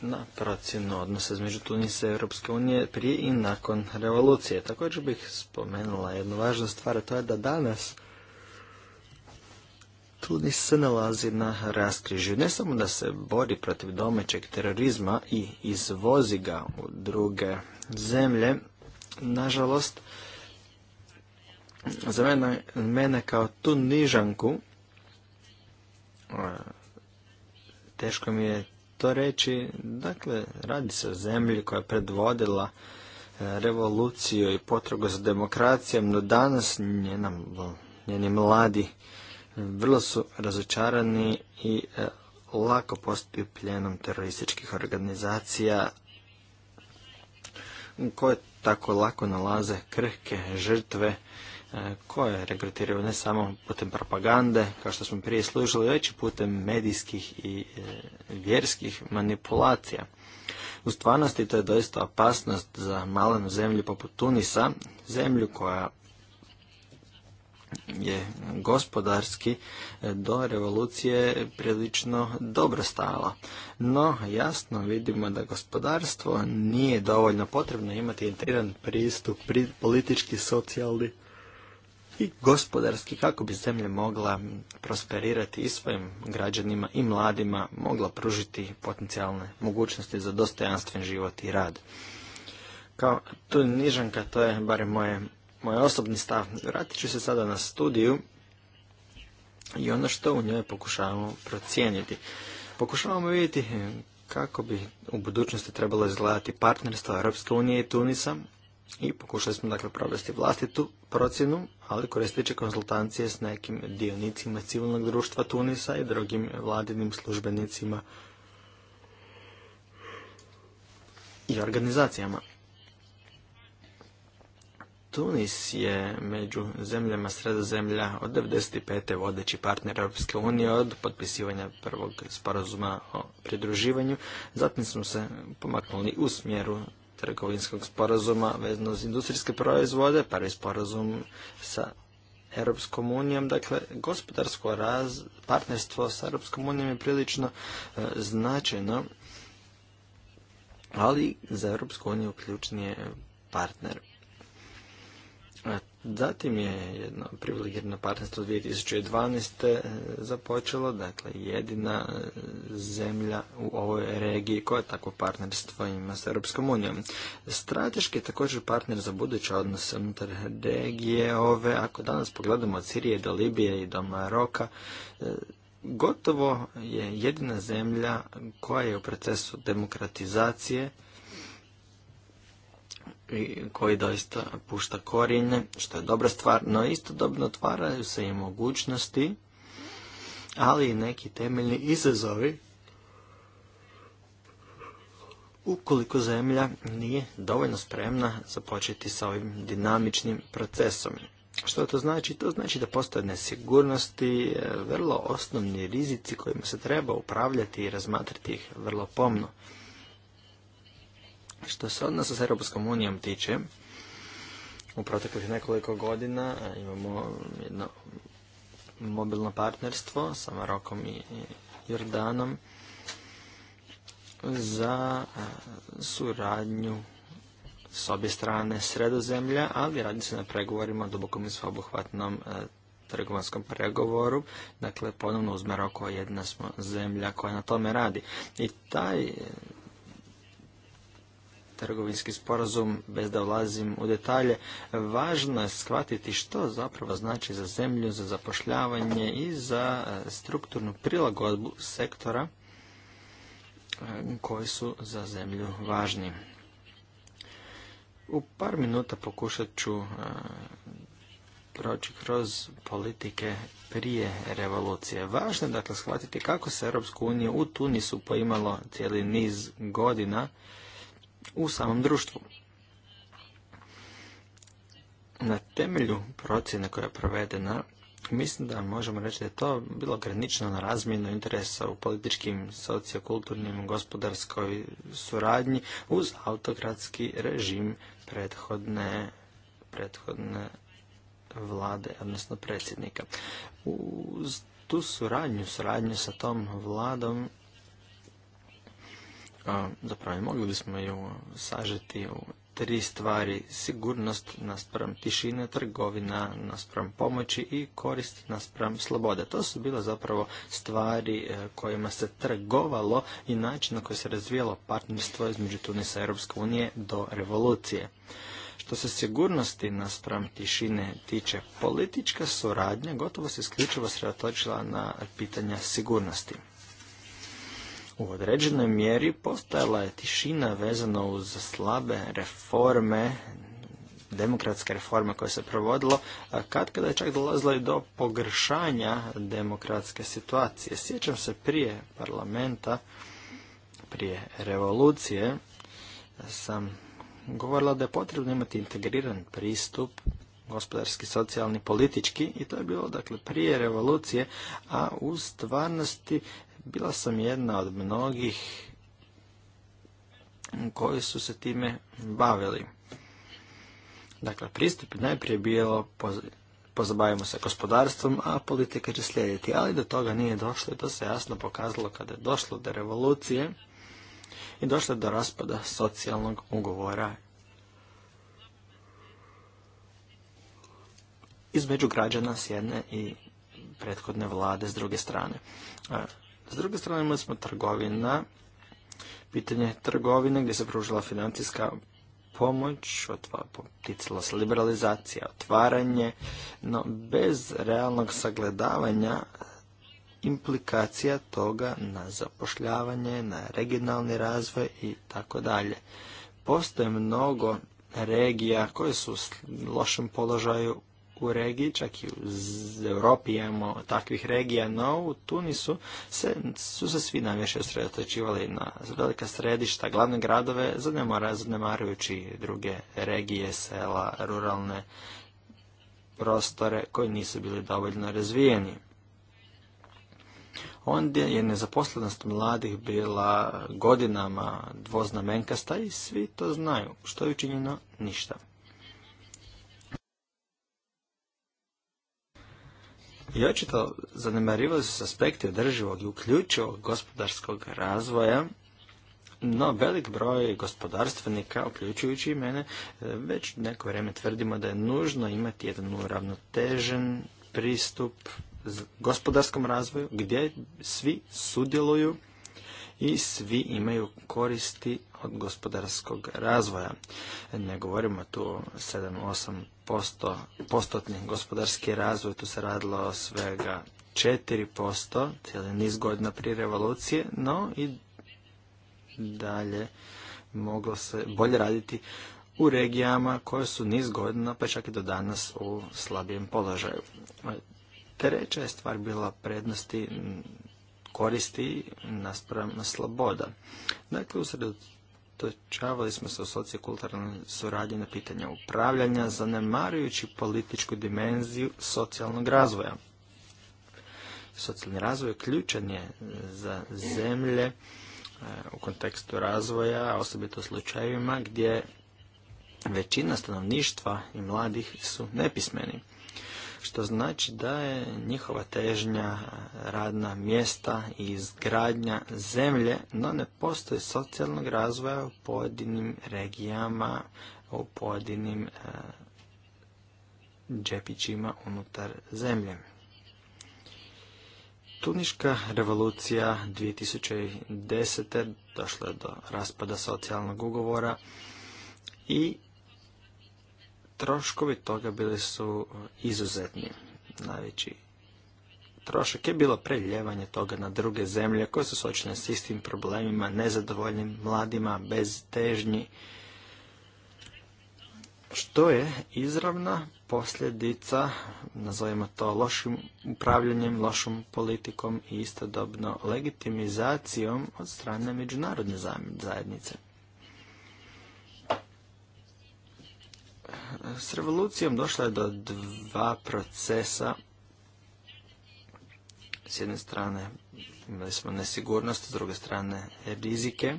na procjenu odnosa između Tunisa i Europske unije prije i nakon revolucije. Također bih spomenula jednu važnu stvar, a to je da danas njih se nalazi na raskrižju. Ne samo da se bori protiv domaćeg terorizma i izvozi ga u druge zemlje, nažalost, za mene, mene kao tu nižanku, teško mi je to reći, dakle, radi se o zemlji koja je predvodila e, revoluciju i potragu za demokracijom, no danas njena, njeni mladi vrlo su razočarani i e, lako postaju pljenom terorističkih organizacija koje tako lako nalaze krhke žrtve e, koje rekrutiraju ne samo putem propagande, kao što smo prije služili, već i putem medijskih i e, vjerskih manipulacija. U stvarnosti to je doista opasnost za malenu zemlju poput Tunisa, zemlju koja je gospodarski e, do revolucije prilično dobro stajala. No, jasno vidimo da gospodarstvo nije dovoljno potrebno imati integriran pristup pri politički, socijalni i gospodarski kako bi zemlja mogla prosperirati i svojim građanima i mladima mogla pružiti potencijalne mogućnosti za dostojanstven život i rad. Kao tu nižanka, to je barem moje moj osobni stav. Vratit ću se sada na studiju i ono što u njoj pokušavamo procijeniti. Pokušavamo vidjeti kako bi u budućnosti trebalo izgledati partnerstvo Europske unije i Tunisa i pokušali smo dakle provesti vlastitu procjenu, ali koristeći konzultancije s nekim dionicima civilnog društva Tunisa i drugim vladinim službenicima i organizacijama. Tunis je među zemljama zemlja od 95. vodeći partner Europske unije od potpisivanja prvog sporazuma o pridruživanju. Zatim smo se pomaknuli u smjeru trgovinskog sporazuma vezno uz industrijske proizvode, prvi sporazum sa Europskom unijom. Dakle, gospodarsko partnerstvo sa Europskom unijom je prilično e, značajno, ali za Europsku uniju ključni je partner Zatim je jedno privilegirano partnerstvo 2012. E, započelo, dakle jedina e, zemlja u ovoj regiji koja tako partnerstvo ima s Europskom unijom. Strateški je također partner za buduće odnose unutar regije ove, ako danas pogledamo od Sirije do Libije i do Maroka, e, gotovo je jedina zemlja koja je u procesu demokratizacije koji doista pušta korijenje, što je dobra stvar, no istodobno otvaraju se i mogućnosti, ali i neki temeljni izazovi ukoliko zemlja nije dovoljno spremna započeti sa ovim dinamičnim procesom. Što to znači? To znači da postoje nesigurnosti, vrlo osnovni rizici kojima se treba upravljati i razmatrati ih vrlo pomno. Što se odnosa s Europskom unijom tiče, u proteklih nekoliko godina e, imamo jedno mobilno partnerstvo sa Marokom i Jordanom za e, suradnju s obje strane sredozemlja, ali radi se na pregovorima o dubokom i sveobuhvatnom e, trgovanskom pregovoru. Dakle, ponovno uz Maroko jedna smo zemlja koja na tome radi. I taj trgovinski sporazum, bez da ulazim u detalje, važno je shvatiti što zapravo znači za zemlju, za zapošljavanje i za e, strukturnu prilagodbu sektora e, koji su za zemlju važni. U par minuta pokušat ću e, proći kroz politike prije revolucije. Važno je dakle shvatiti kako se Europsku uniju u Tunisu poimalo cijeli niz godina u samom društvu. Na temelju procjene koja je provedena, mislim da možemo reći da je to bilo granično na razmjenu interesa u političkim, sociokulturnim, gospodarskoj suradnji uz autokratski režim prethodne, prethodne vlade, odnosno predsjednika. Uz tu suradnju, suradnju sa tom vladom zapravo mogli bismo ju sažeti u tri stvari, sigurnost naspram tišine, trgovina naspram pomoći i korist naspram slobode. To su bile zapravo stvari e, kojima se trgovalo i način na koji se razvijalo partnerstvo između Tunisa i Europske unije do revolucije. Što se sigurnosti naspram tišine tiče, politička suradnja gotovo se isključivo sredotočila na pitanja sigurnosti. U određenoj mjeri postojala je tišina vezano uz slabe reforme, demokratske reforme koje se provodilo, kad kada je čak dolazilo i do pogršanja demokratske situacije. Sjećam se prije parlamenta, prije revolucije, sam govorila da je potrebno imati integriran pristup gospodarski, socijalni, politički i to je bilo dakle prije revolucije, a u stvarnosti bila sam jedna od mnogih koji su se time bavili. Dakle, pristup je najprije bio pozabavimo se gospodarstvom, a politika će slijediti, ali do toga nije došlo i to se jasno pokazalo kada je došlo do revolucije i došlo do raspada socijalnog ugovora između građana s jedne i prethodne vlade s druge strane. S druge strane imali smo trgovina, pitanje trgovine gdje se pružila financijska pomoć, poticala se liberalizacija, otvaranje, no bez realnog sagledavanja implikacija toga na zapošljavanje, na regionalni razvoj i tako dalje. Postoje mnogo regija koje su u lošem položaju u regiji, čak i u Europi imamo takvih regija, no u Tunisu se, su se svi najviše sredotočivali na velika središta, glavne gradove, zanemarujući druge regije, sela, ruralne prostore koji nisu bili dovoljno razvijeni. Onda je nezaposlenost mladih bila godinama dvoznamenkasta i svi to znaju. Što je učinjeno? Ništa. I očito zanemarivali su se aspekti održivog i uključivog gospodarskog razvoja, no velik broj gospodarstvenika, uključujući i mene, e, već neko vrijeme tvrdimo da je nužno imati jedan uravnotežen pristup gospodarskom razvoju gdje svi sudjeluju i svi imaju koristi gospodarskog razvoja. Ne govorimo tu 7-8% postotni gospodarski razvoj, tu se radilo svega 4%, cijeli niz godina prije revolucije, no i dalje moglo se bolje raditi u regijama koje su niz godina, pa čak i do danas, u slabijem položaju. Treća je stvar bila prednosti koristi naspram sloboda. Dakle, usredotočavali smo se u sociokulturnoj suradnji na pitanja upravljanja, zanemarujući političku dimenziju socijalnog razvoja. Socijalni razvoj ključan je za zemlje e, u kontekstu razvoja, osobito u slučajevima gdje većina stanovništva i mladih su nepismeni što znači da je njihova težnja radna mjesta i izgradnja zemlje, no ne postoji socijalnog razvoja u pojedinim regijama, u pojedinim e, džepićima unutar zemlje. Tuniška revolucija 2010. došla je do raspada socijalnog ugovora i troškovi toga bili su izuzetni. Najveći trošak je bilo preljevanje toga na druge zemlje koje su sočene s istim problemima, nezadovoljnim mladima, bez težnji, što je izravna posljedica, nazovimo to lošim upravljanjem, lošom politikom i istodobno legitimizacijom od strane međunarodne zajednice. S revolucijom došlo je do dva procesa. S jedne strane imali smo nesigurnost, s druge strane rizike,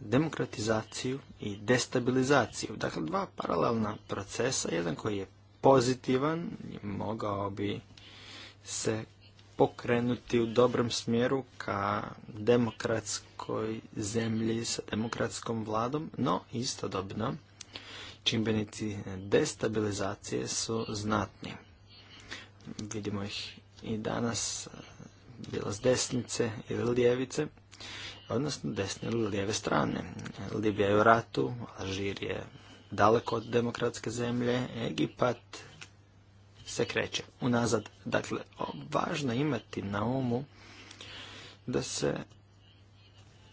demokratizaciju i destabilizaciju. Dakle, dva paralelna procesa, jedan koji je pozitivan, mogao bi se pokrenuti u dobrom smjeru ka demokratskoj zemlji sa demokratskom vladom, no istodobno čimbenici destabilizacije su znatni. Vidimo ih i danas, bilo s desnice ili lijevice, odnosno desne ili lijeve strane. Libija je u ratu, Alžir je daleko od demokratske zemlje, Egipat se kreće unazad. Dakle, važno imati na umu da se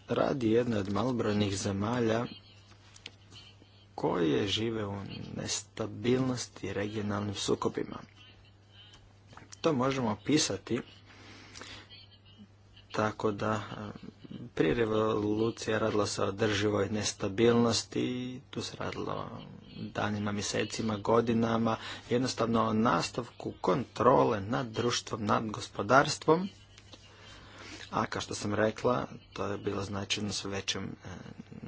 radi jedna od malobrojnih zemalja koje žive u nestabilnosti i regionalnim sukobima. To možemo opisati tako da e, prije revolucije radilo se o drživoj nestabilnosti, tu se radilo danima, mjesecima, godinama, jednostavno o nastavku kontrole nad društvom, nad gospodarstvom, a kao što sam rekla, to je bilo značajno s većim e,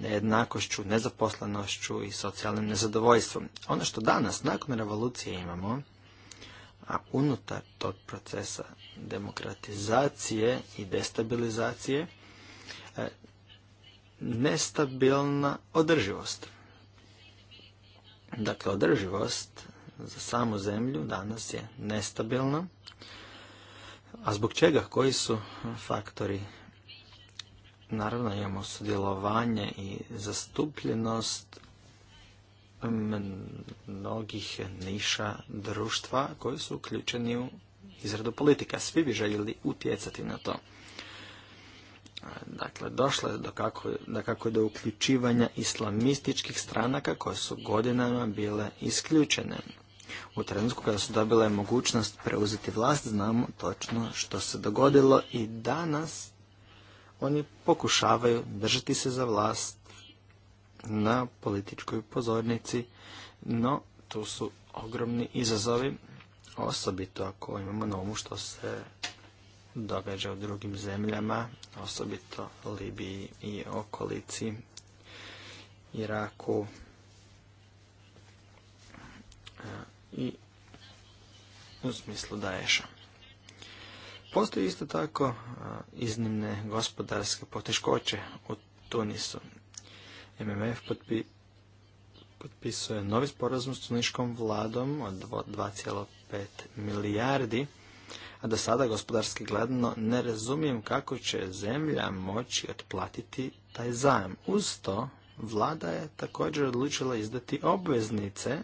nejednakošću, nezaposlenošću i socijalnim nezadovoljstvom. Ono što danas, nakon revolucije imamo, a unutar tog procesa demokratizacije i destabilizacije, e, nestabilna održivost. Dakle, održivost za samu zemlju danas je nestabilna. A zbog čega? Koji su faktori Naravno imamo sudjelovanje i zastupljenost mnogih niša društva koji su uključeni u izradu politika. Svi bi željeli utjecati na to. Dakle, došlo je do kako, da kako je do uključivanja islamističkih stranaka koje su godinama bile isključene. U trenutku kada su dobile mogućnost preuzeti vlast, znamo točno što se dogodilo i danas oni pokušavaju držati se za vlast na političkoj pozornici, no tu su ogromni izazovi, osobito ako imamo na umu što se događa u drugim zemljama, osobito Libiji i okolici, Iraku e, i u smislu Daesha. Postoji isto tako iznimne gospodarske poteškoće u Tunisu. MMF potpisuje novi sporazum s tuniškom vladom od 2,5 milijardi, a da sada gospodarski gledano ne razumijem kako će zemlja moći otplatiti taj zajam. Uz to, vlada je također odlučila izdati obveznice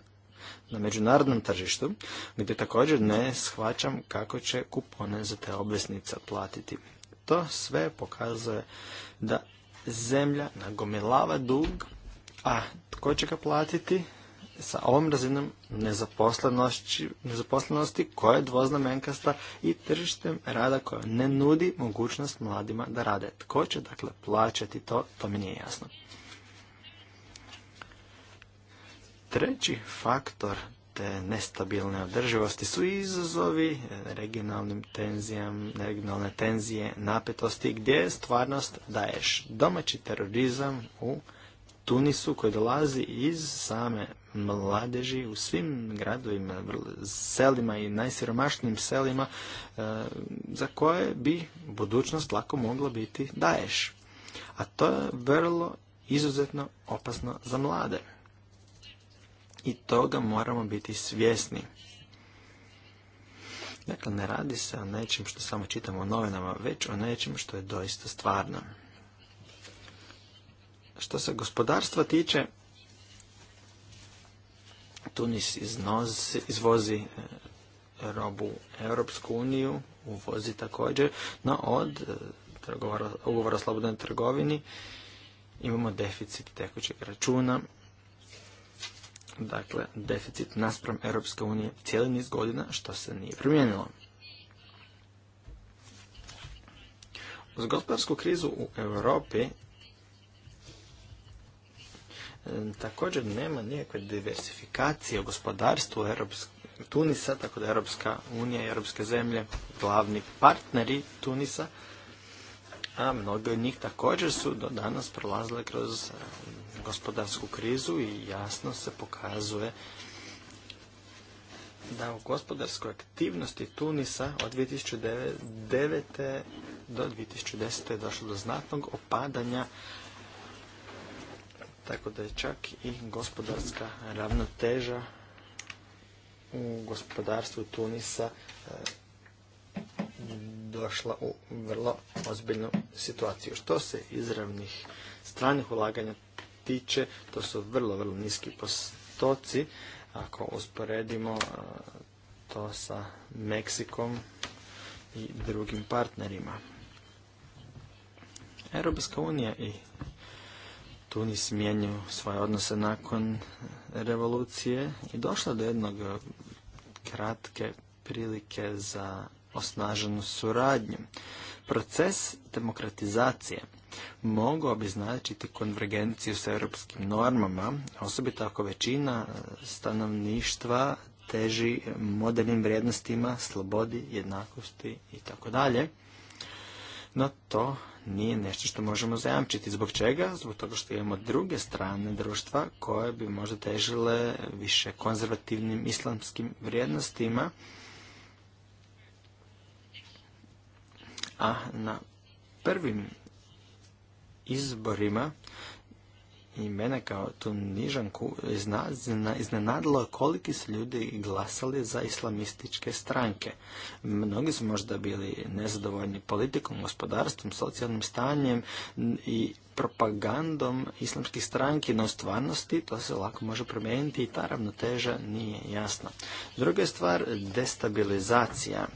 na međunarodnom tržištu, gdje također ne shvaćam kako će kupone za te obveznice platiti. To sve pokazuje da zemlja nagomilava dug, a tko će ga platiti? sa ovom razinom nezaposlenosti, nezaposlenosti koja je dvoznamenkasta i tržištem rada koja ne nudi mogućnost mladima da rade. Tko će dakle plaćati to, to mi nije jasno. Treći faktor te nestabilne održivosti su izazovi regionalnim tenzijam, regionalne tenzije, napetosti, gdje je stvarnost daješ domaći terorizam u Tunisu koji dolazi iz same mladeži u svim gradovima, selima i najsiromašnijim selima e, za koje bi budućnost lako mogla biti daješ. A to je vrlo izuzetno opasno za mlade i toga moramo biti svjesni. Dakle, ne radi se o nečem što samo čitamo u novinama, već o nečem što je doista stvarno. Što se gospodarstva tiče, Tunis izvozi e, robu Europsku uniju, uvozi također, no od e, ugovora o slobodnoj trgovini imamo deficit tekućeg računa dakle, deficit naspram Europske unije cijeli niz godina, što se nije promijenilo. Uz gospodarsku krizu u Europi e, također nema nikakve diversifikacije u gospodarstvu Tunisa, tako da Europska unija i europske zemlje, glavni partneri Tunisa, a mnoge od njih također su do danas prolazile kroz e, gospodarsku krizu i jasno se pokazuje da u gospodarskoj aktivnosti Tunisa od 2009. do 2010. je došlo do znatnog opadanja tako da je čak i gospodarska ravnoteža u gospodarstvu Tunisa e, došla u vrlo ozbiljnu situaciju. Što se izravnih stranih ulaganja tiče, to su vrlo, vrlo niski postoci. Ako usporedimo to sa Meksikom i drugim partnerima. Europska unija i Tunis mijenju svoje odnose nakon revolucije i došla do jednog kratke prilike za osnaženu suradnju. Proces demokratizacije mogao bi značiti konvergenciju sa europskim normama, osobito ako većina stanovništva teži modernim vrijednostima, slobodi, jednakosti i tako dalje. No to nije nešto što možemo zajamčiti. Zbog čega? Zbog toga što imamo druge strane društva koje bi možda težile više konzervativnim islamskim vrijednostima, a na prvim izborima i mene kao tu nižanku iznenadilo koliki su ljudi glasali za islamističke stranke. Mnogi su možda bili nezadovoljni politikom, gospodarstvom, socijalnim stanjem i propagandom islamskih stranki, no stvarnosti to se lako može promijeniti i ta ravnoteža nije jasna. Druga je stvar destabilizacija.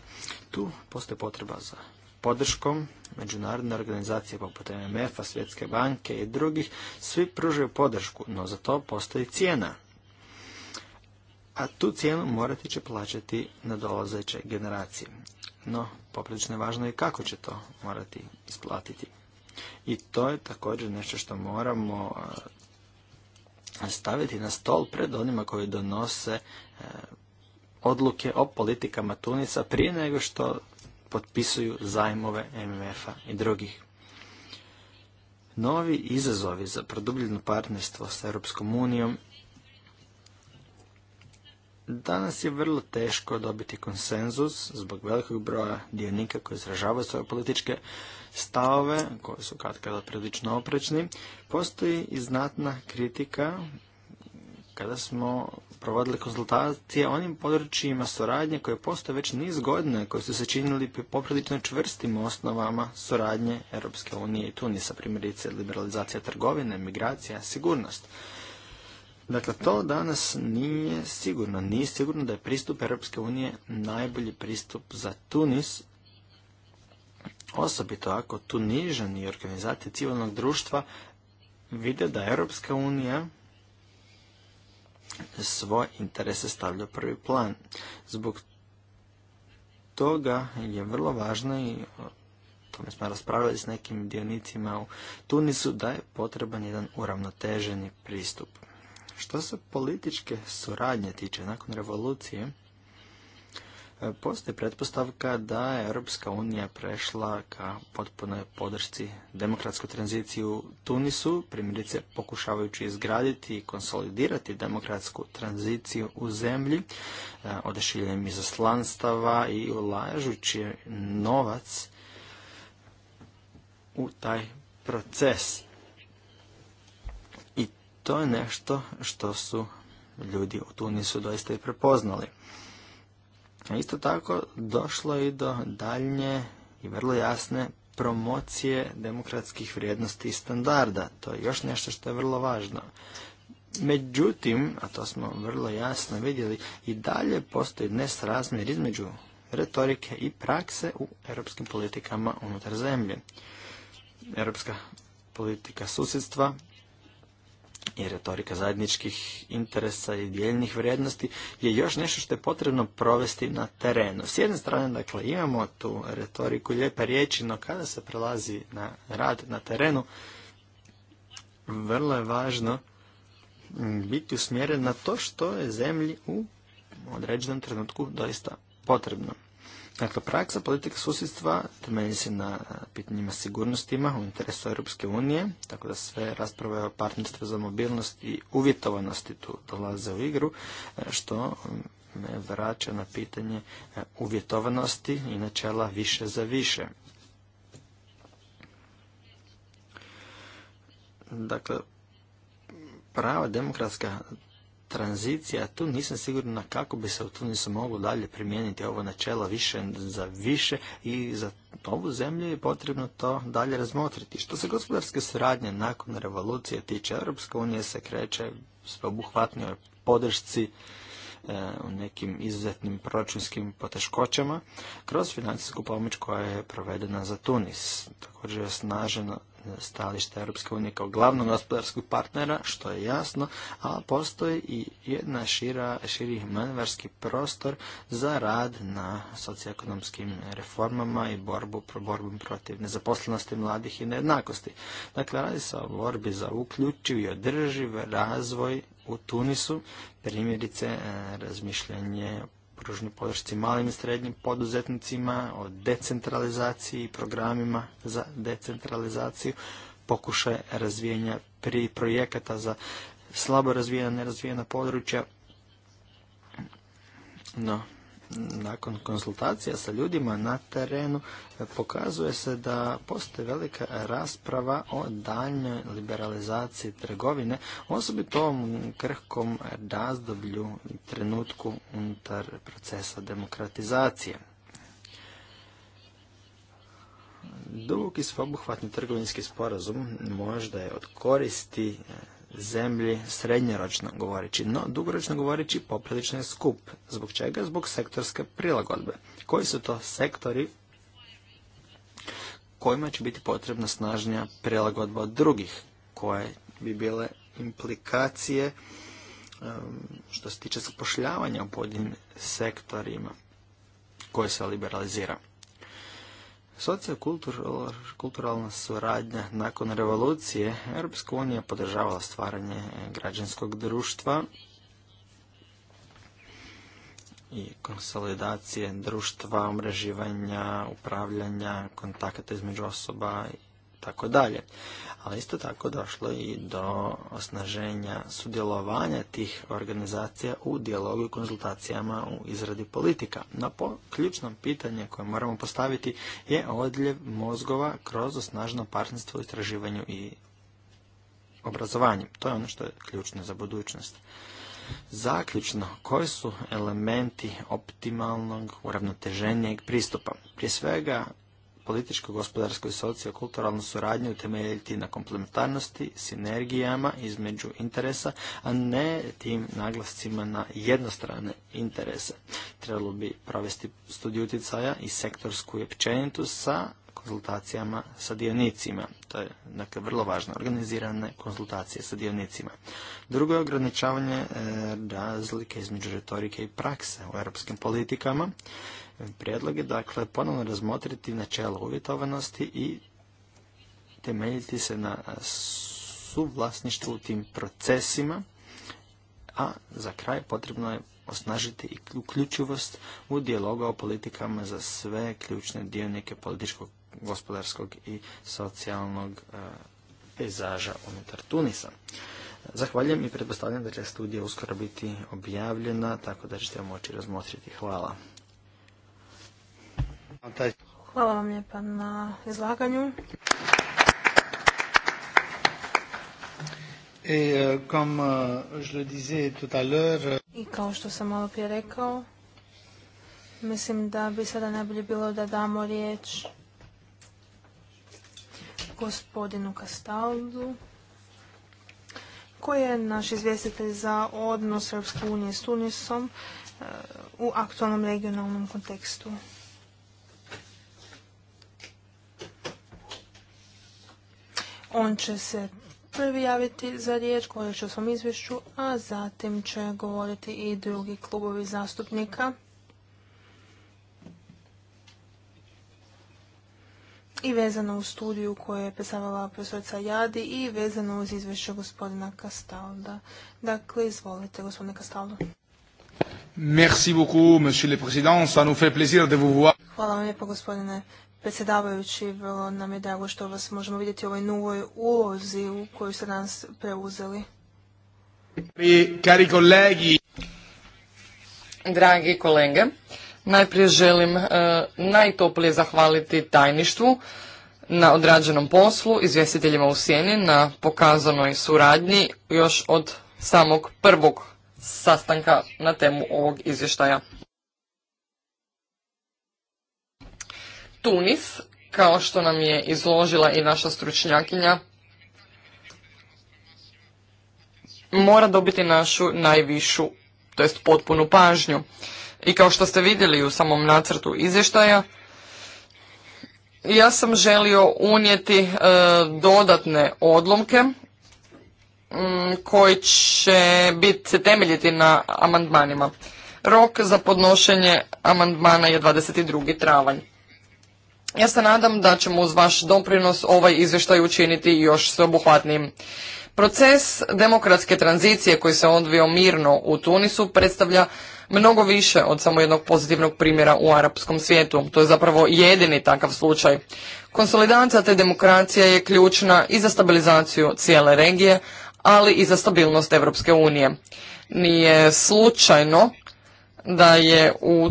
Tu postoji potreba za podrškom međunarodne organizacije poput MMF-a, Svjetske banke i drugih, svi pružaju podršku, no za to postoji cijena. A tu cijenu morati će plaćati nadolazeće generacije. No, poprilično je važno i kako će to morati isplatiti. I to je također nešto što moramo e, staviti na stol pred onima koji donose e, odluke o politikama Tunisa prije nego što potpisuju zajmove MMF-a i drugih. Novi izazovi za produbljeno partnerstvo s Europskom unijom Danas je vrlo teško dobiti konsenzus zbog velikog broja dionika koji izražavaju svoje političke stavove, koji su kad kada prilično oprečni. Postoji i znatna kritika kada smo provodili konzultacije onim područjima suradnje koje postoje već niz godina koje su se činili poprilično čvrstim osnovama suradnje Europske unije i Tunisa, primjerice liberalizacija trgovine, migracija, sigurnost. Dakle, to danas nije sigurno. Nije sigurno da je pristup Europske unije najbolji pristup za Tunis, osobito ako Tunižani i organizacije civilnog društva vide da Europska unija svoje interese stavlja prvi plan. Zbog toga je vrlo važno i tome smo raspravljali s nekim dionicima u Tunisu da je potreban jedan uravnoteženi pristup. Što se političke suradnje tiče nakon revolucije, postoji pretpostavka da je Europska unija prešla ka potpunoj podršci demokratsku tranziciju u Tunisu, primjerice pokušavajući izgraditi i konsolidirati demokratsku tranziciju u zemlji, e, iz izaslanstava i ulažući novac u taj proces. I to je nešto što su ljudi u Tunisu doista i prepoznali. Isto tako došlo je i do daljnje i vrlo jasne promocije demokratskih vrijednosti i standarda. To je još nešto što je vrlo važno. Međutim, a to smo vrlo jasno vidjeli, i dalje postoji nesrazmjer između retorike i prakse u europskim politikama unutar zemlje. Europska politika susjedstva i retorika zajedničkih interesa i dijeljnih vrijednosti je još nešto što je potrebno provesti na terenu. S jedne strane, dakle, imamo tu retoriku lijepe riječi, no kada se prelazi na rad na terenu, vrlo je važno biti usmjeren na to što je zemlji u određenom trenutku doista potrebno. Dakle, praksa politika susjedstva temelji se na pitanjima sigurnostima u interesu Europske unije, tako da sve rasprave o partnerstvu za mobilnost i uvjetovanosti tu dolaze u igru, što me vraća na pitanje e, uvjetovanosti i načela više za više. Dakle, prava demokratska tranzicija, tu nisam na kako bi se u Tunisu moglo dalje primijeniti ovo načelo više za više i za ovu zemlju je potrebno to dalje razmotriti. Što se gospodarske suradnje nakon revolucije tiče, Europska unija se kreće sveobuhvatnijoj podršci e, u nekim izuzetnim proračunskim poteškoćama kroz financijsku pomoć koja je provedena za Tunis. Također je snaženo stališta Europske unije kao glavnog gospodarskog partnera, što je jasno, a postoji i jedna šira, širi manevarski prostor za rad na socioekonomskim reformama i borbu, protiv nezaposlenosti mladih i nejednakosti. Dakle, radi se o borbi za uključiv i održiv razvoj u Tunisu, primjerice e, razmišljanje pružnoj podršci malim i srednjim poduzetnicima, o decentralizaciji i programima za decentralizaciju, pokušaj razvijenja pri projekata za slabo razvijena, nerazvijena područja. No, nakon konsultacija sa ljudima na terenu e, pokazuje se da postoji velika rasprava o daljnjoj liberalizaciji trgovine, osobito ovom krhkom razdoblju i trenutku unutar procesa demokratizacije. Drugi i sveobuhvatni trgovinski sporazum možda je od koristi e, zemlji srednjeročno govoreći, no dugoročno govoreći poprilično je skup. Zbog čega? Zbog sektorske prilagodbe. Koji su to sektori kojima će biti potrebna snažnija prilagodba od drugih, koje bi bile implikacije što se tiče zapošljavanja u pojedinim sektorima koje se liberalizira. Sociokulturalna suradnja nakon revolucije Europska unija podržavala stvaranje građanskog društva i konsolidacije društva, omreživanja, upravljanja, kontakata između osoba i tako dalje ali isto tako došlo i do osnaženja sudjelovanja tih organizacija u dijalogu i konzultacijama u izradi politika. Na po ključnom pitanje koje moramo postaviti je odljev mozgova kroz osnaženo partnerstvo u istraživanju i obrazovanju. To je ono što je ključno za budućnost. Zaključno, koji su elementi optimalnog, uravnoteženijeg pristupa? Prije svega, političko, gospodarsko i sociokulturalnu suradnju utemeljiti na komplementarnosti, sinergijama između interesa, a ne tim naglascima na jednostrane interese. Trebalo bi provesti studiju utjecaja i sektorsku i općenitu sa konzultacijama sa dionicima. To je dakle, vrlo važno, organizirane konzultacije sa dionicima. Drugo je ograničavanje e, razlike između retorike i prakse u europskim politikama prijedlog je dakle ponovno razmotriti načelo uvjetovanosti i temeljiti se na suvlasništvu u tim procesima, a za kraj potrebno je osnažiti i uključivost u dijaloga o politikama za sve ključne dionike političkog, gospodarskog i socijalnog pezaža eh, unutar Tunisa. Zahvaljujem i pretpostavljam da će studija uskoro biti objavljena, tako da ćete moći razmotriti. Hvala. Hvala vam lijepa na izlaganju. I kao što sam malo prije rekao, mislim da bi sada najbolje bilo da damo riječ gospodinu Kastaldu, koji je naš izvjestitelj za odnos Srpske unije s Tunisom uh, u aktualnom regionalnom kontekstu. On će se prvi javiti za riječ, govorit će o svom izvješću, a zatim će govoriti i drugi klubovi zastupnika. I vezano u studiju koju je predstavila profesorica Jadi i vezano uz izvješće gospodina Kastalda. Dakle, izvolite gospodine Kastaldo. Merci Hvala vam lijepo, gospodine predsjedavajući, vrlo nam je drago što vas možemo vidjeti u ovoj novoj ulozi u koju ste nas preuzeli. Kari kolegi. Dragi kolege, najprije želim e, najtoplije zahvaliti tajništvu na odrađenom poslu, izvjestiteljima u sjeni na pokazanoj suradnji još od samog prvog sastanka na temu ovog izvještaja. Tunis, kao što nam je izložila i naša stručnjakinja, mora dobiti našu najvišu, to jest potpunu pažnju. I kao što ste vidjeli u samom nacrtu izvještaja, ja sam želio unijeti e, dodatne odlomke koji će biti se temeljiti na amandmanima. Rok za podnošenje amandmana je 22. travanj. Ja se nadam da ćemo uz vaš doprinos ovaj izvještaj učiniti još sveobuhvatnijim. Proces demokratske tranzicije koji se odvio mirno u Tunisu predstavlja mnogo više od samo jednog pozitivnog primjera u arapskom svijetu. To je zapravo jedini takav slučaj. Konsolidacija te demokracije je ključna i za stabilizaciju cijele regije, ali i za stabilnost Europske unije. Nije slučajno da je u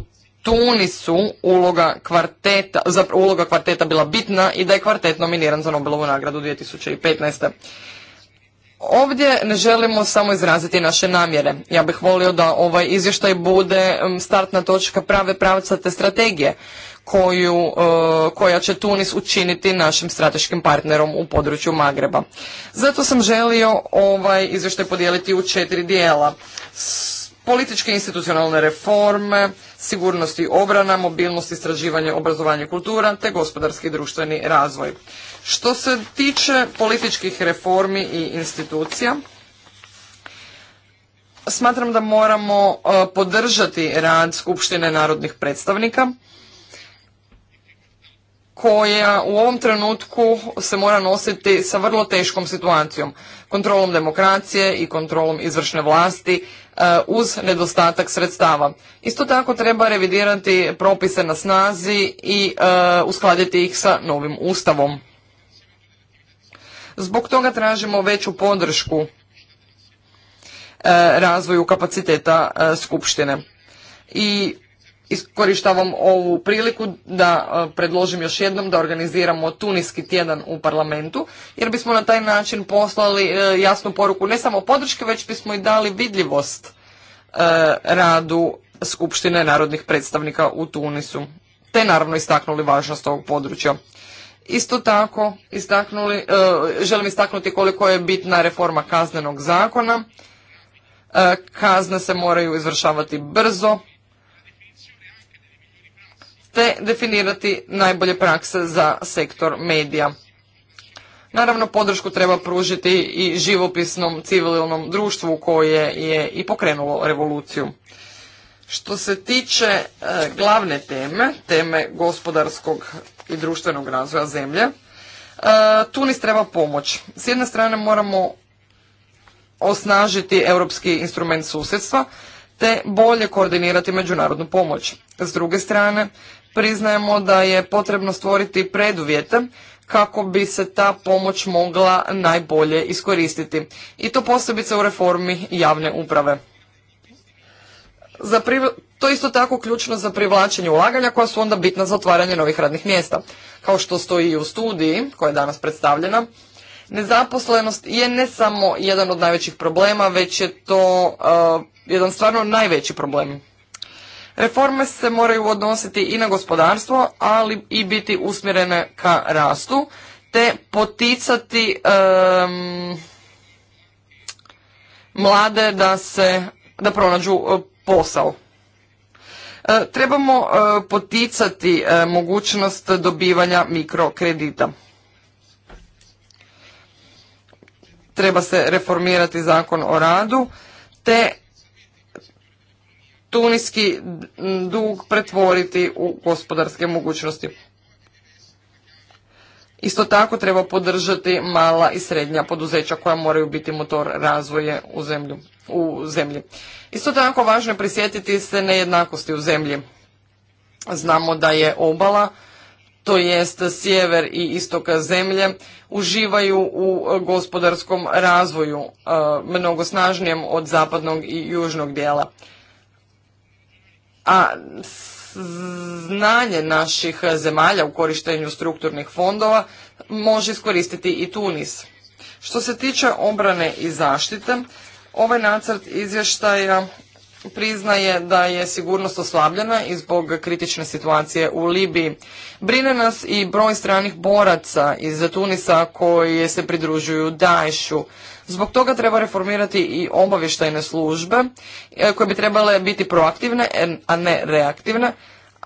Tunisu uloga kvarteta, zapravo uloga kvarteta bila bitna i da je kvartet nominiran za Nobelovu nagradu 2015. Ovdje ne želimo samo izraziti naše namjere. Ja bih volio da ovaj izvještaj bude startna točka prave pravca te strategije koju, e, koja će Tunis učiniti našim strateškim partnerom u području Magreba. Zato sam želio ovaj izvještaj podijeliti u četiri dijela političke institucionalne reforme, sigurnosti i obrana, mobilnost, istraživanje, obrazovanje, kultura te gospodarski i društveni razvoj. Što se tiče političkih reformi i institucija, smatram da moramo eh, podržati rad Skupštine narodnih predstavnika koja u ovom trenutku se mora nositi sa vrlo teškom situacijom, kontrolom demokracije i kontrolom izvršne vlasti e, uz nedostatak sredstava. Isto tako treba revidirati propise na snazi i e, uskladiti ih sa novim ustavom. Zbog toga tražimo veću podršku e, razvoju kapaciteta skupštine. I Iskorištavam ovu priliku da e, predložim još jednom da organiziramo tuniski tjedan u parlamentu, jer bismo na taj način poslali e, jasnu poruku ne samo podrške, već bismo i dali vidljivost e, radu Skupštine narodnih predstavnika u Tunisu, te naravno istaknuli važnost ovog područja. Isto tako istaknuli, želim istaknuti koliko je bitna reforma kaznenog zakona. Kazne se moraju izvršavati brzo, te definirati najbolje prakse za sektor medija. Naravno, podršku treba pružiti i živopisnom civilnom društvu koje je i pokrenulo revoluciju. Što se tiče e, glavne teme, teme gospodarskog i društvenog razvoja zemlje, e, tu Tunis treba pomoć. S jedne strane moramo osnažiti europski instrument susjedstva, te bolje koordinirati međunarodnu pomoć. S druge strane, priznajemo da je potrebno stvoriti preduvjete kako bi se ta pomoć mogla najbolje iskoristiti. I to posebice u reformi javne uprave. To je isto tako ključno za privlačenje ulaganja koja su onda bitna za otvaranje novih radnih mjesta. Kao što stoji i u studiji koja je danas predstavljena, nezaposlenost je ne samo jedan od najvećih problema, već je to jedan stvarno najveći problem. Reforme se moraju odnositi i na gospodarstvo, ali i biti usmjerene ka rastu, te poticati mlade da se da pronađu e, posao. E, trebamo e, poticati mogućnost dobivanja mikrokredita. Treba se reformirati zakon o radu te tuniski dug pretvoriti u gospodarske mogućnosti. Isto tako treba podržati mala i srednja poduzeća koja moraju biti motor razvoja u, u zemlji. Isto tako važno je prisjetiti se nejednakosti u zemlji. Znamo da je obala, to jest sjever i istok zemlje, uživaju u gospodarskom razvoju, e, mnogo snažnijem od zapadnog i južnog dijela a znanje naših zemalja u korištenju strukturnih fondova može iskoristiti i Tunis. Što se tiče obrane i zaštite, ovaj nacrt izvještaja priznaje da je sigurnost oslabljena i zbog kritične situacije u Libiji. Brine nas i broj stranih boraca iz Tunisa koji se pridružuju Daješu. Zbog toga treba reformirati i obavještajne službe e, koje bi trebale biti proaktivne, a ne reaktivne,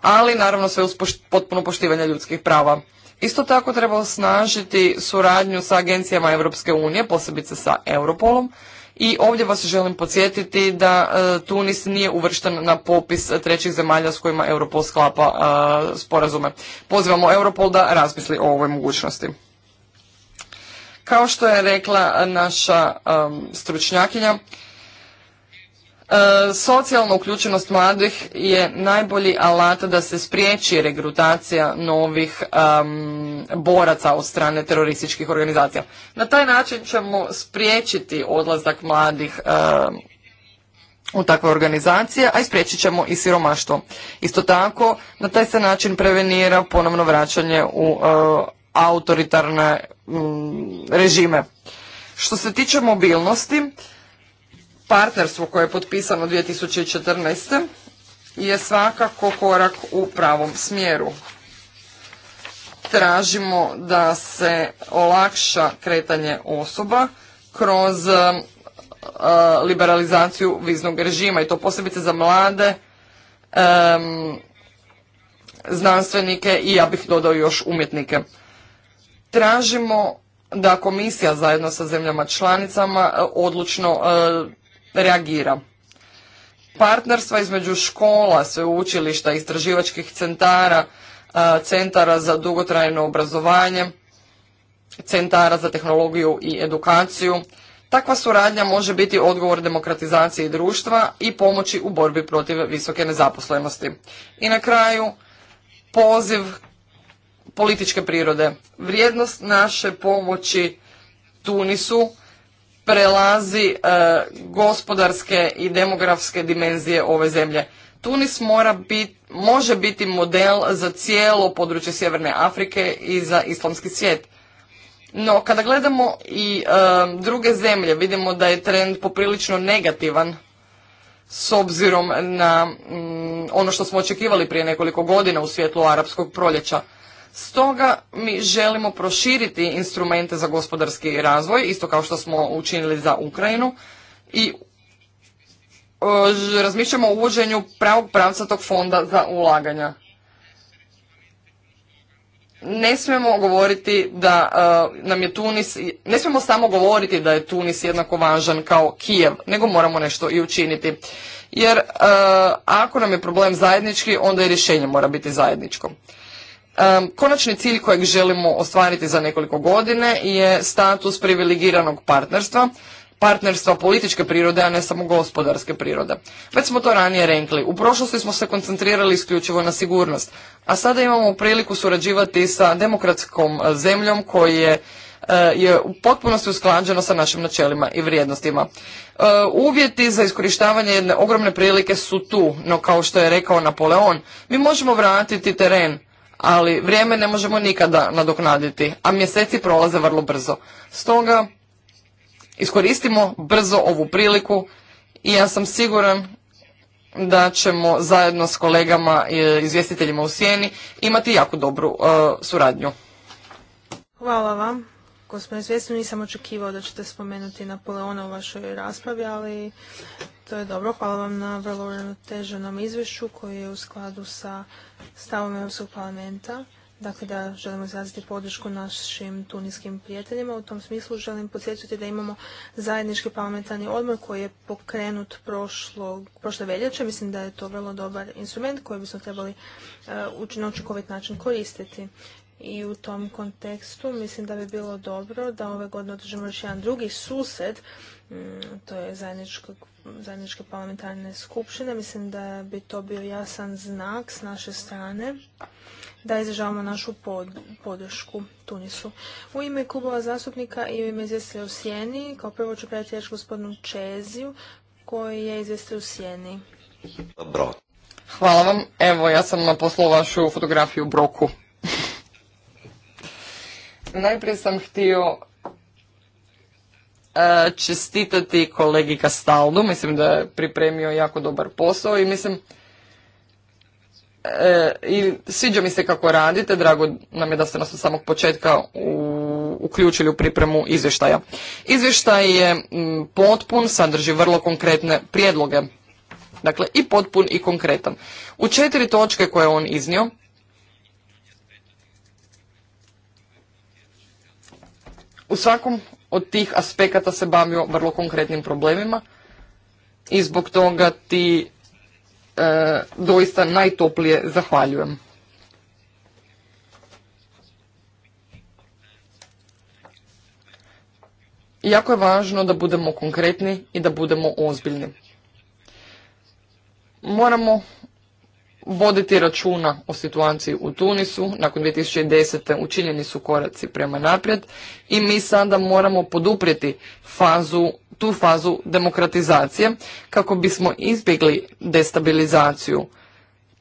ali naravno sve uz potpuno poštivanje ljudskih prava. Isto tako treba osnažiti suradnju sa agencijama Europske unije, posebice sa Europolom, i ovdje vas želim podsjetiti da e, Tunis nije uvršten na popis trećih zemalja s kojima Europol sklapa e, sporazume. Pozivamo Europol da razmisli o ovoj mogućnosti. Kao što je rekla naša um, stručnjakinja, uh, socijalna uključenost mladih je najbolji alat da se spriječi regrutacija novih um, boraca od strane terorističkih organizacija. Na taj način ćemo spriječiti odlazak mladih um, u takve organizacije, a ispriječit ćemo i siromaštvo. Isto tako, na taj se način prevenira ponovno vraćanje u uh, autoritarne Mm, režime. Što se tiče mobilnosti, partnerstvo koje je potpisano 2014. je svakako korak u pravom smjeru. Tražimo da se olakša kretanje osoba kroz e, liberalizaciju viznog režima i to posebice za mlade znanstvenike i ja bih dodao još umjetnike tražimo da komisija zajedno sa zemljama članicama e, odlučno e, reagira. Partnerstva između škola, sveučilišta, istraživačkih centara, e, centara za dugotrajno obrazovanje, centara za tehnologiju i edukaciju. Takva suradnja može biti odgovor demokratizaciji društva i pomoći u borbi protiv visoke nezaposlenosti. I na kraju poziv političke prirode. Vrijednost naše pomoći Tunisu prelazi e, gospodarske i demografske dimenzije ove zemlje. Tunis mora bit, može biti model za cijelo područje Sjeverne Afrike i za islamski svijet. No, kada gledamo i e, druge zemlje, vidimo da je trend poprilično negativan s obzirom na mm, ono što smo očekivali prije nekoliko godina u svjetlu arapskog proljeća. Stoga mi želimo proširiti instrumente za gospodarski razvoj, isto kao što smo učinili za Ukrajinu i e, razmišljamo o uvođenju pravog pravca tog fonda za ulaganja. Ne smijemo govoriti da e, nam je Tunis, ne smijemo samo govoriti da je Tunis jednako važan kao Kijev, nego moramo nešto i učiniti. Jer e, ako nam je problem zajednički, onda i rješenje mora biti zajedničko. Konačni cilj kojeg želimo ostvariti za nekoliko godine je status privilegiranog partnerstva, partnerstva političke prirode, a ne samo gospodarske prirode. Već smo to ranije rekli. U prošlosti smo se koncentrirali isključivo na sigurnost, a sada imamo priliku surađivati sa demokratskom zemljom koji je e, je u potpunosti usklađeno sa našim načelima i vrijednostima. E, uvjeti za iskorištavanje jedne ogromne prilike su tu, no kao što je rekao Napoleon, mi možemo vratiti teren ali vrijeme ne možemo nikada nadoknaditi, a mjeseci prolaze vrlo brzo. Stoga iskoristimo brzo ovu priliku i ja sam siguran da ćemo zajedno s kolegama i izvjestiteljima u Sjeni imati jako dobru e, suradnju. Hvala vam. Gospodine svjesni, nisam očekivao da ćete spomenuti Napoleona u vašoj raspravi, ali to je dobro. Hvala vam na vrlo uravnoteženom izvješću koji je u skladu sa stavom Europskog parlamenta. Dakle, da želimo izraziti podršku našim tuniskim prijateljima. U tom smislu želim podsjetiti da imamo zajednički parlamentarni odmor koji je pokrenut prošle veljače. Mislim da je to vrlo dobar instrument koji bismo trebali uh, na učinkovit način koristiti. I u tom kontekstu mislim da bi bilo dobro da ove godine održimo još jedan drugi sused, mm, to je zajedničke parlamentarne skupštine. Mislim da bi to bio jasan znak s naše strane da izražavamo našu podršku Tunisu. U ime klubova zastupnika i u ime izvjestitelja u Sjeni, kao prvo ću predati riječ gospodinu Čeziju, koji je izvjestitelj u Sjeni. Dobro. Hvala vam. Evo, ja sam na vašu fotografiju u Broku. Najprije sam htio e, čestitati kolegi Kastaldu, mislim da je pripremio jako dobar posao i mislim e, i sviđa mi se kako radite, drago nam je da ste nas od samog početka uključili u pripremu izvještaja. Izvještaj je potpun, sadrži vrlo konkretne prijedloge. Dakle, i potpun i konkretan. U četiri točke koje je on iznio, U svakom od tih aspekata se bavio vrlo konkretnim problemima i zbog toga ti e, doista najtoplije zahvaljujem. Jako je važno da budemo konkretni i da budemo ozbiljni. Moramo voditi računa o situaciji u Tunisu. Nakon 2010. učinjeni su koraci prema naprijed i mi sada moramo poduprijeti fazu, tu fazu demokratizacije kako bismo izbjegli destabilizaciju.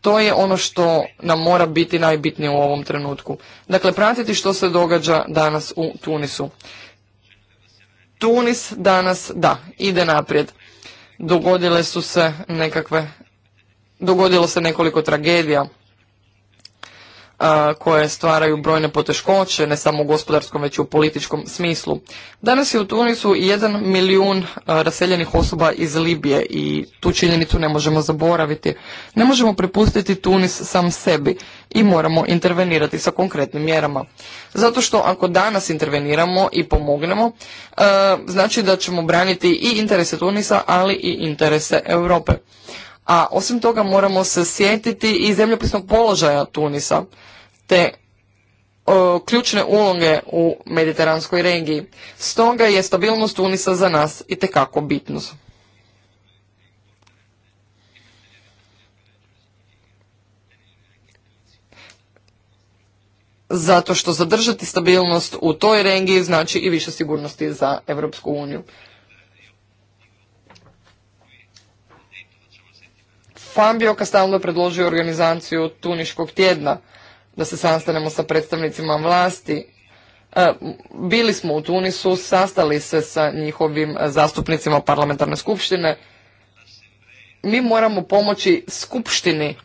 To je ono što nam mora biti najbitnije u ovom trenutku. Dakle, pratiti što se događa danas u Tunisu. Tunis danas, da, ide naprijed. Dogodile su se nekakve dogodilo se nekoliko tragedija koje stvaraju brojne poteškoće, ne samo u gospodarskom, već i u političkom smislu. Danas je u Tunisu jedan milijun raseljenih osoba iz Libije i tu činjenicu ne možemo zaboraviti. Ne možemo prepustiti Tunis sam sebi i moramo intervenirati sa konkretnim mjerama. Zato što ako danas interveniramo i pomognemo, znači da ćemo braniti i interese Tunisa, ali i interese Europe a osim toga moramo se sjetiti i zemljopisnog položaja Tunisa, te ključne uloge u mediteranskoj regiji. Stoga je stabilnost Tunisa za nas i tekako bitna. Zato što zadržati stabilnost u toj regiji znači i više sigurnosti za Europsku uniju. Fan bio je predložio organizaciju Tuniškog tjedna, da se sastanemo sa predstavnicima vlasti. E, bili smo u Tunisu, sastali se sa njihovim zastupnicima parlamentarne skupštine. Mi moramo pomoći skupštini,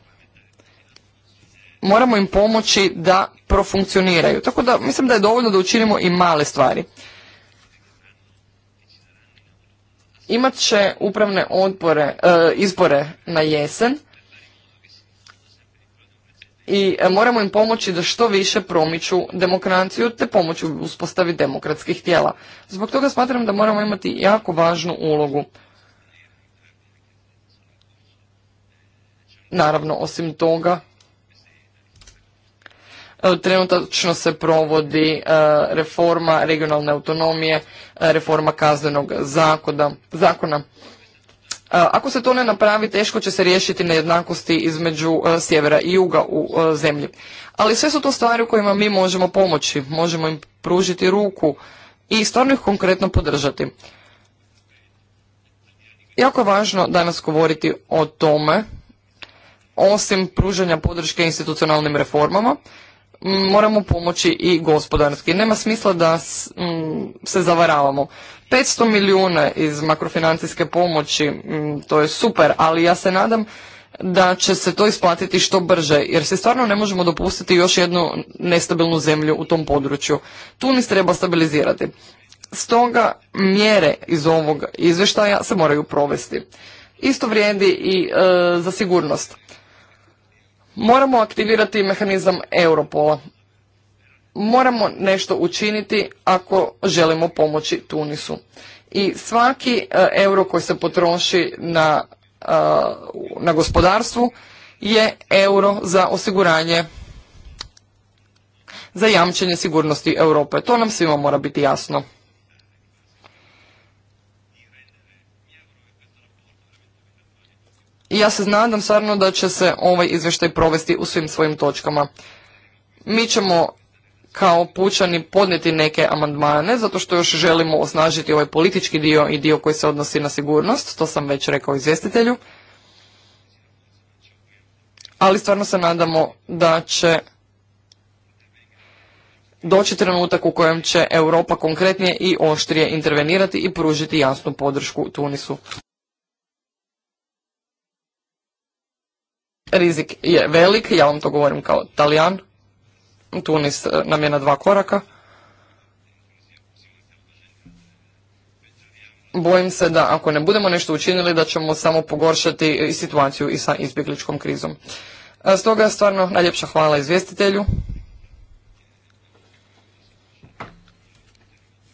moramo im pomoći da profunkcioniraju. Tako da mislim da je dovoljno da učinimo i male stvari. imat će upravne odbore, e, izbore na jesen i e, moramo im pomoći da što više promiču demokraciju te pomoći u uspostavi demokratskih tijela. Zbog toga smatram da moramo imati jako važnu ulogu. Naravno, osim toga, Trenutačno se provodi e, reforma regionalne autonomije, e, reforma kaznenog zakona. E, ako se to ne napravi, teško će se riješiti nejednakosti između sjevera i juga u zemlji. Ali sve su to stvari u kojima mi možemo pomoći, možemo im pružiti ruku i stvarno ih konkretno podržati. Jako je važno danas govoriti o tome, osim pružanja podrške institucionalnim reformama, Mm, moramo pomoći i gospodarski. Nema smisla da mm, se zavaravamo. 500 milijuna iz makrofinancijske pomoći, mm, to je super, ali ja se nadam da će se to isplatiti što brže, jer se stvarno ne možemo dopustiti još jednu nestabilnu zemlju u tom području. Tunis treba stabilizirati. Stoga mjere iz ovog izvještaja se moraju provesti. Isto vrijedi i e, za sigurnost. Moramo aktivirati mehanizam Europola. Moramo nešto učiniti ako želimo pomoći Tunisu. I svaki e, euro koji se potroši na, e, na gospodarstvu je euro za osiguranje za jamčenje sigurnosti Europe. To nam svima mora biti jasno. I ja se nadam stvarno da će se ovaj izvještaj provesti u svim svojim točkama. Mi ćemo kao pučani podnijeti neke amandmane, zato što još želimo osnažiti ovaj politički dio i dio koji se odnosi na sigurnost, to sam već rekao izvjestitelju. Ali stvarno se nadamo da će doći trenutak u kojem će Europa konkretnije i oštrije intervenirati i pružiti jasnu podršku Tunisu. Rizik je velik, ja vam to govorim kao talijan. Tunis e, nam je na dva koraka. Bojim se da ako ne budemo nešto učinili da ćemo samo pogoršati situaciju i sa izbjegličkom krizom. E, stoga stvarno najljepša hvala izvjestitelju.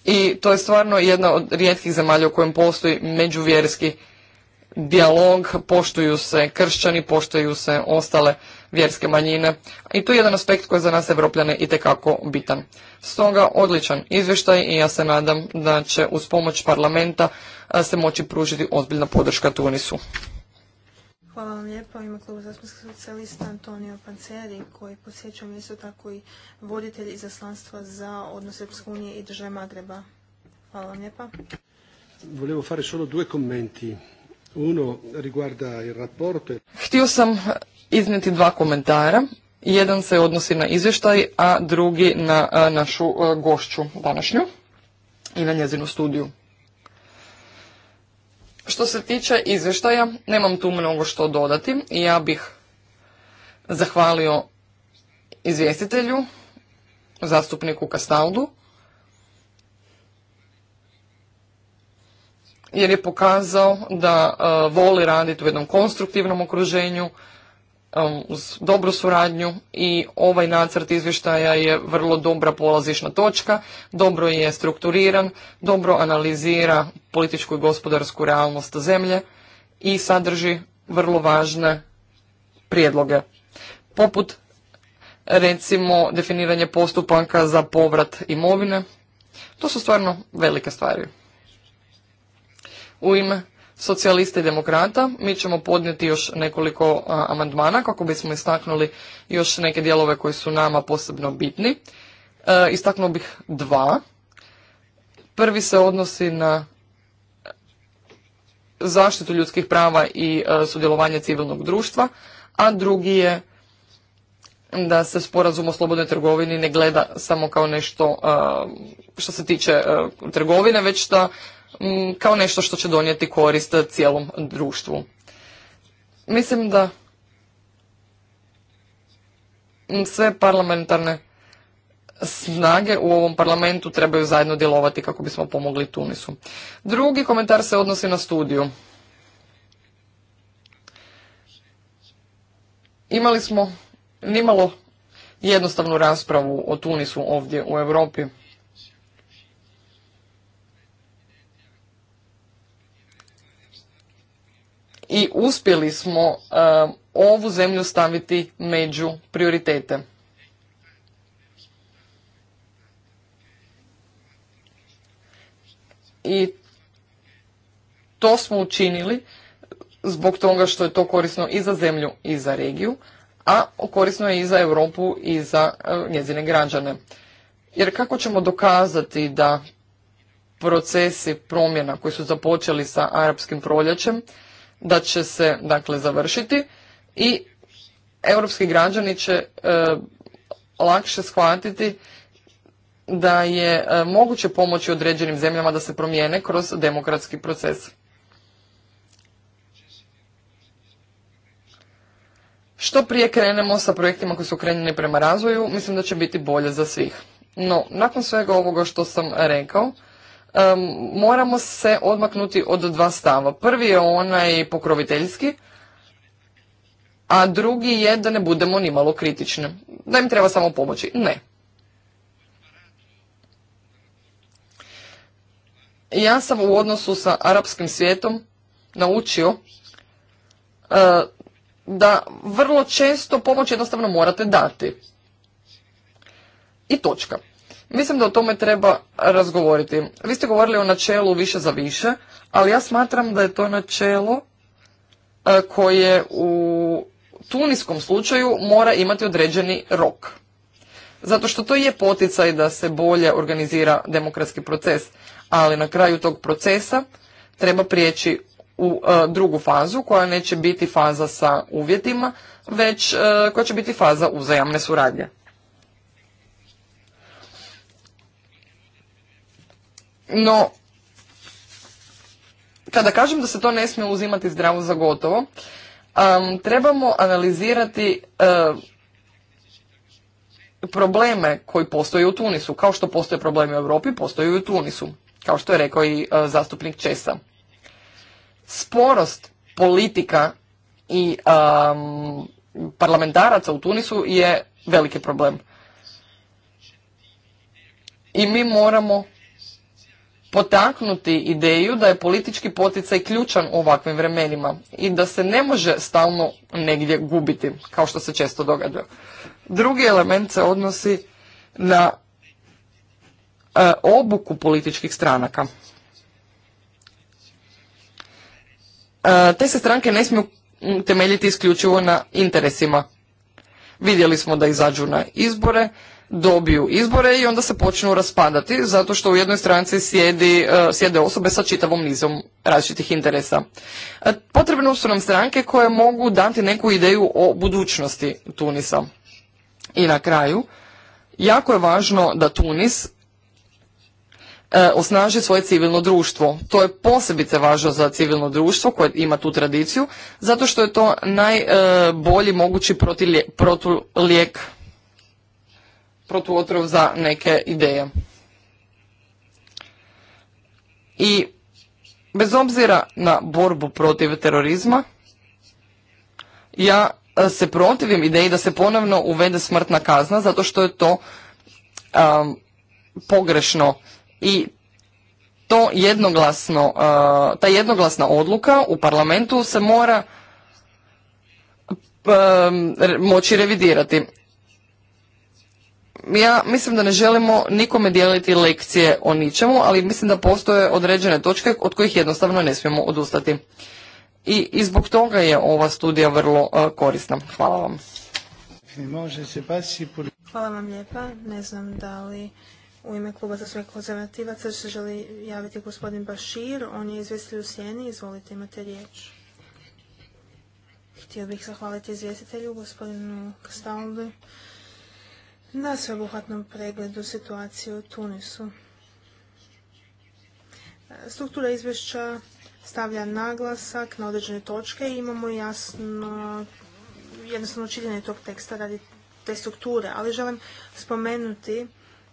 I to je stvarno jedna od rijetkih zemalja u kojem postoji međuvjerski dijalog, poštuju se kršćani, poštuju se ostale vjerske manjine. I to je jedan aspekt koji je za nas evropljane i tekako bitan. Stoga odličan izvještaj i ja se nadam da će uz pomoć parlamenta se moći pružiti ozbiljna podrška Tunisu. Hvala vam lijepo. Ima klub zastupnika socijalista Antonio Panceri koji posjećam isto tako i voditelj izaslanstva za odnos Europske unije i države Magreba. Hvala vam lijepa. Volevo fare solo due commenti. Uno riguarda Htio sam iznijeti dva komentara. Jedan se odnosi na izvještaj, a drugi na e, našu e, gošću današnju i na njezinu studiju. Što se tiče izvještaja, nemam tu mnogo što dodati i ja bih zahvalio izvjestitelju, zastupniku Kastaldu, jer je pokazao da e, voli raditi u jednom konstruktivnom okruženju e, uz dobru suradnju i ovaj nacrt izvještaja je vrlo dobra polazišna točka, dobro je strukturiran, dobro analizira političku i gospodarsku realnost zemlje i sadrži vrlo važne prijedloge. Poput recimo definiranje postupanka za povrat imovine. To su stvarno velike stvari. U ime socijalista i demokrata mi ćemo podnijeti još nekoliko amandmana kako bismo istaknuli još neke dijelove koji su nama posebno bitni. E, istaknuo bih dva. Prvi se odnosi na zaštitu ljudskih prava i e, sudjelovanje civilnog društva, a drugi je da se sporazum o slobodnoj trgovini ne gleda samo kao nešto što se tiče e, trgovine, već da Mm, kao nešto što će donijeti korist cijelom društvu. Mislim da mm, sve parlamentarne snage u ovom parlamentu trebaju zajedno djelovati kako bismo pomogli Tunisu. Drugi komentar se odnosi na studiju. Imali smo nimalo jednostavnu raspravu o Tunisu ovdje u Europi. i uspjeli smo eh, ovu zemlju staviti među prioritete. I to smo učinili zbog toga što je to korisno i za zemlju i za regiju, a korisno je i za Europu i za eh, njezine građane. Jer kako ćemo dokazati da procesi promjena koji su započeli sa arapskim proljećem da će se dakle završiti i europski građani će e, lakše shvatiti da je e, moguće pomoći određenim zemljama da se promijene kroz demokratski proces. Što prije krenemo sa projektima koji su krenjeni prema razvoju, mislim da će biti bolje za svih. No, nakon svega ovoga što sam rekao, moramo se odmaknuti od dva stava. Prvi je onaj pokroviteljski, a drugi je da ne budemo ni malo kritični. Da im treba samo pomoći. Ne. Ja sam u odnosu sa arapskim svijetom naučio e, da vrlo često pomoć jednostavno morate dati. I točka. Mislim da o tome treba razgovoriti. Vi ste govorili o načelu više za više, ali ja smatram da je to načelo e, koje u tuniskom slučaju mora imati određeni rok. Zato što to je poticaj da se bolje organizira demokratski proces, ali na kraju tog procesa treba prijeći u e, drugu fazu koja neće biti faza sa uvjetima, već e, koja će biti faza uzajamne suradnje. No, kada kažem da se to ne smije uzimati zdravo za gotovo, trebamo analizirati probleme koji postoje u Tunisu. Kao što postoje problemi u Europi, postoje i u Tunisu. Kao što je rekao i zastupnik Česa. Sporost politika i parlamentaraca u Tunisu je veliki problem. I mi moramo potaknuti ideju da je politički poticaj ključan u ovakvim vremenima i da se ne može stalno negdje gubiti, kao što se često događa. Drugi element se odnosi na e, obuku političkih stranaka. E, te se stranke ne smiju temeljiti isključivo na interesima. Vidjeli smo da izađu na izbore, dobiju izbore i onda se počnu raspadati zato što u jednoj stranci sjedi, e, sjede osobe sa čitavom nizom različitih interesa. E, potrebne su nam stranke koje mogu dati neku ideju o budućnosti Tunisa. I na kraju, jako je važno da Tunis e, osnaži svoje civilno društvo. To je posebice važno za civilno društvo koje ima tu tradiciju, zato što je to najbolji mogući protulijek protuotrov za neke ideje. I bez obzira na borbu protiv terorizma, ja e, se protivim ideji da se ponovno uvede smrtna kazna zato što je to pogrešno i to jednoglasno, e, ta jednoglasna odluka u parlamentu se mora moći revidirati ja mislim da ne želimo nikome dijeliti lekcije o ničemu, ali mislim da postoje određene točke od kojih jednostavno ne smijemo odustati. I, i zbog toga je ova studija vrlo e, korisna. Hvala vam. Hvala vam lijepa. Ne znam da li u ime kluba za svoje konzervativaca se želi javiti gospodin Bašir. On je izvjestitelj u Sjeni. Izvolite, imate riječ. Htio bih zahvaliti izvjestitelju, gospodinu Kastaldu na sveobuhvatnom pregledu situacije u Tunisu. Struktura izvješća stavlja naglasak na određene točke i imamo jasno jednostavno činjenje tog teksta radi te strukture, ali želim spomenuti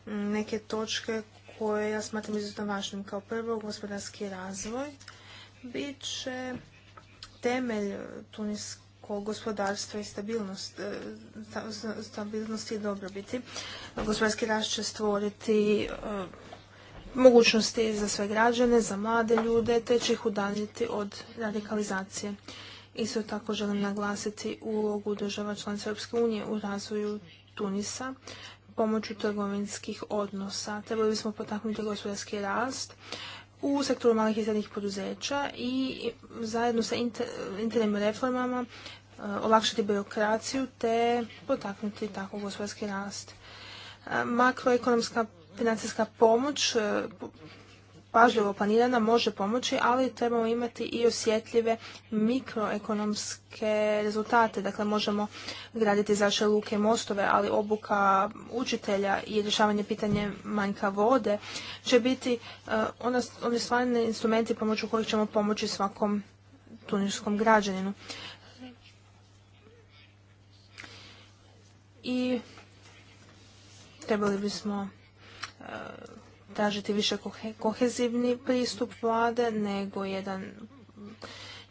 neke točke koje ja smatram izuzetno važnim. Kao prvo, gospodarski razvoj bit će temelj tuniske oko gospodarstva i e, stabilnosti i dobrobiti. Gospodarski rast će stvoriti e, mogućnosti za sve građane, za mlade ljude, te će ih udaljiti od radikalizacije. Isto tako želim naglasiti ulogu država članica Europske unije u razvoju Tunisa pomoću trgovinskih odnosa. Trebali bismo potaknuti gospodarski rast u sektoru malih i srednjih poduzeća i zajedno sa internim reformama Eh, olakšati birokraciju te potaknuti tako gospodarski rast. Eh, makroekonomska financijska pomoć eh, pažljivo planirana može pomoći, ali trebamo imati i osjetljive mikroekonomske rezultate. Dakle, možemo graditi zaše luke i mostove, ali obuka učitelja i rješavanje pitanja manjka vode će biti one stvarne instrumenti pomoću kojih ćemo pomoći svakom tunijskom građaninu. i trebali bismo e, tražiti više kohezivni pristup vlade nego jedan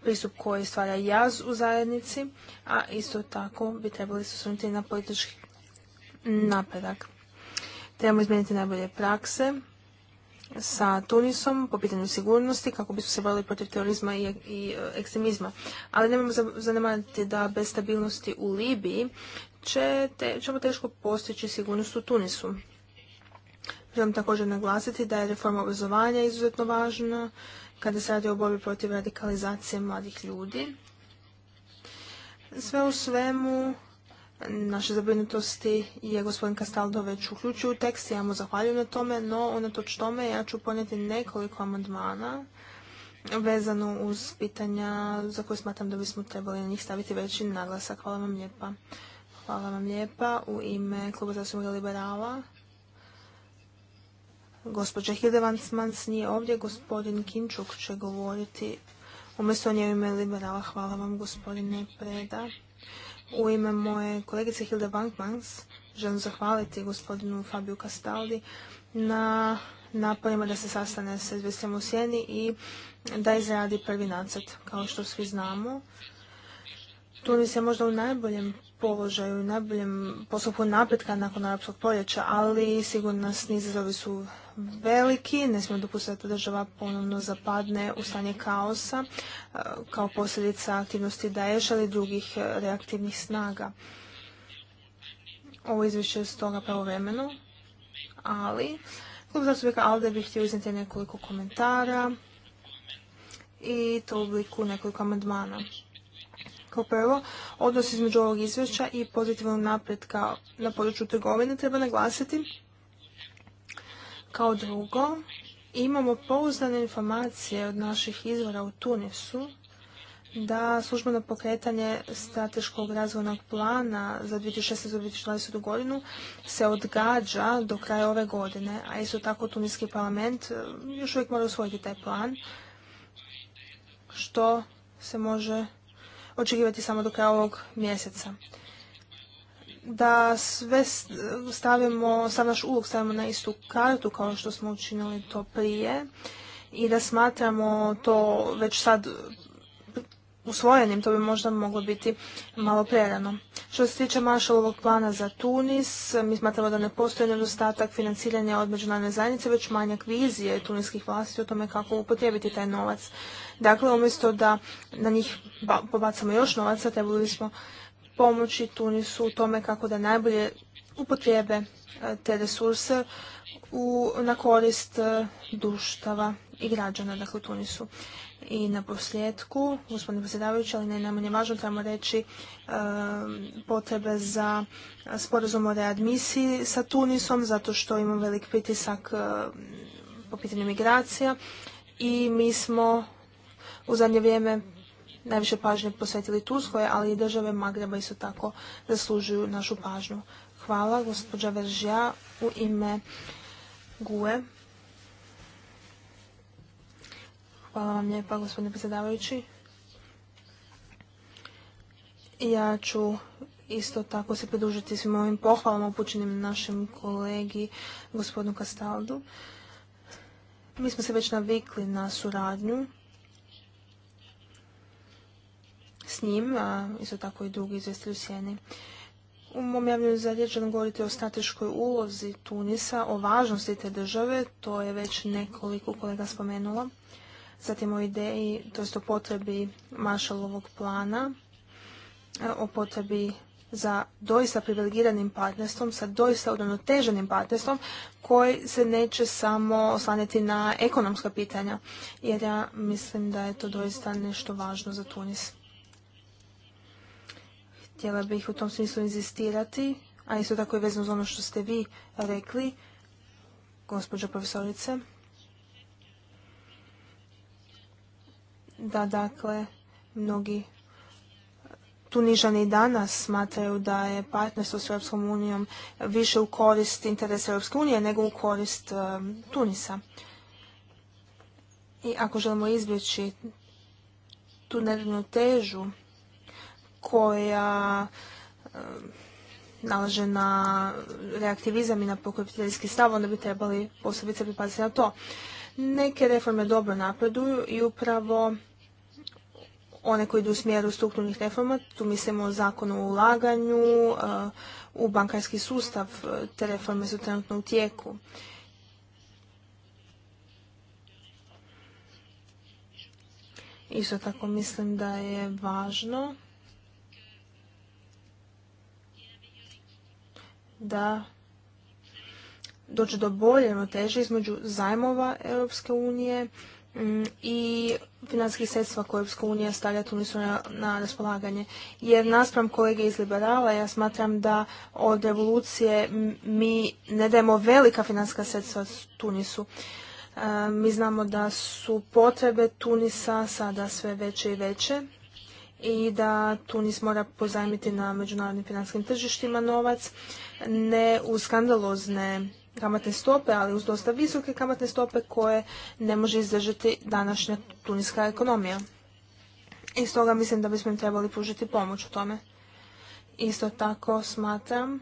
pristup koji stvara jaz u zajednici, a isto tako bi trebali se osvrnuti na politički napredak. Trebamo izmijeniti najbolje prakse sa Tunisom po pitanju sigurnosti kako bismo se borili protiv terorizma i, e, ekstremizma. Ali nemojmo zanemariti da bez stabilnosti u Libiji ćemo teško postići sigurnost u Tunisu. Želim također naglasiti da je reforma obrazovanja izuzetno važna kada se radi o borbi protiv radikalizacije mladih ljudi. Sve u svemu, naše zabrinutosti je gospodin Kastaldo već uključio u tekst, ja mu zahvaljujem na tome, no unatoč tome ja ću ponijeti nekoliko amandmana vezano uz pitanja za koje smatram da bismo trebali na njih staviti veći naglasak. Hvala vam lijepa. Hvala vam lijepa. U ime Kluba zastupnika liberala gospođa Hildevansmans nije ovdje. Gospodin Kinčuk će govoriti umjesto nje u ime liberala. Hvala vam gospodine Preda. U ime moje kolegice Hilde Bankmans želim zahvaliti gospodinu Fabiju Kastaldi na naporima da se sastane sa izvestijom u Sjeni i da izradi prvi nacrt, kao što svi znamo. Tunis je možda u najboljem položaju i najboljem postupku napretka nakon arapskog proljeća, ali sigurno nas izazovi su veliki, ne smijemo dopustiti da država ponovno zapadne u stanje kaosa e, kao posljedica aktivnosti Daesha ili drugih e, reaktivnih snaga. Ovo izvješće je stoga pravovremeno, ali Klub zastupnika Alde bih htio iznijeti nekoliko komentara i to u obliku nekoliko amandmana. Kao prvo, odnos između ovog izvješća i pozitivnog napretka na području trgovine treba naglasiti. Kao drugo, imamo pouzdane informacije od naših izvora u Tunisu da službeno pokretanje strateškog razvojnog plana za 2016-2020. godinu se odgađa do kraja ove godine, a isto tako Tuniski parlament e, još uvijek mora usvojiti taj plan, što se može očekivati samo do kraja ovog mjeseca. Da sve stavimo, sav naš ulog stavimo na istu kartu kao što smo učinili to prije i da smatramo to već sad usvojenim, to bi možda moglo biti malo prerano. Što se tiče Marshallovog plana za Tunis, mi smatramo da ne postoji nedostatak financiranja od međunarodne zajednice, već manjak vizije tuniskih vlasti o tome kako upotrijebiti taj novac. Dakle, umjesto da na njih pobacamo još novaca, trebali smo pomoći Tunisu u tome kako da najbolje upotrijebe e, te resurse na korist e, duštava i građana dakle, u Tunisu. I na posljedku, gospodine predsjedavajući, ali ne najmanje važno, trebamo reći e, potrebe za sporazum o readmisiji sa Tunisom, zato što ima velik pritisak po pitanju migracija i mi smo u zadnje vrijeme najviše pažnje posvetili Turskoj, ali i države Magreba isto tako zaslužuju našu pažnju. Hvala, gospođa Veržija, u ime GUE. Hvala vam lijepa, gospodine predsjedavajući. Ja ću isto tako se pridružiti svim ovim pohvalama upućenim našem kolegi, gospodinu Kastaldu. Mi smo se već navikli na suradnju s njim, a isto tako i drugi izvestili u sjeni. U mom javljanju za riječ govoriti o strateškoj ulozi Tunisa, o važnosti te države, to je već nekoliko kolega spomenulo. Zatim o ideji, to o potrebi Mašalovog plana, o potrebi za doista privilegiranim partnerstvom, sa doista uravnoteženim partnerstvom koji se neće samo oslanjati na ekonomska pitanja, jer ja mislim da je to doista nešto važno za Tunis. Htjela bih u tom smislu inzistirati, a isto tako i vezano uz ono što ste vi rekli, gospođo profesorice, da dakle mnogi Tunižani danas smatraju da je partnerstvo s Europskom unijom više u korist interesa Europske unije nego u korist e, Tunisa. I ako želimo izbjeći tu neravnotežu težu koja nalaže na reaktivizam i na pokupiteljski stav, onda bi trebali posebice pripaziti na to. Neke reforme dobro napreduju i upravo one koji idu u smjeru strukturnih reforma, tu mislimo o zakonu o ulaganju, eh, u bankarski sustav, eh, te reforme su trenutno u tijeku. Isto tako mislim da je važno da dođe do bolje ravnoteže između zajmova Europske unije mm, i finanskih sredstva koje Europska unija stavlja Tunisu na, raspolaganje. Jer naspram kolege iz liberala ja smatram da od revolucije mi ne dajemo velika finanska sredstva Tunisu. E, mi znamo da su potrebe Tunisa sada sve veće i veće i da Tunis mora pozajmiti na međunarodnim financijskim tržištima novac, ne uz skandalozne kamatne stope, ali uz dosta visoke kamatne stope koje ne može izdržati današnja tuniska ekonomija. I stoga mislim da bismo im trebali pružiti pomoć u tome. Isto tako smatram,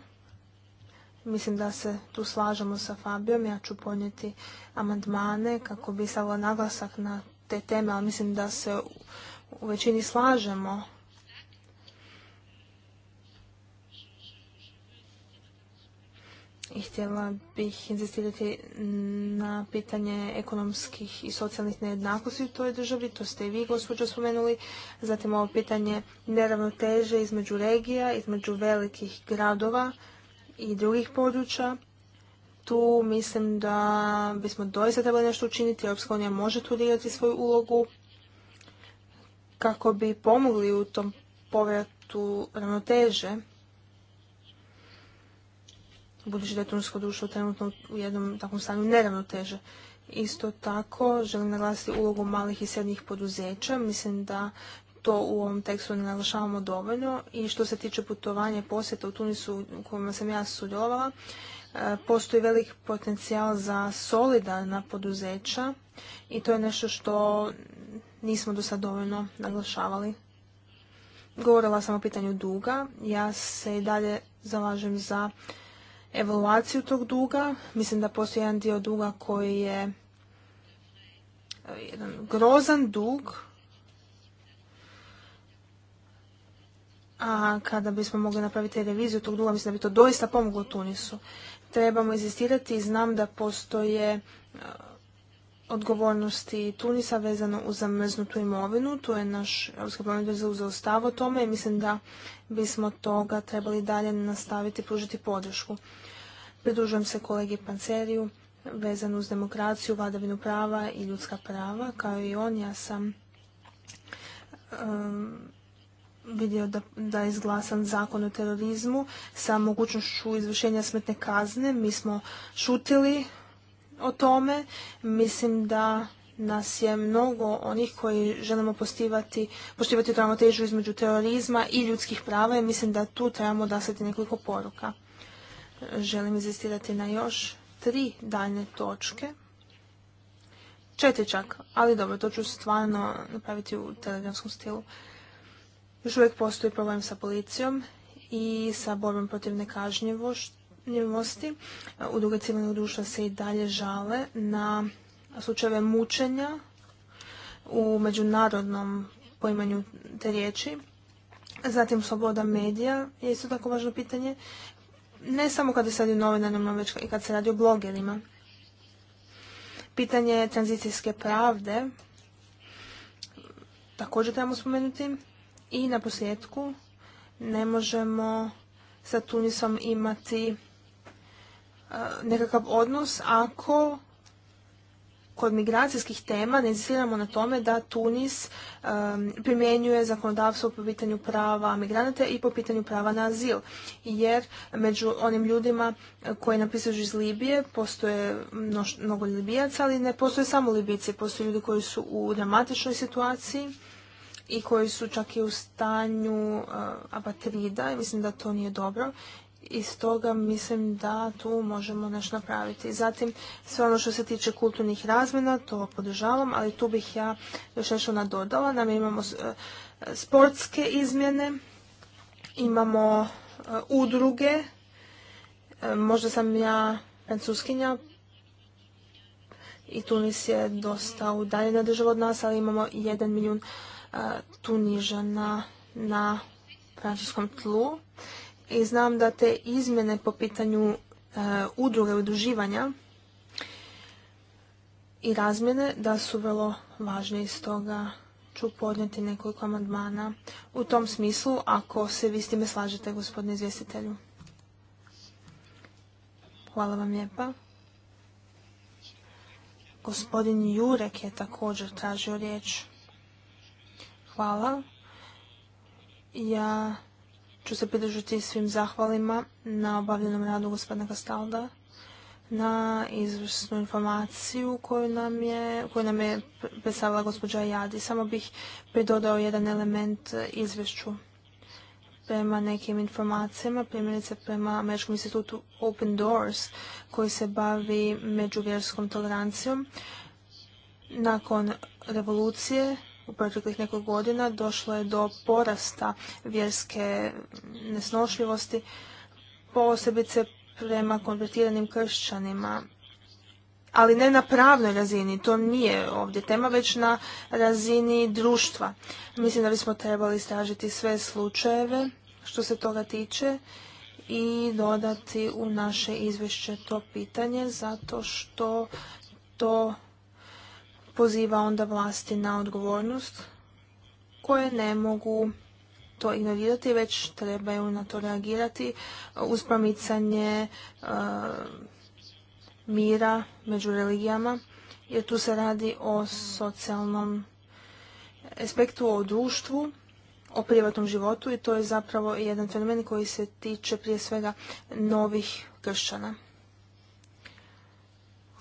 mislim da se tu slažemo sa Fabijom, ja ću ponijeti amandmane kako bi stavila naglasak na te teme, ali mislim da se u većini slažemo. I htjela bih insistirati na pitanje ekonomskih i socijalnih nejednakosti u toj državi, to ste i vi, gospođo, spomenuli. Zatim ovo pitanje neravnoteže između regija, između velikih gradova i drugih područja. Tu mislim da bismo doista trebali nešto učiniti. Europska može tu svoju ulogu kako bi pomogli u tom povratu ravnoteže budući da je Tunsko društvo trenutno u jednom takvom stanju neravnoteže. Isto tako želim naglasiti ulogu malih i srednjih poduzeća. Mislim da to u ovom tekstu ne naglašavamo dovoljno i što se tiče putovanja i posjeta u Tunisu u kojima sam ja sudjelovala, e, postoji velik potencijal za solidarna poduzeća i to je nešto što nismo do sad dovoljno naglašavali. Govorila sam o pitanju duga. Ja se i dalje zalažem za evaluaciju tog duga. Mislim da postoji jedan dio duga koji je e, jedan grozan dug. A kada bismo mogli napraviti reviziju tog duga, mislim da bi to doista pomoglo Tunisu. Trebamo izistirati i znam da postoje e, odgovornosti Tunisa vezano uz zamrznutu imovinu. Tu je naš Europski parlament zauzeo stav o tome i mislim da bismo toga trebali dalje nastaviti pružiti podršku. Pridružujem se kolegi Panceriju vezano uz demokraciju, vladavinu prava i ljudska prava. Kao i on, ja sam um, vidio da, da je izglasan zakon o terorizmu sa mogućnošću izvršenja smrtne kazne. Mi smo šutili o tome. Mislim da nas je mnogo onih koji želimo postivati, poštivati ravnotežu između terorizma i ljudskih prava i mislim da tu trebamo odasliti nekoliko poruka. Želim izistirati na još tri daljne točke. Četiri čak, ali dobro, to ću stvarno napraviti u telegramskom stilu. Još uvijek postoji problem sa policijom i sa borbom protiv nekažnjivosti u Udruge civilnog društva se i dalje žale na slučajeve mučenja u međunarodnom poimanju te riječi. Zatim sloboda medija je isto tako važno pitanje. Ne samo kada se radi o novinarima, već i kad se radi o blogerima. Pitanje tranzicijske pravde također trebamo spomenuti. I na posljedku ne možemo sa Tunisom imati nekakav odnos ako kod migracijskih tema ne insistiramo na tome da Tunis primjenjuje zakonodavstvo po pitanju prava migranata i po pitanju prava na azil. Jer među onim ljudima koji napisuju iz Libije postoje mnogo Libijaca, ali ne postoje samo Libijci. Postoje ljudi koji su u dramatičnoj situaciji i koji su čak i u stanju apatrida i Mislim da to nije dobro i stoga mislim da tu možemo nešto napraviti. Zatim, sve ono što se tiče kulturnih razmjena, to podržavam, ali tu bih ja još nešto nadodala. Nam imamo e, sportske izmjene, imamo e, udruge, e, možda sam ja francuskinja, i Tunis je dosta udaljena država od nas, ali imamo jedan milijun Tunižana na francuskom tlu i znam da te izmjene po pitanju e, udruge udruživanja i razmjene da su vrlo važne i toga. ću podnijeti nekoliko amandmana u tom smislu ako se vi s time slažete gospodine izvjestitelju. Hvala vam lijepa. Gospodin Jurek je također tražio riječ. Hvala. Ja ću se pridružiti svim zahvalima na obavljenom radu gospodina Kastalda, na izvrsnu informaciju koju nam je, koju nam je predstavila gospođa Jadi. Samo bih pridodao jedan element izvješću prema nekim informacijama, primjerice prema Američkom institutu Open Doors koji se bavi međuvjerskom tolerancijom. Nakon revolucije u proteklih nekog godina došlo je do porasta vjerske nesnošljivosti, posebice prema konvertiranim kršćanima. Ali ne na pravnoj razini, to nije ovdje tema, već na razini društva. Mislim da bismo trebali istražiti sve slučajeve što se toga tiče i dodati u naše izvješće to pitanje, zato što to poziva onda vlasti na odgovornost koje ne mogu to ignorirati, već trebaju na to reagirati uz promicanje e, mira među religijama, jer tu se radi o socijalnom aspektu, o društvu, o privatnom životu i to je zapravo jedan fenomen koji se tiče prije svega novih kršćana.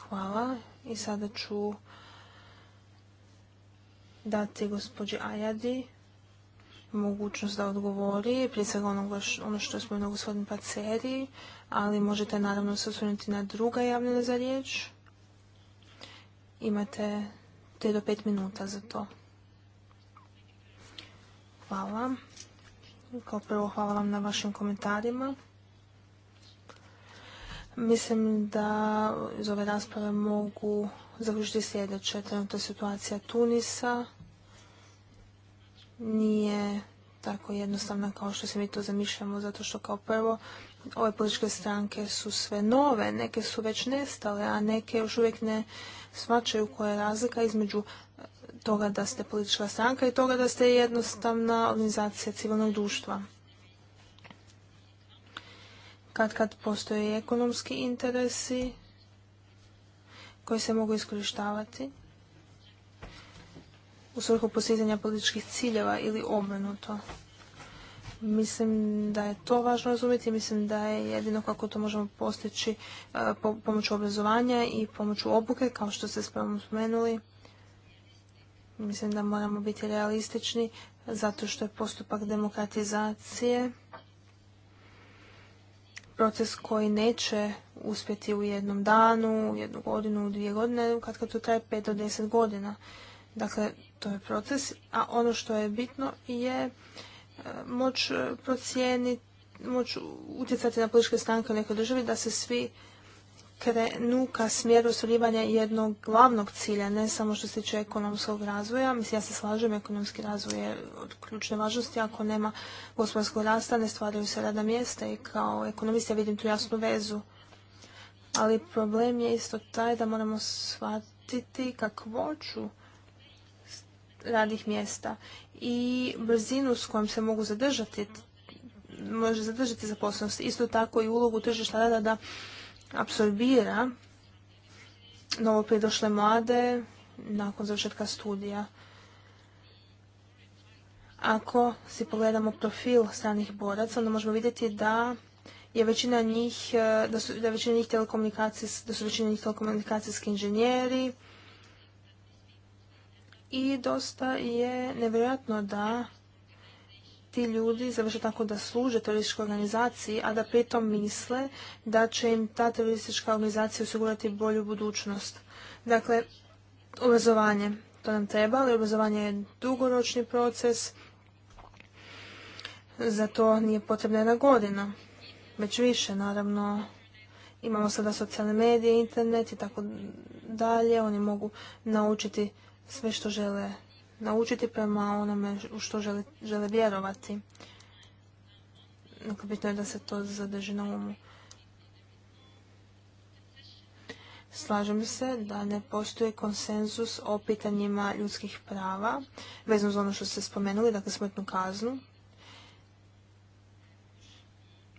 Hvala i sada ću dati gospođi Ajadi mogućnost da odgovori, prije svega ono, ono što je spomenuo gospodin Paceri, ali možete naravno se osvrnuti na druga javljena za riječ. Imate 3 do 5 minuta za to. Hvala. Kao prvo hvala vam na vašim komentarima. Mislim da iz ove rasprave mogu zaključiti sljedeće. Trenutna situacija Tunisa, nije tako jednostavna kao što se mi to zamišljamo, zato što kao prvo ove političke stranke su sve nove, neke su već nestale, a neke još uvijek ne svačaju koja je razlika između e, toga da ste politička stranka i toga da ste jednostavna organizacija civilnog društva. Kad kad postoje ekonomski interesi koji se mogu iskorištavati, u svrhu postizanja političkih ciljeva ili obrnuto. Mislim da je to važno razumjeti, mislim da je jedino kako to možemo postići e, pomoću obrazovanja i pomoću obuke, kao što ste spremno spomenuli. Mislim da moramo biti realistični, zato što je postupak demokratizacije proces koji neće uspjeti u jednom danu, u jednu godinu, u dvije godine, kad, kad to traje pet do deset godina. Dakle, to je proces, a ono što je bitno je e, moć procijeniti, moć utjecati na političke stranke u nekoj državi da se svi krenu ka smjeru ostvarivanja jednog glavnog cilja, ne samo što se tiče ekonomskog razvoja. Mislim, ja se slažem, ekonomski razvoj je od ključne važnosti. Ako nema gospodarskog rasta, ne stvaraju se rada mjesta i kao ekonomista vidim tu jasnu vezu. Ali problem je isto taj da moramo shvatiti kakvoću radnih mjesta i brzinu s kojom se mogu zadržati, može zadržati zaposlenost. Isto tako i ulogu tržišta rada da apsorbira novo pridošle mlade nakon završetka studija. Ako si pogledamo profil stranih boraca, onda možemo vidjeti da je većina njih, eh, da su, većina njih da su većina njih telekomunikacijski inženjeri, i dosta je nevjerojatno da ti ljudi završe tako da služe terorističkoj organizaciji, a da pritom misle da će im ta teroristička organizacija osigurati bolju budućnost. Dakle, obrazovanje. To nam treba, ali obrazovanje je dugoročni proces. Za to nije potrebna jedna godina. Već više, naravno. Imamo sada socijalne medije, internet i tako dalje. Oni mogu naučiti sve što žele naučiti prema onome u što žele, vjerovati. Dakle, bitno je da se to zadrži na umu. Slažem se da ne postoji konsenzus o pitanjima ljudskih prava, vezano za ono što ste spomenuli, dakle smrtnu kaznu.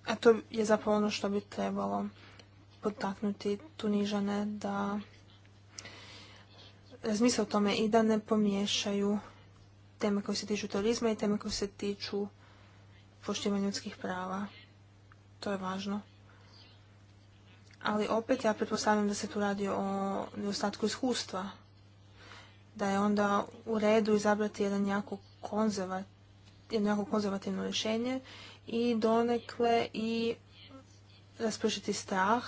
A to je zapravo ono što bi trebalo potaknuti Tunižane da razmisle o tome i da ne pomiješaju teme koje se tiču terorizma i teme koje se tiču poštivanja ljudskih prava. To je važno. Ali opet ja pretpostavljam da se tu radi o nedostatku iskustva. Da je onda u redu izabrati jedan jako konzervat, jedno jako konzervativno rješenje i donekle i raspršiti strah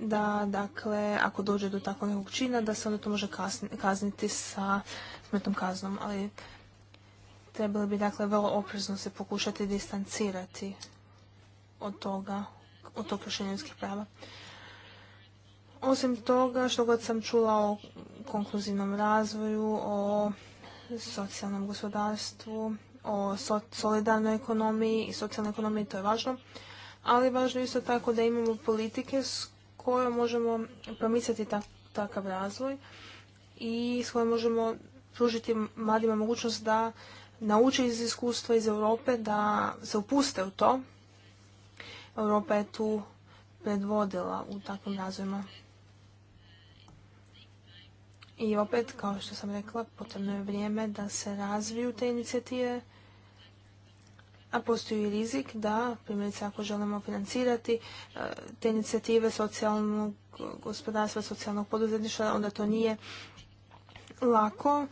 da, dakle, ako dođe do takvog nekog čina, da se onda to može kazniti sa smrtnom kaznom. Ali trebali bi, dakle, vrlo oprezno se pokušati distancirati od toga, od tog kršenja ljudskih prava. Osim toga što god sam čula o konkluzivnom razvoju, o socijalnom gospodarstvu, o solidarnoj ekonomiji i socijalnoj ekonomiji, to je važno. Ali važno je isto tako da imamo politike s kojoj možemo promicati takav razvoj i s kojom možemo pružiti mladima mogućnost da nauče iz iskustva iz Europe, da se upuste u to. Europa je tu predvodila u takvim razvojima. I opet, kao što sam rekla, potrebno je vrijeme da se razviju te inicijative a postoji rizik da, primjerice ako želimo financirati e, te inicijative socijalnog gospodarstva, socijalnog poduzetništva, onda to nije lako.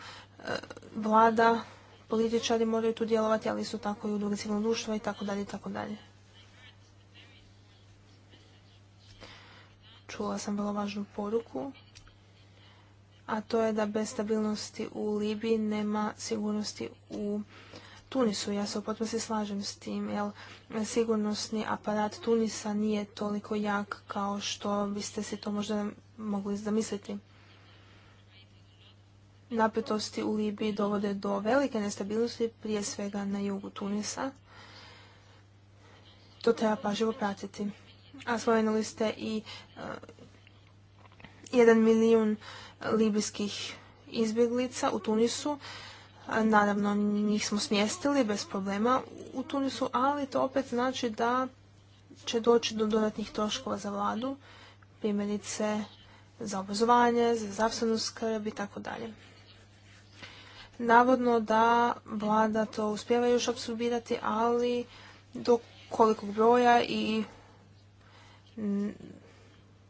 E, Vlada, političari moraju tu djelovati, ali su tako i u civilnog društva i tako dalje i tako dalje. Čula sam vrlo važnu poruku, a to je da bez stabilnosti u Libiji nema sigurnosti u Tunisu. Ja se u potpunosti slažem s tim, jer sigurnosni aparat Tunisa nije toliko jak kao što biste si to možda mogli zamisliti. Napetosti u Libiji dovode do velike nestabilnosti, prije svega na jugu Tunisa. To treba pažljivo pratiti. A spomenuli ste i eh, jedan milijun libijskih izbjeglica u Tunisu. Naravno, njih smo smjestili bez problema u Tunisu, ali to opet znači da će doći do dodatnih troškova za vladu, primjerice za obrazovanje, za zdravstvenu skrb i tako dalje. Navodno da vlada to uspjeva još absorbirati, ali do kolikog broja i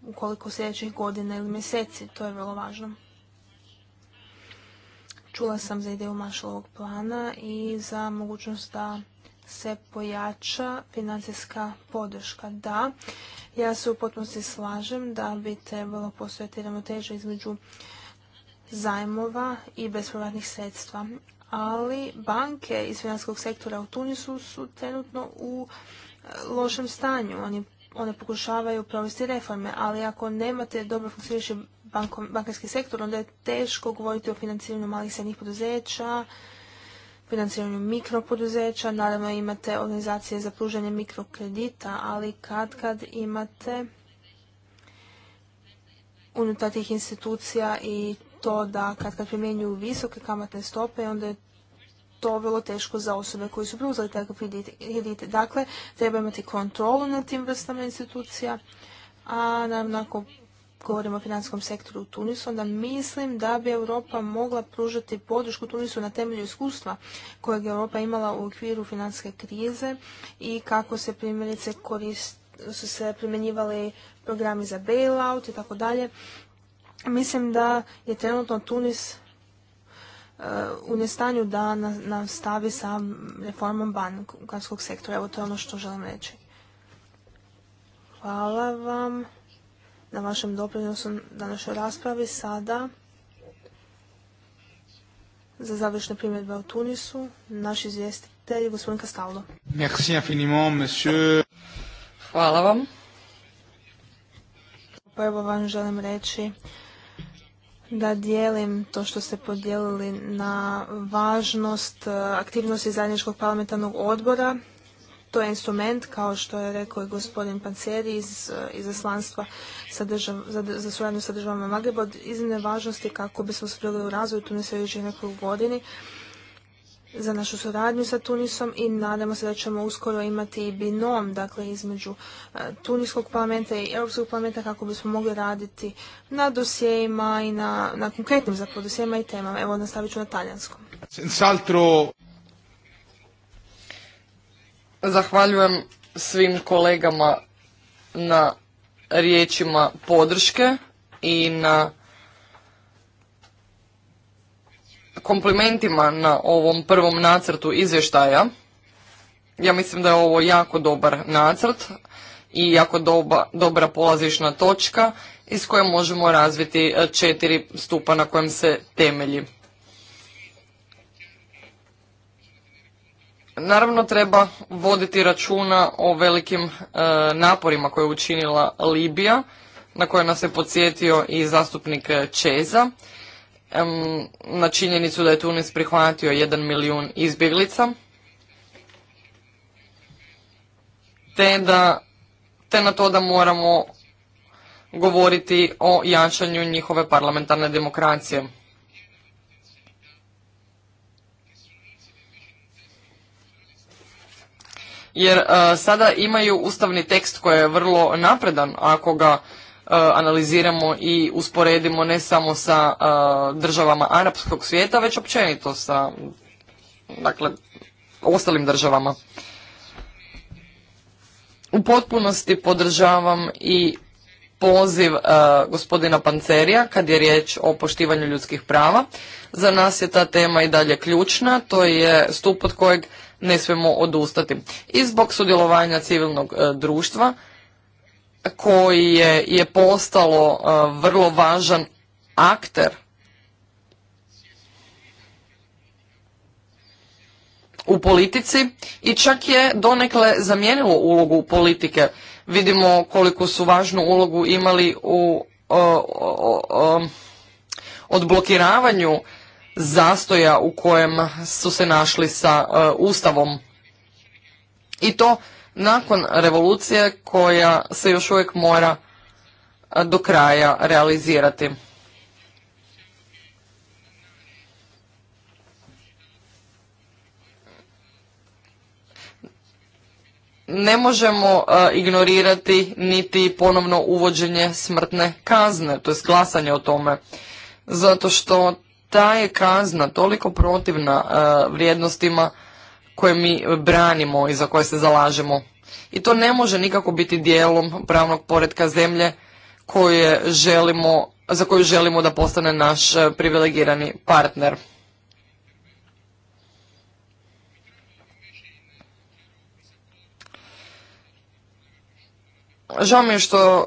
u koliko sljedećih godina ili mjeseci, to je vrlo važno. Čula sam za ideju Maršalovog plana i za mogućnost da se pojača financijska podrška. Da, ja se u potpunosti slažem da bi trebalo postojati ravnoteža između zajmova i bespovratnih sredstva. Ali banke iz financijskog sektora u Tunisu su trenutno u e, lošem stanju. Oni one pokušavaju provesti reforme, ali ako nemate dobro funkcionirajući bankarski sektor, onda je teško govoriti o financiranju malih srednjih poduzeća, financiranju mikropoduzeća, naravno imate organizacije za pružanje mikrokredita, ali kad kad imate unutar tih institucija i to da kad kad primjenjuju visoke kamatne stope, onda je to vrlo teško za osobe koji su preuzeli takav kredite Dakle, treba imati kontrolu nad tim vrstama institucija, a naravno ako govorimo o financijskom sektoru u Tunisu, onda mislim da bi Europa mogla pružati podršku Tunisu na temelju iskustva kojeg je Europa imala u okviru financijske krize i kako se primjerice korist, su se primjenjivali programi za bailout i tako dalje. Mislim da je trenutno Tunis uh, u nestanju da nastavi sa reformom bankarskog sektora. Evo to je ono što želim reći. Hvala vam na vašem doprinosu današnjoj raspravi. Sada za završne primjedbe u Tunisu, naš izvjestitelj gospodin Kastaldo. Merci infiniment, Hvala vam. Prvo pa vam želim reći da dijelim to što ste podijelili na važnost eh, aktivnosti zajedničkog parlamentarnog odbora to je instrument, kao što je rekao i gospodin Panceri iz eh, izaslanstva za, suradnju sa državama Magreba, od iznimne važnosti kako bismo sprili u razvoju Tunisa u nekoliko godini za našu suradnju sa Tunisom i nadamo se da ćemo uskoro imati i binom dakle, između eh, Tuniskog parlamenta i Europskog parlamenta kako bismo mogli raditi na dosjejima i na, konkretnim zapravo i temama. Evo, nastavit ću na talijanskom. Zahvaljujem svim kolegama na riječima podrške i na komplimentima na ovom prvom nacrtu izvještaja. Ja mislim da je ovo jako dobar nacrt i jako dobra polazišna točka iz koje možemo razviti e, četiri stupa na kojem se temelji. Naravno treba voditi računa o velikim e, naporima koje je učinila Libija, na koje nas je podsjetio i zastupnik Čeza, e, na činjenicu da je Tunis prihvatio jedan milijun izbjeglica, te, da, te na to da moramo govoriti o jačanju njihove parlamentarne demokracije. jer sada imaju ustavni tekst koji je vrlo napredan ako ga analiziramo i usporedimo ne samo sa državama arapskog svijeta, već općenito sa dakle, ostalim državama. U potpunosti podržavam i poziv gospodina Pancerija kad je riječ o poštivanju ljudskih prava. Za nas je ta tema i dalje ključna, to je stup od kojeg ne smijemo odustati. I zbog sudjelovanja civilnog e, društva koji je, je postalo e, vrlo važan akter u politici i čak je donekle zamijenilo ulogu politike. Vidimo koliko su važnu ulogu imali u o, odblokiravanju zastoja u kojem su se našli sa e, Ustavom. I to nakon revolucije koja se još uvijek mora e, do kraja realizirati. Ne možemo e, ignorirati niti ponovno uvođenje smrtne kazne, to je glasanje o tome, zato što ta je kazna toliko protivna e, vrijednostima koje mi branimo i za koje se zalažemo. I to ne može nikako biti dijelom pravnog poretka zemlje koje želimo, za koju želimo da postane naš e, privilegirani partner. Žao mi je što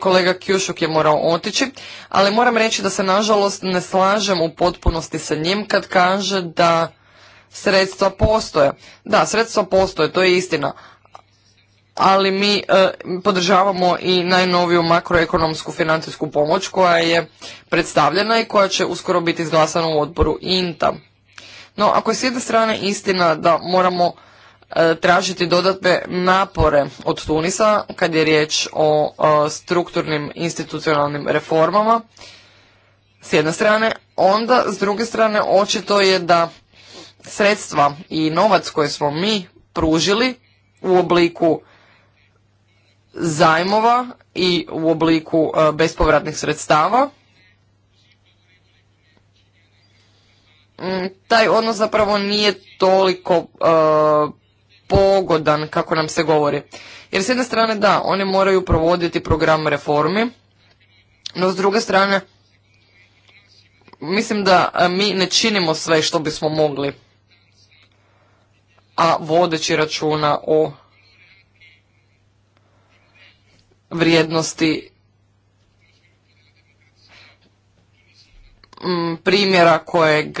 kolega Kjušuk je morao otići, ali moram reći da se nažalost ne slažem u potpunosti sa njim kad kaže da sredstva postoje. Da, sredstva postoje, to je istina, ali mi e, podržavamo i najnoviju makroekonomsku financijsku pomoć koja je predstavljena i koja će uskoro biti izglasana u odboru INTA. No, ako je s jedne strane istina da moramo E, tražiti dodatne napore od Tunisa kad je riječ o e, strukturnim institucionalnim reformama s jedne strane, onda s druge strane očito je da sredstva i novac koje smo mi pružili u obliku zajmova i u obliku e, bespovratnih sredstava mm, taj odnos zapravo nije toliko pogodan, kako nam se govori. Jer s jedne strane da, oni moraju provoditi program reformi, no s druge strane mislim da e, mi ne činimo sve što bismo mogli, a vodeći računa o vrijednosti primjera kojeg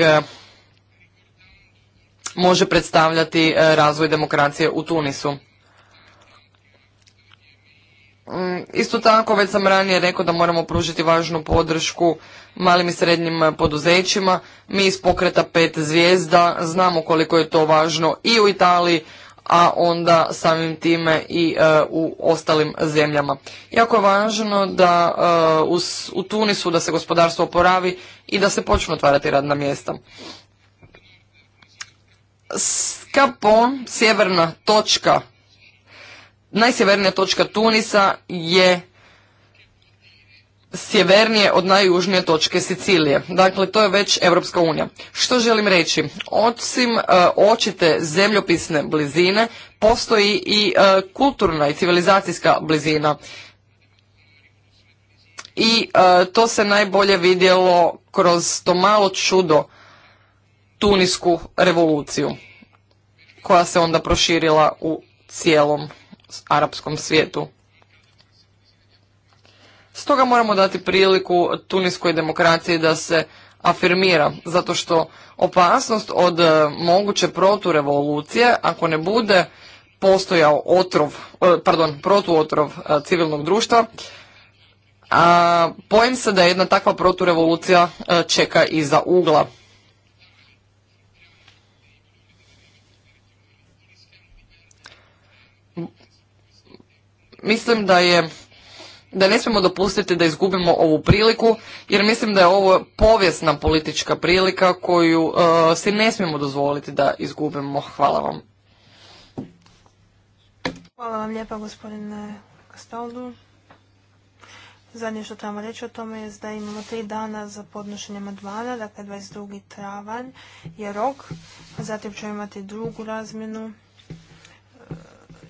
može predstavljati e, razvoj demokracije u Tunisu. Mm, isto tako, već sam ranije rekao da moramo pružiti važnu podršku malim i srednjim e, poduzećima. Mi iz pokreta pet zvijezda znamo koliko je to važno i u Italiji, a onda samim time i e, u ostalim zemljama. Jako je važno da u, u Tunisu da se gospodarstvo oporavi i da se počnu otvarati radna mjesta. Skapo, sjeverna točka, najsjevernija točka Tunisa je sjevernije od najjužnije točke Sicilije. Dakle, to je već Europska unija. Što želim reći? Osim e, očite zemljopisne blizine, postoji i e, kulturna i civilizacijska blizina. I e, to se najbolje vidjelo kroz to malo čudo tunisku revoluciju koja se onda proširila u cijelom arapskom svijetu. Stoga moramo dati priliku tuniskoj demokraciji da se afirmira, zato što opasnost od e, moguće proturevolucije, ako ne bude postojao otrov, e, pardon, protuotrov e, civilnog društva, a bojim se da jedna takva proturevolucija čeka iza ugla. mislim da je da ne smijemo dopustiti da izgubimo ovu priliku jer mislim da je ovo povijesna politička prilika koju uh, si ne smijemo dozvoliti da izgubimo. Hvala vam. Hvala vam lijepa gospodine Kastaldu. Zadnje što trebamo reći o tome je da imamo tri dana za podnošenje Madvana, dakle 22. travanj je rok, zatim ćemo imati drugu razmjenu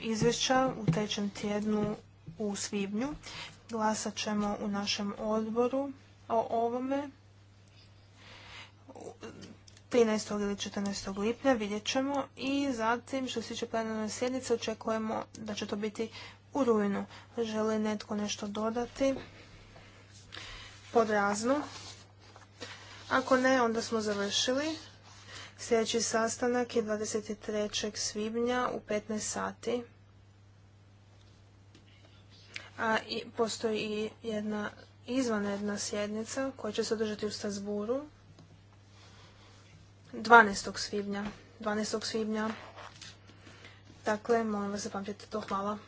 izvješća u trećem tjednu u svibnju. Glasat ćemo u našem odboru o ovome 13. ili 14. lipnja, vidjet ćemo. I zatim, što se tiče plenarne sjednice, očekujemo da će to biti u rujnu. Želi netko nešto dodati? Pod razno. Ako ne, onda smo završili. Sljedeći sastanak je 23. svibnja u 15 sati. A i postoji i jedna izvanredna sjednica koja će se održati u Stasburu 12. svibnja. 12. svibnja. Dakle, molim vas zapamtite to. Hvala.